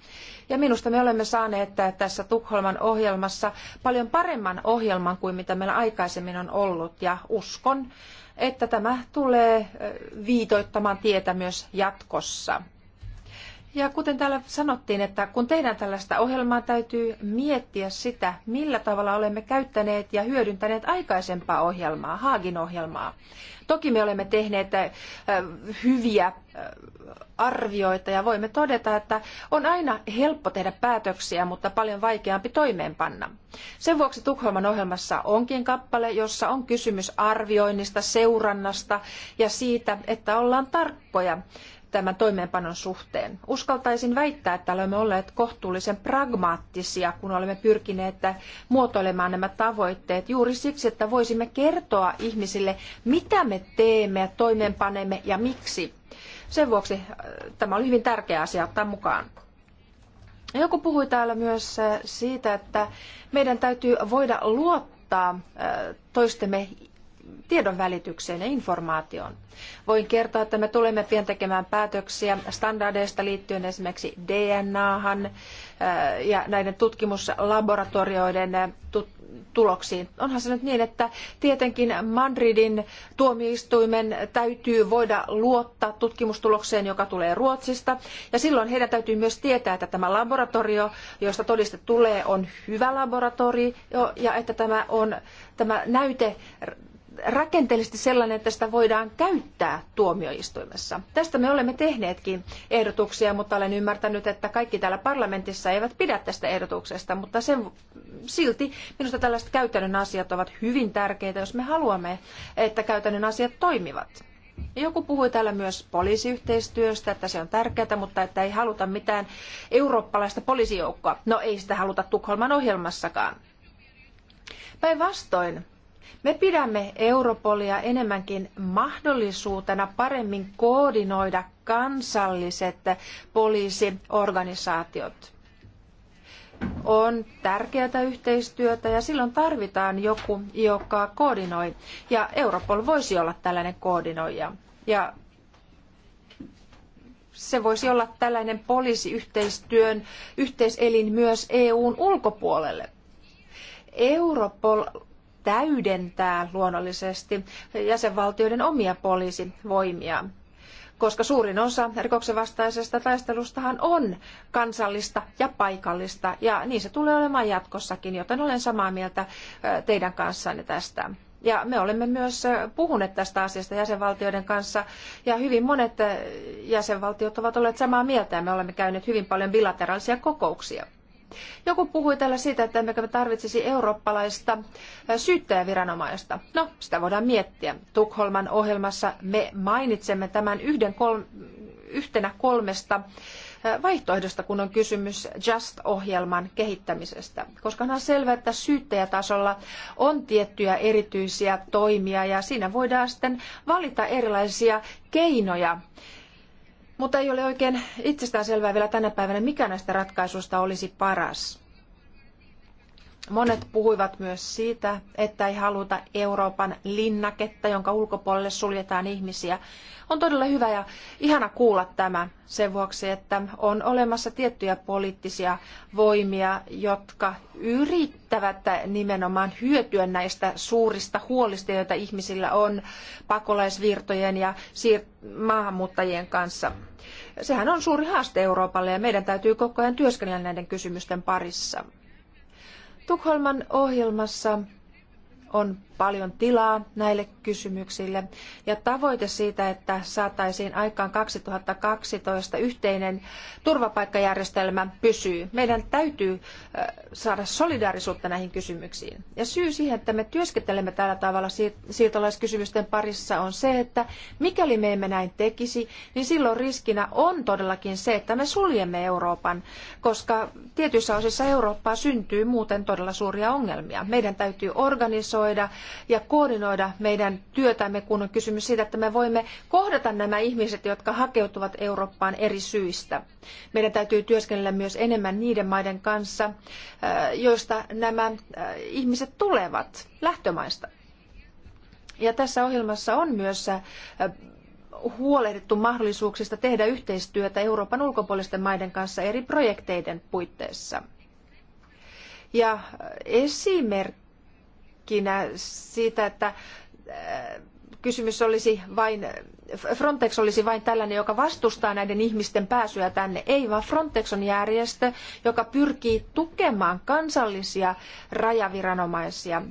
Ja minusta me olemme saaneet tässä Tukholman ohjelmassa paljon paremman ohjelman kuin mitä meillä aikaisemmin on ollut. Ja uskon, että tämä tulee viitoittamaan tietä myös jatkossa. Ja kuten täällä sanottiin, että kun tehdään tällaista ohjelmaa, täytyy miettiä sitä, millä tavalla olemme käyttäneet ja hyödyntäneet aikaisempaa ohjelmaa, Haagin ohjelmaa. Toki me olemme tehneet äh, hyviä äh, arvioita ja voimme todeta, että on aina helppo tehdä päätöksiä, mutta paljon vaikeampi toimeenpanna. Sen vuoksi Tukholman ohjelmassa onkin kappale, jossa on kysymys arvioinnista, seurannasta ja siitä, että ollaan tarkkoja tämän toimeenpanon suhteen. Uskaltaisin väittää, että olemme olleet kohtuullisen pragmaattisia, kun olemme pyrkineet muotoilemaan nämä tavoitteet juuri siksi, että voisimme kertoa ihmisille, mitä me teemme ja toimeenpanemme ja miksi. Sen vuoksi äh, tämä oli hyvin tärkeä asia ottaa mukaan. Joku puhui täällä myös äh, siitä, että meidän täytyy voida luottaa äh, toistemme tiedon välitykseen ja informaatioon. Voin kertoa, että me tulemme pian tekemään päätöksiä standardeista liittyen esimerkiksi DNAhan äh, ja näiden tutkimuslaboratorioiden äh, tuloksiin. Onhan se nyt niin, että tietenkin Madridin tuomioistuimen täytyy voida luottaa tutkimustulokseen, joka tulee Ruotsista. Ja silloin heidän täytyy myös tietää, että tämä laboratorio, josta todiste tulee, on hyvä laboratorio ja että tämä, on, tämä näyte rakenteellisesti sellainen, että sitä voidaan käyttää tuomioistuimessa. Tästä me olemme tehneetkin ehdotuksia, mutta olen ymmärtänyt, että kaikki täällä parlamentissa eivät pidä tästä ehdotuksesta, mutta sen, silti minusta tällaiset käytännön asiat ovat hyvin tärkeitä, jos me haluamme, että käytännön asiat toimivat. Joku puhui täällä myös poliisiyhteistyöstä, että se on tärkeää, mutta että ei haluta mitään eurooppalaista poliisijoukkoa. No ei sitä haluta Tukholman ohjelmassakaan. Päinvastoin, me pidämme Europolia enemmänkin mahdollisuutena paremmin koordinoida kansalliset poliisiorganisaatiot. On tärkeää yhteistyötä ja silloin tarvitaan joku, joka koordinoi. Ja Europol voisi olla tällainen koordinoija. Ja se voisi olla tällainen poliisiyhteistyön yhteiselin myös EUn ulkopuolelle. Europol täydentää luonnollisesti jäsenvaltioiden omia poliisivoimia koska suurin osa rikoksen vastaisesta taistelustahan on kansallista ja paikallista, ja niin se tulee olemaan jatkossakin, joten olen samaa mieltä teidän kanssanne tästä. Ja me olemme myös puhuneet tästä asiasta jäsenvaltioiden kanssa, ja hyvin monet jäsenvaltiot ovat olleet samaa mieltä, ja me olemme käyneet hyvin paljon bilateraalisia kokouksia. Joku puhui täällä siitä, että emmekö me tarvitsisi eurooppalaista syyttäjäviranomaista. No, sitä voidaan miettiä. Tukholman ohjelmassa me mainitsemme tämän yhden kol- yhtenä kolmesta vaihtoehdosta, kun on kysymys Just-ohjelman kehittämisestä. Koska on selvää, että syyttäjätasolla on tiettyjä erityisiä toimia ja siinä voidaan sitten valita erilaisia keinoja mutta ei ole oikein itsestään selvää vielä tänä päivänä, mikä näistä ratkaisuista olisi paras. Monet puhuivat myös siitä, että ei haluta Euroopan linnaketta, jonka ulkopuolelle suljetaan ihmisiä. On todella hyvä ja ihana kuulla tämä sen vuoksi, että on olemassa tiettyjä poliittisia voimia, jotka yrittävät nimenomaan hyötyä näistä suurista huolista, joita ihmisillä on pakolaisvirtojen ja siir- maahanmuuttajien kanssa. Sehän on suuri haaste Euroopalle ja meidän täytyy koko ajan työskennellä näiden kysymysten parissa. Tukholman ohjelmassa on paljon tilaa näille kysymyksille. Ja tavoite siitä, että saataisiin aikaan 2012 yhteinen turvapaikkajärjestelmä pysyy. Meidän täytyy saada solidaarisuutta näihin kysymyksiin. Ja syy siihen, että me työskentelemme tällä tavalla siirtolaiskysymysten parissa on se, että mikäli me emme näin tekisi, niin silloin riskinä on todellakin se, että me suljemme Euroopan, koska tietyissä osissa Eurooppaa syntyy muuten todella suuria ongelmia. Meidän täytyy organisoida ja koordinoida meidän työtämme, kun on kysymys siitä, että me voimme kohdata nämä ihmiset, jotka hakeutuvat Eurooppaan eri syistä. Meidän täytyy työskennellä myös enemmän niiden maiden kanssa, äh, joista nämä äh, ihmiset tulevat lähtömaista. Ja tässä ohjelmassa on myös äh, huolehdittu mahdollisuuksista tehdä yhteistyötä Euroopan ulkopuolisten maiden kanssa eri projekteiden puitteissa. Ja esimerkki esimerkkinä siitä, että äh, kysymys olisi vain, Frontex olisi vain tällainen, joka vastustaa näiden ihmisten pääsyä tänne. Ei, vaan Frontex on järjestö, joka pyrkii tukemaan kansallisia rajaviranomaisia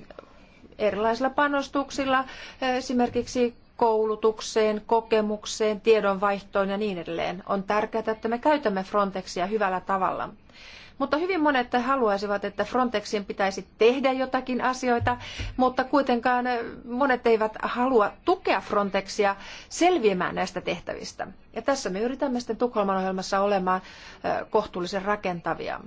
erilaisilla panostuksilla, äh, esimerkiksi koulutukseen, kokemukseen, tiedonvaihtoon ja niin edelleen. On tärkeää, että me käytämme Frontexia hyvällä tavalla. Mutta hyvin monet haluaisivat, että Frontexin pitäisi tehdä jotakin asioita, mutta kuitenkaan eh, monet eivät halua tukea Frontexia selviämään näistä tehtävistä. Ja tässä me yritämme sitten Tukholman ohjelmassa olemaan eh, kohtuullisen rakentavia.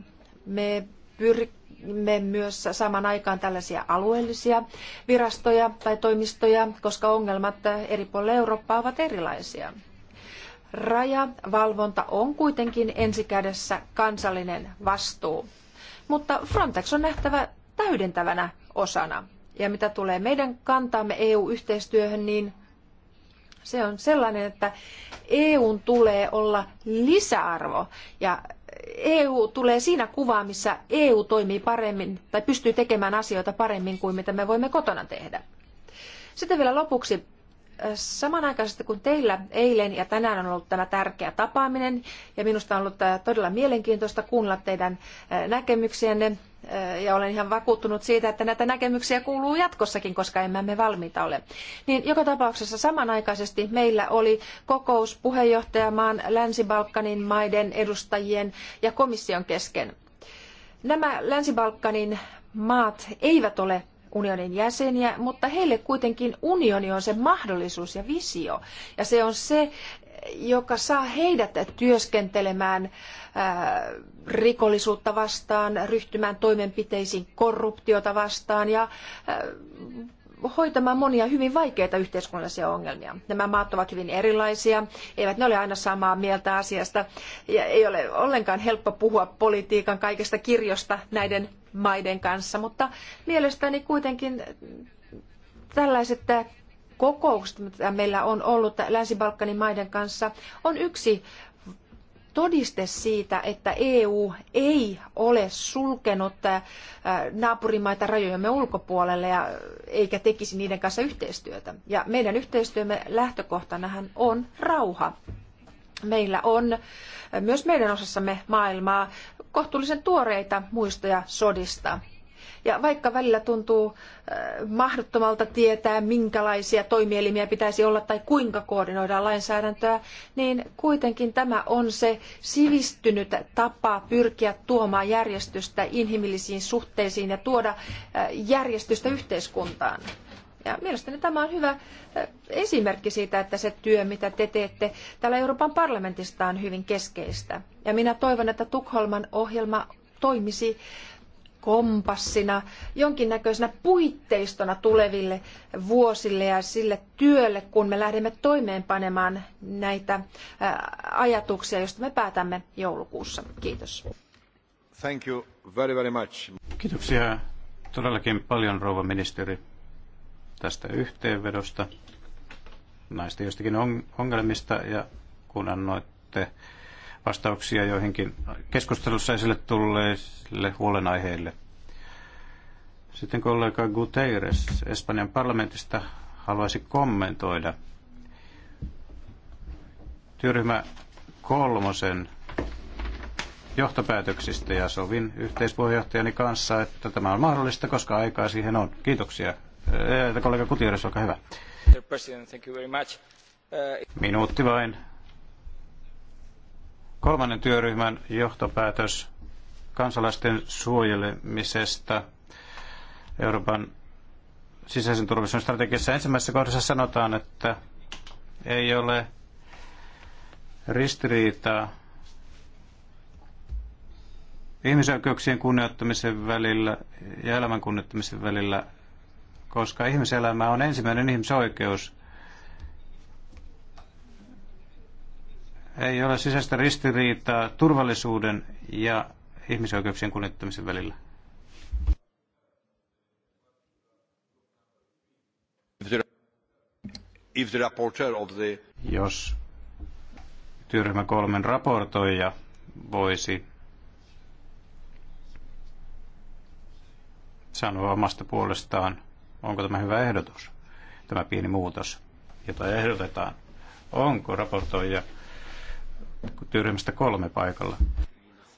Me pyrimme myös saman aikaan tällaisia alueellisia virastoja tai toimistoja, koska ongelmat eh, eri puolilla Eurooppaa ovat erilaisia. Rajavalvonta on kuitenkin ensikädessä kansallinen vastuu, mutta Frontex on nähtävä täydentävänä osana. Ja mitä tulee meidän kantaamme EU-yhteistyöhön, niin se on sellainen, että EUn tulee olla lisäarvo ja EU tulee siinä kuvaan, missä EU toimii paremmin tai pystyy tekemään asioita paremmin kuin mitä me voimme kotona tehdä. Sitten vielä lopuksi samanaikaisesti kun teillä eilen ja tänään on ollut tämä tärkeä tapaaminen, ja minusta on ollut äh, todella mielenkiintoista kuunnella teidän äh, näkemyksiänne, äh, ja olen ihan vakuuttunut siitä, että näitä näkemyksiä kuuluu jatkossakin, koska emme me valmiita ole. Niin joka tapauksessa samanaikaisesti meillä oli kokous puheenjohtajamaan Länsi-Balkanin maiden edustajien ja komission kesken. Nämä Länsi-Balkanin maat eivät ole unionin jäseniä, mutta heille kuitenkin unioni on se mahdollisuus ja visio. Ja se on se, joka saa heidät työskentelemään äh, rikollisuutta vastaan, ryhtymään toimenpiteisiin korruptiota vastaan ja äh, hoitamaan monia hyvin vaikeita yhteiskunnallisia ongelmia. Nämä maat ovat hyvin erilaisia, eivät ne ole aina samaa mieltä asiasta ja ei ole ollenkaan helppo puhua politiikan kaikesta kirjosta näiden maiden kanssa, mutta mielestäni kuitenkin tällaiset kokoukset, mitä meillä on ollut Länsi-Balkanin maiden kanssa, on yksi todiste siitä, että EU ei ole sulkenut äh, naapurimaita rajojemme ulkopuolelle ja, eikä tekisi niiden kanssa yhteistyötä. Ja meidän yhteistyömme lähtökohtanahan on rauha meillä on myös meidän osassamme maailmaa kohtuullisen tuoreita muistoja sodista. Ja vaikka välillä tuntuu äh, mahdottomalta tietää, minkälaisia toimielimiä pitäisi olla tai kuinka koordinoidaan lainsäädäntöä, niin kuitenkin tämä on se sivistynyt tapa pyrkiä tuomaan järjestystä inhimillisiin suhteisiin ja tuoda äh, järjestystä yhteiskuntaan. Ja mielestäni tämä on hyvä esimerkki siitä, että se työ, mitä te teette täällä Euroopan parlamentista on hyvin keskeistä. Ja minä toivon, että Tukholman ohjelma toimisi kompassina, jonkinnäköisenä puitteistona tuleville vuosille ja sille työlle, kun me lähdemme toimeenpanemaan näitä ajatuksia, joista me päätämme joulukuussa. Kiitos. Thank you very, very much. Kiitoksia todellakin paljon, rouva ministeri tästä yhteenvedosta, näistä jostakin ongelmista ja kun annoitte vastauksia joihinkin keskustelussa esille tulleille huolenaiheille. Sitten kollega Guterres Espanjan parlamentista haluaisi kommentoida työryhmä kolmosen johtopäätöksistä ja sovin yhteispuheenjohtajani kanssa, että tämä on mahdollista, koska aikaa siihen on. Kiitoksia kollega Gutierrez, olkaa hyvä. Minuutti vain. Kolmannen työryhmän johtopäätös kansalaisten suojelemisesta Euroopan sisäisen turvallisuuden strategiassa. Ensimmäisessä kohdassa sanotaan, että ei ole ristiriitaa ihmisoikeuksien kunnioittamisen välillä ja elämän kunnioittamisen välillä koska ihmiselämä on ensimmäinen ihmisoikeus. Ei ole sisäistä ristiriitaa turvallisuuden ja ihmisoikeuksien kunnittamisen välillä. Jos työryhmä kolmen raportoija voisi sanoa omasta puolestaan Onko tämä hyvä ehdotus, tämä pieni muutos, jota ehdotetaan? Onko raportoija tyyrimmästä kolme paikalla?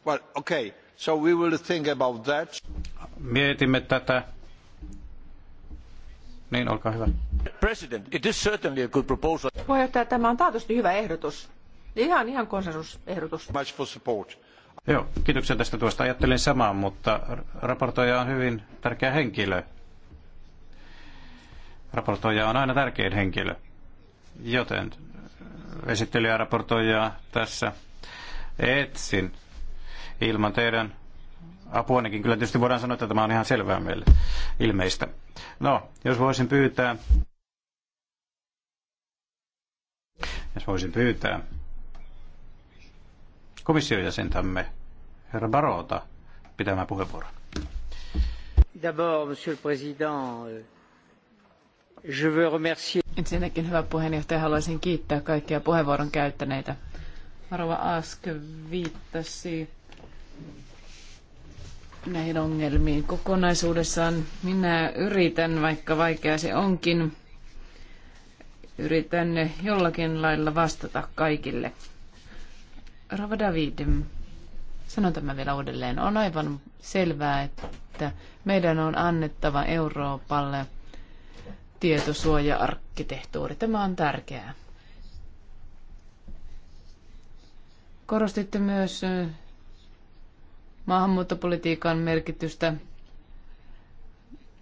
Well, okay. So we will think about that. Mietimme tätä. Niin, olkaa hyvä. President, it is certainly a good proposal. Puheenjohtaja, tämä on taatusti hyvä ehdotus. Ihan, ihan konsensusehdotus. Much for support. Joo, kiitoksia tästä tuosta. Ajattelin samaa, mutta raportoija on hyvin tärkeä henkilö Raportoija on aina tärkein henkilö, joten esittelijä raportoijaa tässä etsin ilman teidän apuanikin. Kyllä tietysti voidaan sanoa, että tämä on ihan selvää meille ilmeistä. No, jos voisin pyytää, jos voisin pyytää komission jäsentämme herra Barota pitämään puheenvuoron. D'abord, monsieur le président, euh, Je veux remercier. Ensinnäkin hyvä puheenjohtaja, haluaisin kiittää kaikkia puheenvuoron käyttäneitä. Rova Ask viittasi näihin ongelmiin kokonaisuudessaan. Minä yritän, vaikka vaikea se onkin, yritän jollakin lailla vastata kaikille. Rova David, sanon tämä vielä uudelleen. On aivan selvää, että meidän on annettava Euroopalle – tietosuoja-arkkitehtuuri. Tämä on tärkeää. Korostitte myös maahanmuuttopolitiikan merkitystä.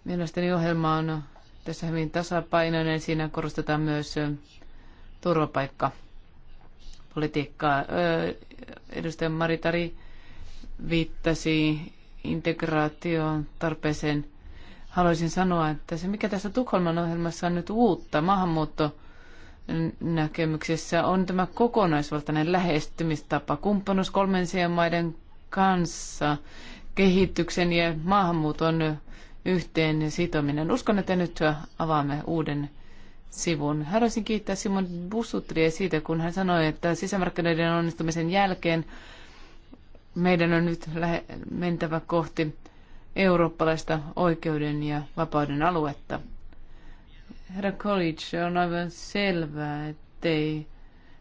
Mielestäni ohjelma on tässä hyvin tasapainoinen. Siinä korostetaan myös turvapaikkapolitiikkaa. Edustaja Maritari viittasi integraation tarpeeseen – haluaisin sanoa, että se mikä tässä Tukholman ohjelmassa on nyt uutta maahanmuutto näkemyksessä on tämä kokonaisvaltainen lähestymistapa, kumppanuus kolmen maiden kanssa, kehityksen ja maahanmuuton yhteen sitominen. Uskon, että nyt avaamme uuden sivun. Haluaisin kiittää Simon Bussutria siitä, kun hän sanoi, että sisämarkkinoiden onnistumisen jälkeen meidän on nyt lähe- mentävä kohti eurooppalaista oikeuden ja vapauden aluetta. Herra College, on aivan selvää, ettei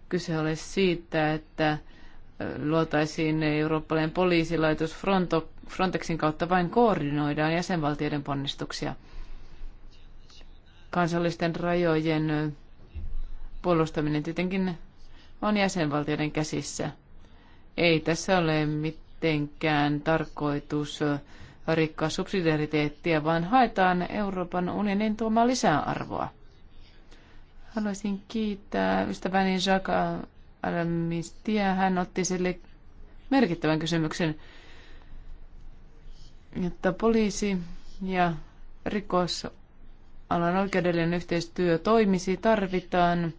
kyse ole siitä, että luotaisiin eurooppalainen poliisilaitos Frontexin kautta vain koordinoidaan jäsenvaltioiden ponnistuksia. Kansallisten rajojen puolustaminen tietenkin on jäsenvaltioiden käsissä. Ei tässä ole mitenkään tarkoitus rikkaa subsidiariteettia, vaan haetaan Euroopan unionin tuomaa lisäarvoa. Haluaisin kiittää ystäväni Jacques Alamistia. Hän otti sille merkittävän kysymyksen, että poliisi ja rikosalan oikeudellinen yhteistyö toimisi, tarvitaan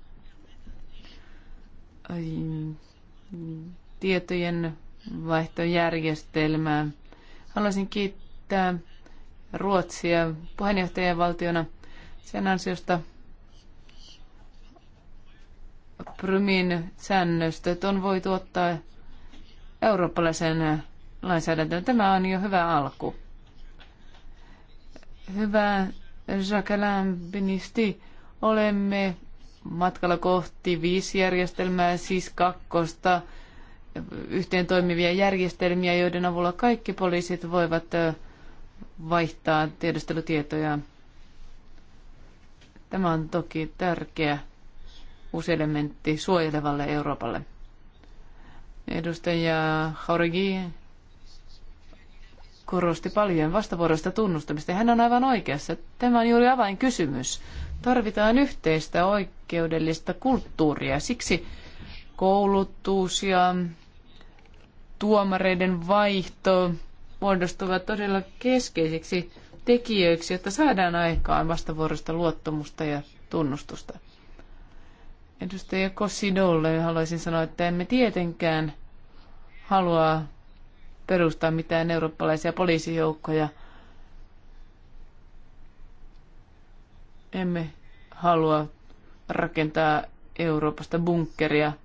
tietojen vaihtojärjestelmää Haluaisin kiittää Ruotsia puheenjohtajavaltiona sen ansiosta Prymin säännöstöt on voitu ottaa eurooppalaisen lainsäädäntöön. Tämä on jo hyvä alku. Hyvä Jacques olemme matkalla kohti viisi järjestelmää, siis kakkosta, yhteen toimivia järjestelmiä, joiden avulla kaikki poliisit voivat vaihtaa tiedustelutietoja. Tämä on toki tärkeä uusi elementti suojelevalle Euroopalle. Edustaja Hauregi korosti paljon vastavuoroista tunnustamista. Hän on aivan oikeassa. Tämä on juuri avainkysymys. Tarvitaan yhteistä oikeudellista kulttuuria. Siksi koulutus ja tuomareiden vaihto muodostuvat todella keskeisiksi tekijöiksi, jotta saadaan aikaan vastavuorosta luottamusta ja tunnustusta. Edustaja Kossidolle haluaisin sanoa, että emme tietenkään halua perustaa mitään eurooppalaisia poliisijoukkoja. Emme halua rakentaa Euroopasta bunkkeria –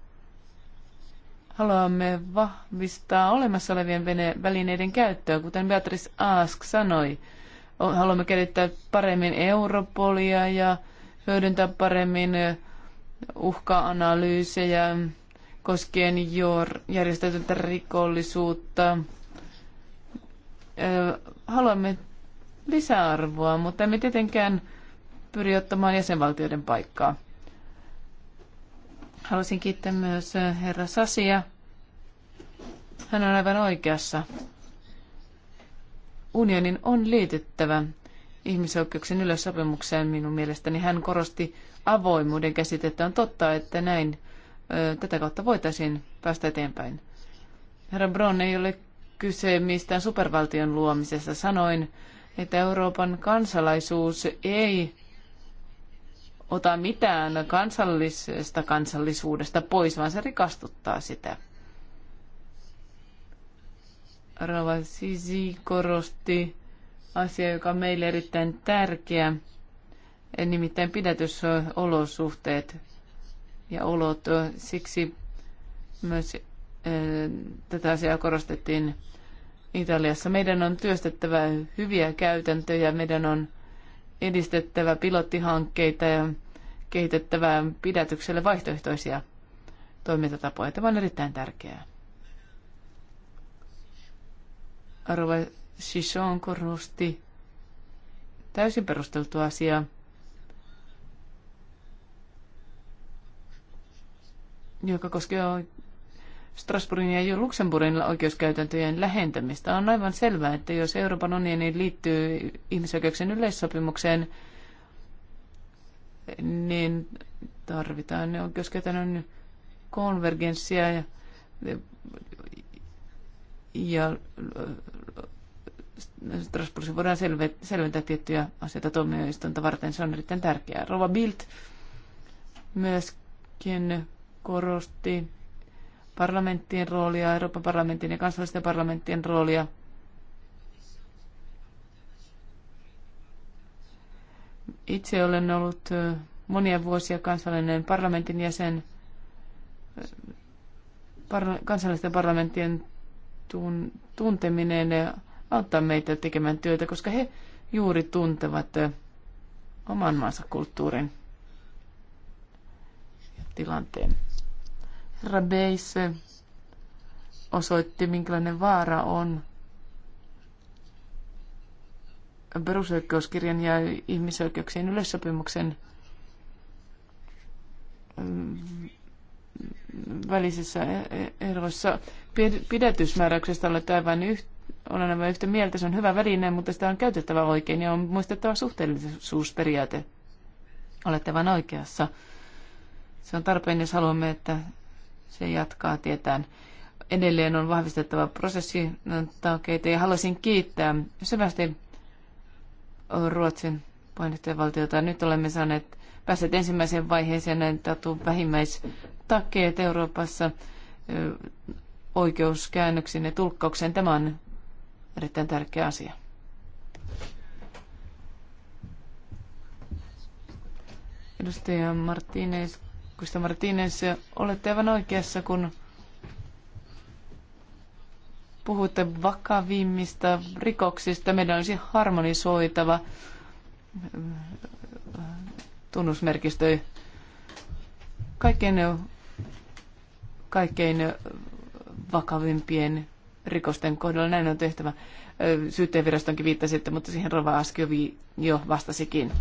haluamme vahvistaa olemassa olevien välineiden käyttöä, kuten Beatrice Ask sanoi. Haluamme kehittää paremmin Europolia ja hyödyntää paremmin uhka-analyysejä koskien järjestäytyntä rikollisuutta. Haluamme lisäarvoa, mutta emme tietenkään pyri ottamaan jäsenvaltioiden paikkaa. Haluaisin kiittää myös eh, herra Sasia. Hän on aivan oikeassa. Unionin on liityttävä ihmisoikeuksien yleissopimukseen minun mielestäni. Hän korosti avoimuuden käsitettä. On totta, että näin eh, tätä kautta voitaisiin päästä eteenpäin. Herra Bron ei ole kyse mistään supervaltion luomisesta. Sanoin, että Euroopan kansalaisuus ei ota mitään kansallisesta kansallisuudesta pois, vaan se rikastuttaa sitä. Rava Sisi korosti asia, joka on meille erittäin tärkeä, nimittäin pidätysolosuhteet ja olot. Siksi myös äh, tätä asiaa korostettiin Italiassa. Meidän on työstettävä hyviä käytäntöjä, meidän on edistettävä pilottihankkeita ja kehitettävä pidätykselle vaihtoehtoisia toimintatapoja. Tämä on erittäin tärkeää. Arva Shishon korosti täysin perusteltu asia. joka koskee Strasbourgin ja Luxemburgin oikeuskäytäntöjen lähentämistä. On aivan selvää, että jos Euroopan unioni liittyy ihmisoikeuksien yleissopimukseen, niin tarvitaan oikeuskäytännön konvergenssia ja, ja Strasbourgissa voidaan selventää tiettyjä asioita tuomioistuinta varten. Se on erittäin tärkeää. Rova Bildt myöskin korosti parlamenttien roolia, Euroopan parlamentin ja kansallisten parlamenttien roolia. Itse olen ollut monia vuosia kansallinen parlamentin jäsen. kansallisten parlamenttien tunteminen auttaa meitä tekemään työtä, koska he juuri tuntevat oman maansa kulttuurin ja tilanteen. Rabeise osoitti, minkälainen vaara on perusoikeuskirjan ja ihmisoikeuksien yleissopimuksen mm, välisissä e-, e-, eroissa. Pidätysmääräyksestä olet aivan yht, olen aivan yhtä mieltä. Se on hyvä väline, mutta sitä on käytettävä oikein ja on muistettava suhteellisuusperiaate. Olette vain oikeassa. Se on tarpeen, jos haluamme, että se jatkaa tietään. Edelleen on vahvistettava prosessi, prosessitakeita ja haluaisin kiittää syvästi Ruotsin puheenjohtajavaltiota. Nyt olemme saaneet päässeet ensimmäiseen vaiheeseen näitä vähimmäistakeet Euroopassa oikeuskäännöksen ja tulkkauksen. Tämä on erittäin tärkeä asia. Edustaja Martínez Kusta Martínez, olette aivan oikeassa, kun puhutte vakavimmista rikoksista. Meidän olisi harmonisoitava tunnusmerkistö kaikkein, kaikkein vakavimpien rikosten kohdalla. Näin on tehtävä. viittasi viittasitte, mutta siihen Rova Askio jo vastasikin.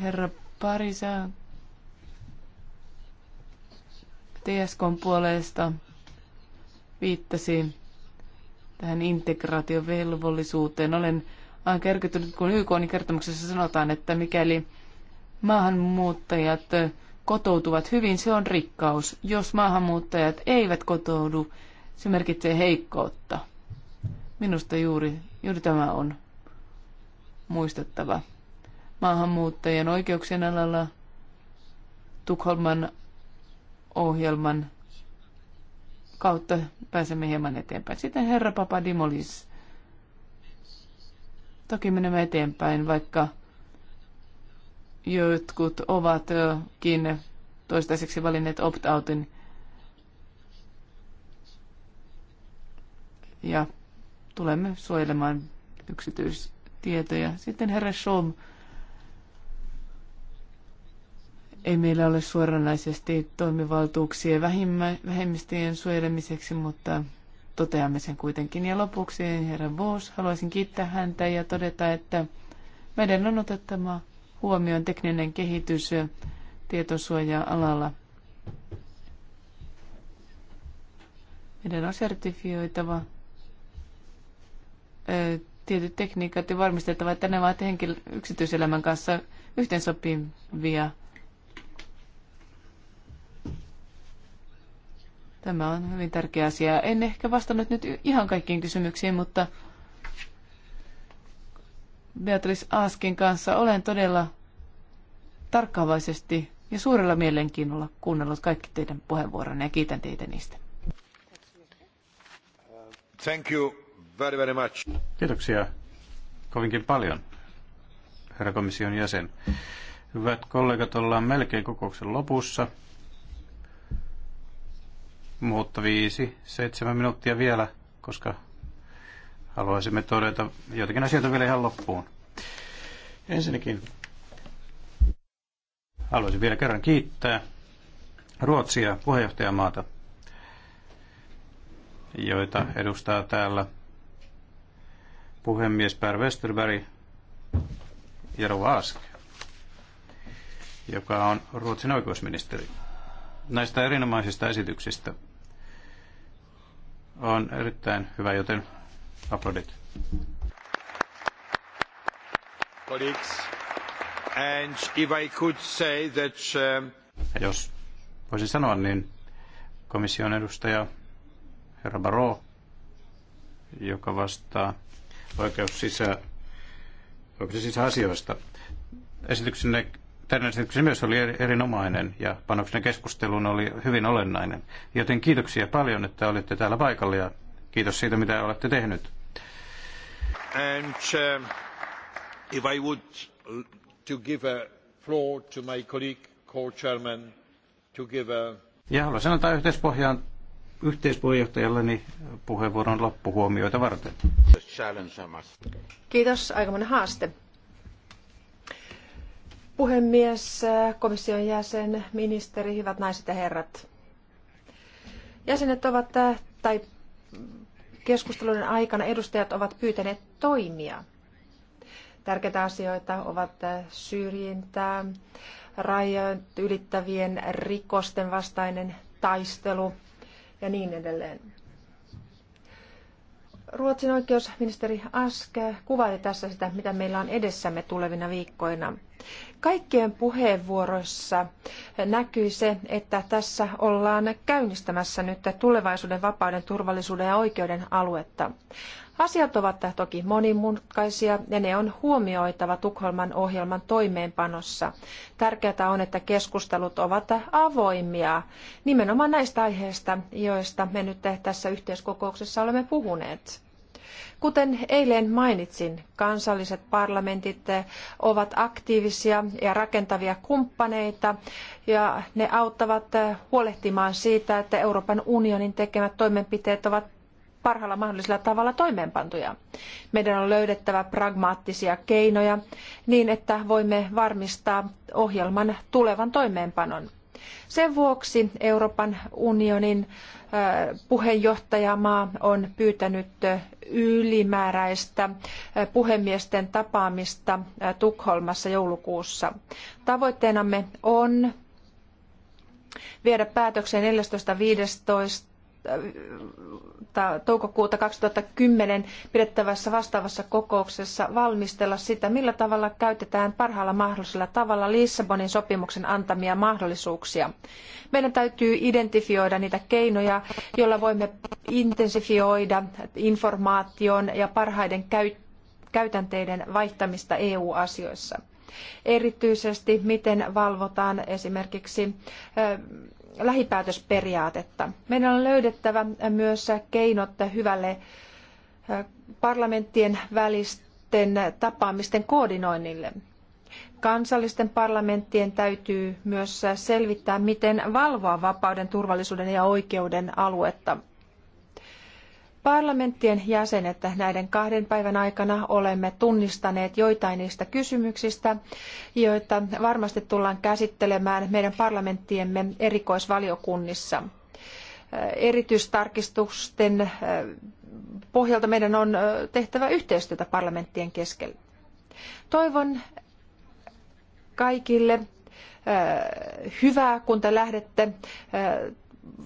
Herra Parisa, TSKn puolesta viittasi tähän integraatiovelvollisuuteen. Olen aika järkyttynyt, kun YK kertomuksessa sanotaan, että mikäli maahanmuuttajat kotoutuvat hyvin, se on rikkaus. Jos maahanmuuttajat eivät kotoudu, se merkitsee heikkoutta. Minusta juuri, juuri tämä on muistettava. Maahanmuuttajien oikeuksien alalla Tukholman ohjelman kautta pääsemme hieman eteenpäin. Sitten herra Papa Dimolis. Toki menemme eteenpäin, vaikka jotkut ovatkin toistaiseksi valinneet opt-outin ja tulemme suojelemaan yksityistietoja. Sitten herra Shom ei meillä ole suoranaisesti toimivaltuuksia vähemmistöjen suojelemiseksi, mutta toteamme sen kuitenkin. Ja lopuksi herra Vos, haluaisin kiittää häntä ja todeta, että meidän on otettava huomioon tekninen kehitys tietosuoja-alalla. Meidän on sertifioitava tietyt tekniikat ja varmistettava, että ne ovat yksityiselämän kanssa yhteensopivia. Tämä on hyvin tärkeä asia. En ehkä vastannut nyt ihan kaikkiin kysymyksiin, mutta Beatrice Askin kanssa olen todella tarkkaavaisesti ja suurella mielenkiinnolla kuunnellut kaikki teidän puheenvuoronne ja kiitän teitä niistä. Thank you very, very much. Kiitoksia kovinkin paljon, herra komission jäsen. Hyvät kollegat, ollaan melkein kokouksen lopussa mutta viisi, seitsemän minuuttia vielä, koska haluaisimme todeta jotakin asioita vielä ihan loppuun. Ensinnäkin haluaisin vielä kerran kiittää Ruotsia puheenjohtajamaata, joita edustaa täällä puhemies Per Westerberg ja Rova Ask, joka on Ruotsin oikeusministeri näistä erinomaisista esityksistä on erittäin hyvä, joten aplodit. Colleagues, and if I could say that, um, Jos voisin sanoa, niin komission edustaja herra Baro, joka vastaa oikeus sisä, oikeus sisäasioista, esityksenne Tänään se myös oli erinomainen ja panoksen keskusteluun oli hyvin olennainen. Joten kiitoksia paljon, että olitte täällä paikalla ja kiitos siitä, mitä olette tehnyt. And, uh, if I would to give a floor to my colleague, co-chairman, to give a... Ja haluaisin antaa yhteispohjaan yhteispuheenjohtajalleni puheenvuoron loppuhuomioita varten. Kiitos, aikamoinen haaste puhemies, komission jäsen, ministeri, hyvät naiset ja herrat. Jäsenet ovat, äh, tai keskusteluiden aikana edustajat ovat pyytäneet toimia. Tärkeitä asioita ovat äh, syrjintää, rajat ylittävien rikosten vastainen taistelu ja niin edelleen. Ruotsin oikeusministeri Aske kuvaili tässä sitä, mitä meillä on edessämme tulevina viikkoina – Kaikkien puheenvuoroissa näkyy se, että tässä ollaan käynnistämässä nyt tulevaisuuden vapauden, turvallisuuden ja oikeuden aluetta. Asiat ovat toki monimutkaisia ja ne on huomioitava Tukholman ohjelman toimeenpanossa. Tärkeää on, että keskustelut ovat avoimia nimenomaan näistä aiheista, joista me nyt tässä yhteiskokouksessa olemme puhuneet. Kuten eilen mainitsin, kansalliset parlamentit ovat aktiivisia ja rakentavia kumppaneita ja ne auttavat huolehtimaan siitä, että Euroopan unionin tekemät toimenpiteet ovat parhaalla mahdollisella tavalla toimeenpantuja. Meidän on löydettävä pragmaattisia keinoja niin, että voimme varmistaa ohjelman tulevan toimeenpanon. Sen vuoksi Euroopan unionin puheenjohtajamaa on pyytänyt ylimääräistä puhemiesten tapaamista Tukholmassa joulukuussa. Tavoitteenamme on viedä päätökseen 14.15 toukokuuta 2010 pidettävässä vastaavassa kokouksessa valmistella sitä, millä tavalla käytetään parhaalla mahdollisella tavalla Lissabonin sopimuksen antamia mahdollisuuksia. Meidän täytyy identifioida niitä keinoja, joilla voimme intensifioida informaation ja parhaiden käytänteiden vaihtamista EU-asioissa. Erityisesti miten valvotaan esimerkiksi lähipäätösperiaatetta. Meidän on löydettävä myös keinot hyvälle parlamenttien välisten tapaamisten koordinoinnille. Kansallisten parlamenttien täytyy myös selvittää, miten valvoa vapauden, turvallisuuden ja oikeuden aluetta. Parlamenttien jäsenet näiden kahden päivän aikana olemme tunnistaneet joitain niistä kysymyksistä, joita varmasti tullaan käsittelemään meidän parlamenttiemme erikoisvaliokunnissa. Äh, erityistarkistusten äh, pohjalta meidän on äh, tehtävä yhteistyötä parlamenttien keskellä. Toivon kaikille hyvää, kun te lähdette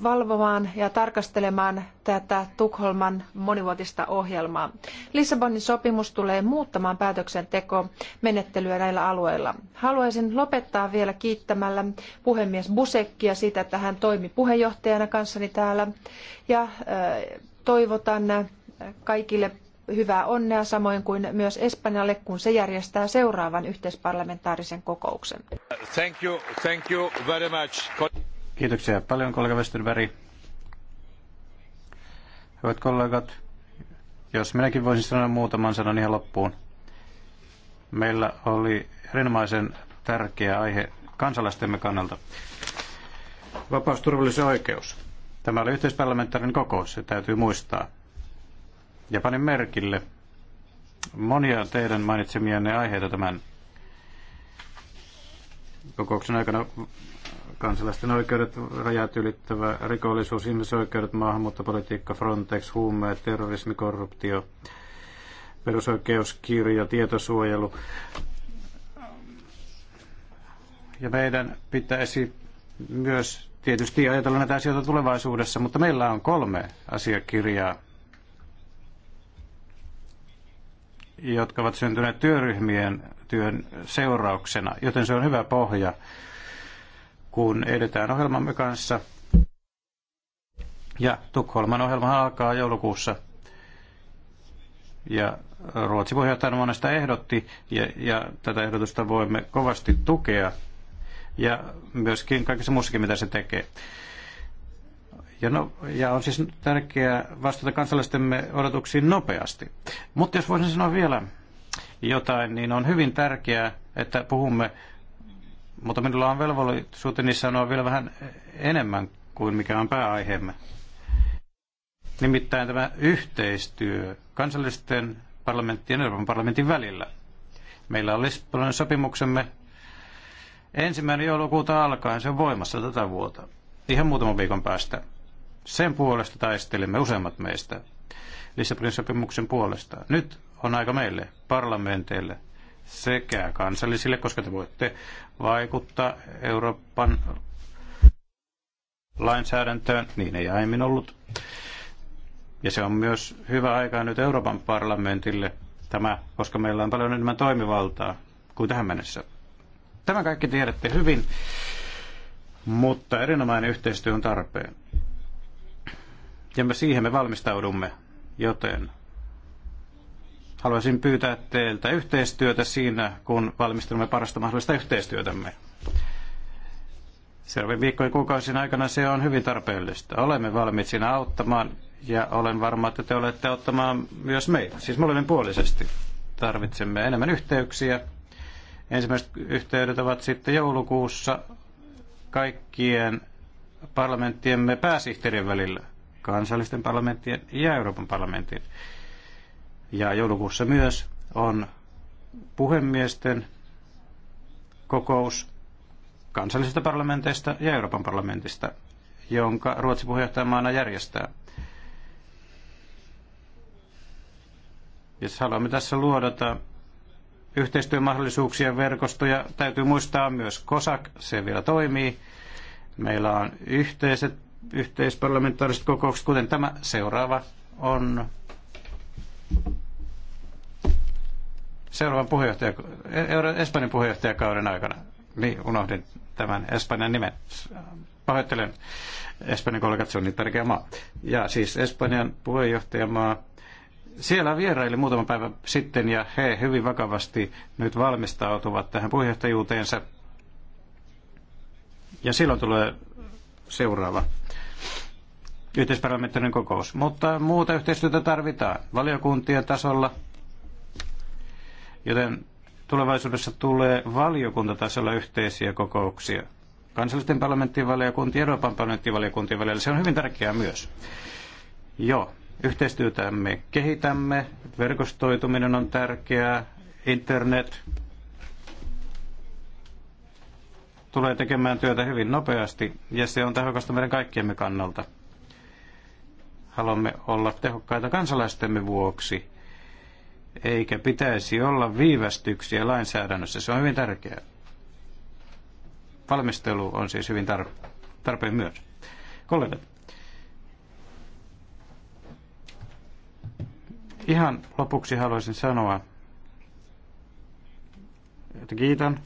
valvomaan ja tarkastelemaan tätä Tukholman monivuotista ohjelmaa. Lissabonin sopimus tulee muuttamaan päätöksentekomenettelyä näillä alueilla. Haluaisin lopettaa vielä kiittämällä puhemies Busekkia siitä, että hän toimi puheenjohtajana kanssani täällä. Ja toivotan kaikille hyvää onnea, samoin kuin myös Espanjalle, kun se järjestää seuraavan yhteisparlamentaarisen kokouksen. Thank you, thank you Kiitoksia paljon, kollega Westerberg. Hyvät kollegat, jos minäkin voisin sanoa muutaman sanan ihan loppuun. Meillä oli erinomaisen tärkeä aihe kansalaistemme kannalta. Vapaus, turvallisuus ja oikeus. Tämä oli yhteisparlamentaarinen kokous, se täytyy muistaa. Ja panin merkille monia teidän mainitsemienne aiheita tämän kokouksen aikana kansalaisten oikeudet, rajat ylittävä rikollisuus, ihmisoikeudet, maahanmuuttopolitiikka, Frontex, huumeet, terrorismi, korruptio, perusoikeuskirja, tietosuojelu. Ja meidän pitäisi myös tietysti ajatella näitä asioita tulevaisuudessa, mutta meillä on kolme asiakirjaa, jotka ovat syntyneet työryhmien työn seurauksena, joten se on hyvä pohja kun edetään ohjelmamme kanssa. Ja Tukholman ohjelma alkaa joulukuussa. Ja Ruotsi puheenjohtajana monesta ehdotti, ja, ja tätä ehdotusta voimme kovasti tukea. Ja myöskin kaikessa muussakin, mitä se tekee. Ja, no, ja on siis tärkeää vastata kansalaistemme odotuksiin nopeasti. Mutta jos voisin sanoa vielä jotain, niin on hyvin tärkeää, että puhumme mutta minulla on velvollisuuteni sanoa vielä vähän enemmän kuin mikä on pääaiheemme. Nimittäin tämä yhteistyö kansallisten parlamenttien ja Euroopan parlamentin välillä. Meillä on Lisbonin sopimuksemme ensimmäinen joulukuuta alkaen, se on voimassa tätä vuotta. Ihan muutaman viikon päästä. Sen puolesta taistelimme useimmat meistä Lissabonin sopimuksen puolesta. Nyt on aika meille, parlamenteille, sekä kansallisille, koska te voitte vaikuttaa Euroopan lainsäädäntöön. Niin ei aiemmin ollut. Ja se on myös hyvä aika nyt Euroopan parlamentille tämä, koska meillä on paljon enemmän toimivaltaa kuin tähän mennessä. Tämä kaikki tiedätte hyvin, mutta erinomainen yhteistyö on tarpeen. Ja me siihen me valmistaudumme, joten Haluaisin pyytää teiltä yhteistyötä siinä, kun valmistelemme parasta mahdollista yhteistyötämme. Seuraavien viikkojen kuukausien aikana se on hyvin tarpeellista. Olemme valmiit siinä auttamaan ja olen varma, että te olette auttamaan myös meitä, siis molemminpuolisesti. Tarvitsemme enemmän yhteyksiä. Ensimmäiset yhteydet ovat sitten joulukuussa kaikkien parlamenttiemme pääsihteerien välillä, kansallisten parlamenttien ja Euroopan parlamentin. Ja joulukuussa myös on puhemiesten kokous kansallisista parlamenteista ja Euroopan parlamentista, jonka Ruotsi puheenjohtajamaana järjestää. Jos haluamme tässä luodata yhteistyömahdollisuuksia, verkostoja, täytyy muistaa myös COSAC, se vielä toimii. Meillä on yhteiset, yhteisparlamentaariset kokoukset, kuten tämä seuraava on seuraavan puheenjohtaja, e- Espanjan puheenjohtajakauden aikana. Niin, unohdin tämän Espanjan nimen. Pahoittelen, Espanjan kollegat, se on niin tärkeä maa. Ja siis Espanjan puheenjohtajamaa. Siellä vieraili muutama päivä sitten ja he hyvin vakavasti nyt valmistautuvat tähän puheenjohtajuuteensa. Ja silloin tulee seuraava yhteisparlamentaarinen kokous. Mutta muuta yhteistyötä tarvitaan valiokuntien tasolla – Joten tulevaisuudessa tulee valiokuntatasolla yhteisiä kokouksia kansallisten parlamenttien valiokuntien ja Euroopan parlamenttien valiokuntien välillä. Se on hyvin tärkeää myös. Joo, yhteistyötä me kehitämme, verkostoituminen on tärkeää, internet tulee tekemään työtä hyvin nopeasti ja se on tehokasta meidän kaikkiemme kannalta. Haluamme olla tehokkaita kansalaistemme vuoksi eikä pitäisi olla viivästyksiä lainsäädännössä. Se on hyvin tärkeää. Valmistelu on siis hyvin tar- tarpeen myös. Kollegat. Ihan lopuksi haluaisin sanoa, että kiitän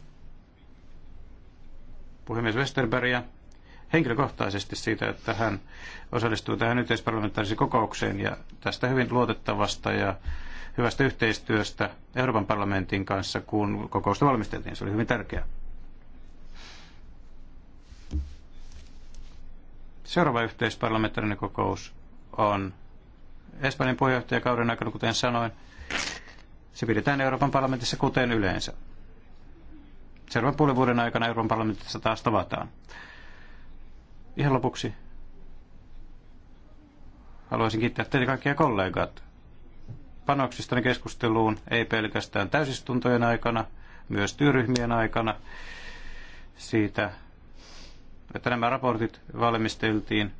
puhemies Westerbergia henkilökohtaisesti siitä, että hän osallistuu tähän yhteisparlamentaariseen kokoukseen ja tästä hyvin luotettavasta ja hyvästä yhteistyöstä Euroopan parlamentin kanssa, kun kokousta valmisteltiin. Se oli hyvin tärkeää. Seuraava yhteisparlamentaarinen kokous on Espanjan puheenjohtajakauden aikana, kuten sanoin. Se pidetään Euroopan parlamentissa kuten yleensä. Seuraavan puolen vuoden aikana Euroopan parlamentissa taas tavataan. Ihan lopuksi haluaisin kiittää teitä kaikkia kollegat panoksistani keskusteluun, ei pelkästään täysistuntojen aikana, myös työryhmien aikana siitä, että nämä raportit valmisteltiin.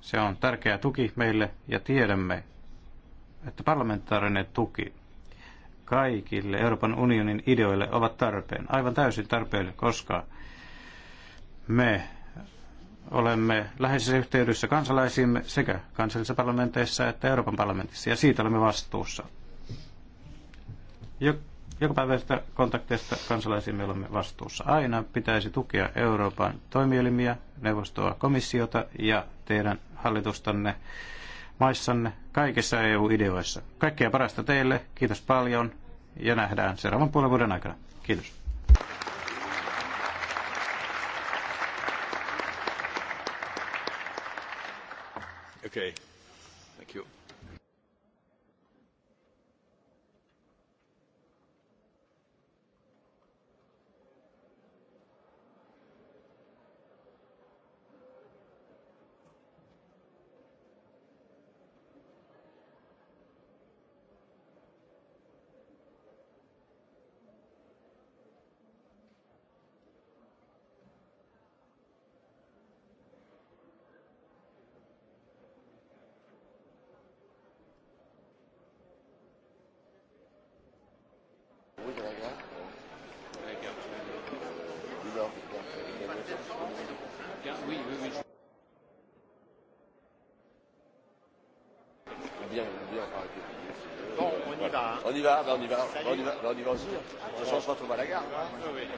Se on tärkeä tuki meille ja tiedämme, että parlamentaarinen tuki kaikille Euroopan unionin ideoille ovat tarpeen, aivan täysin tarpeen, koska me Olemme läheisessä yhteydessä kansalaisiimme sekä kansallisissa parlamenteissa että Euroopan parlamentissa, ja siitä olemme vastuussa. Jokapäiväisestä kontakteista kansalaisiimme olemme vastuussa. Aina pitäisi tukea Euroopan toimielimiä, neuvostoa, komissiota ja teidän hallitustanne maissanne kaikissa EU-ideoissa. Kaikkea parasta teille, kiitos paljon ja nähdään seuraavan puolen vuoden aikana. Kiitos. Okay. Thank you. on y va, on y va, on y va, on y va aussi. De toute façon, on se retrouve à la gare. Ah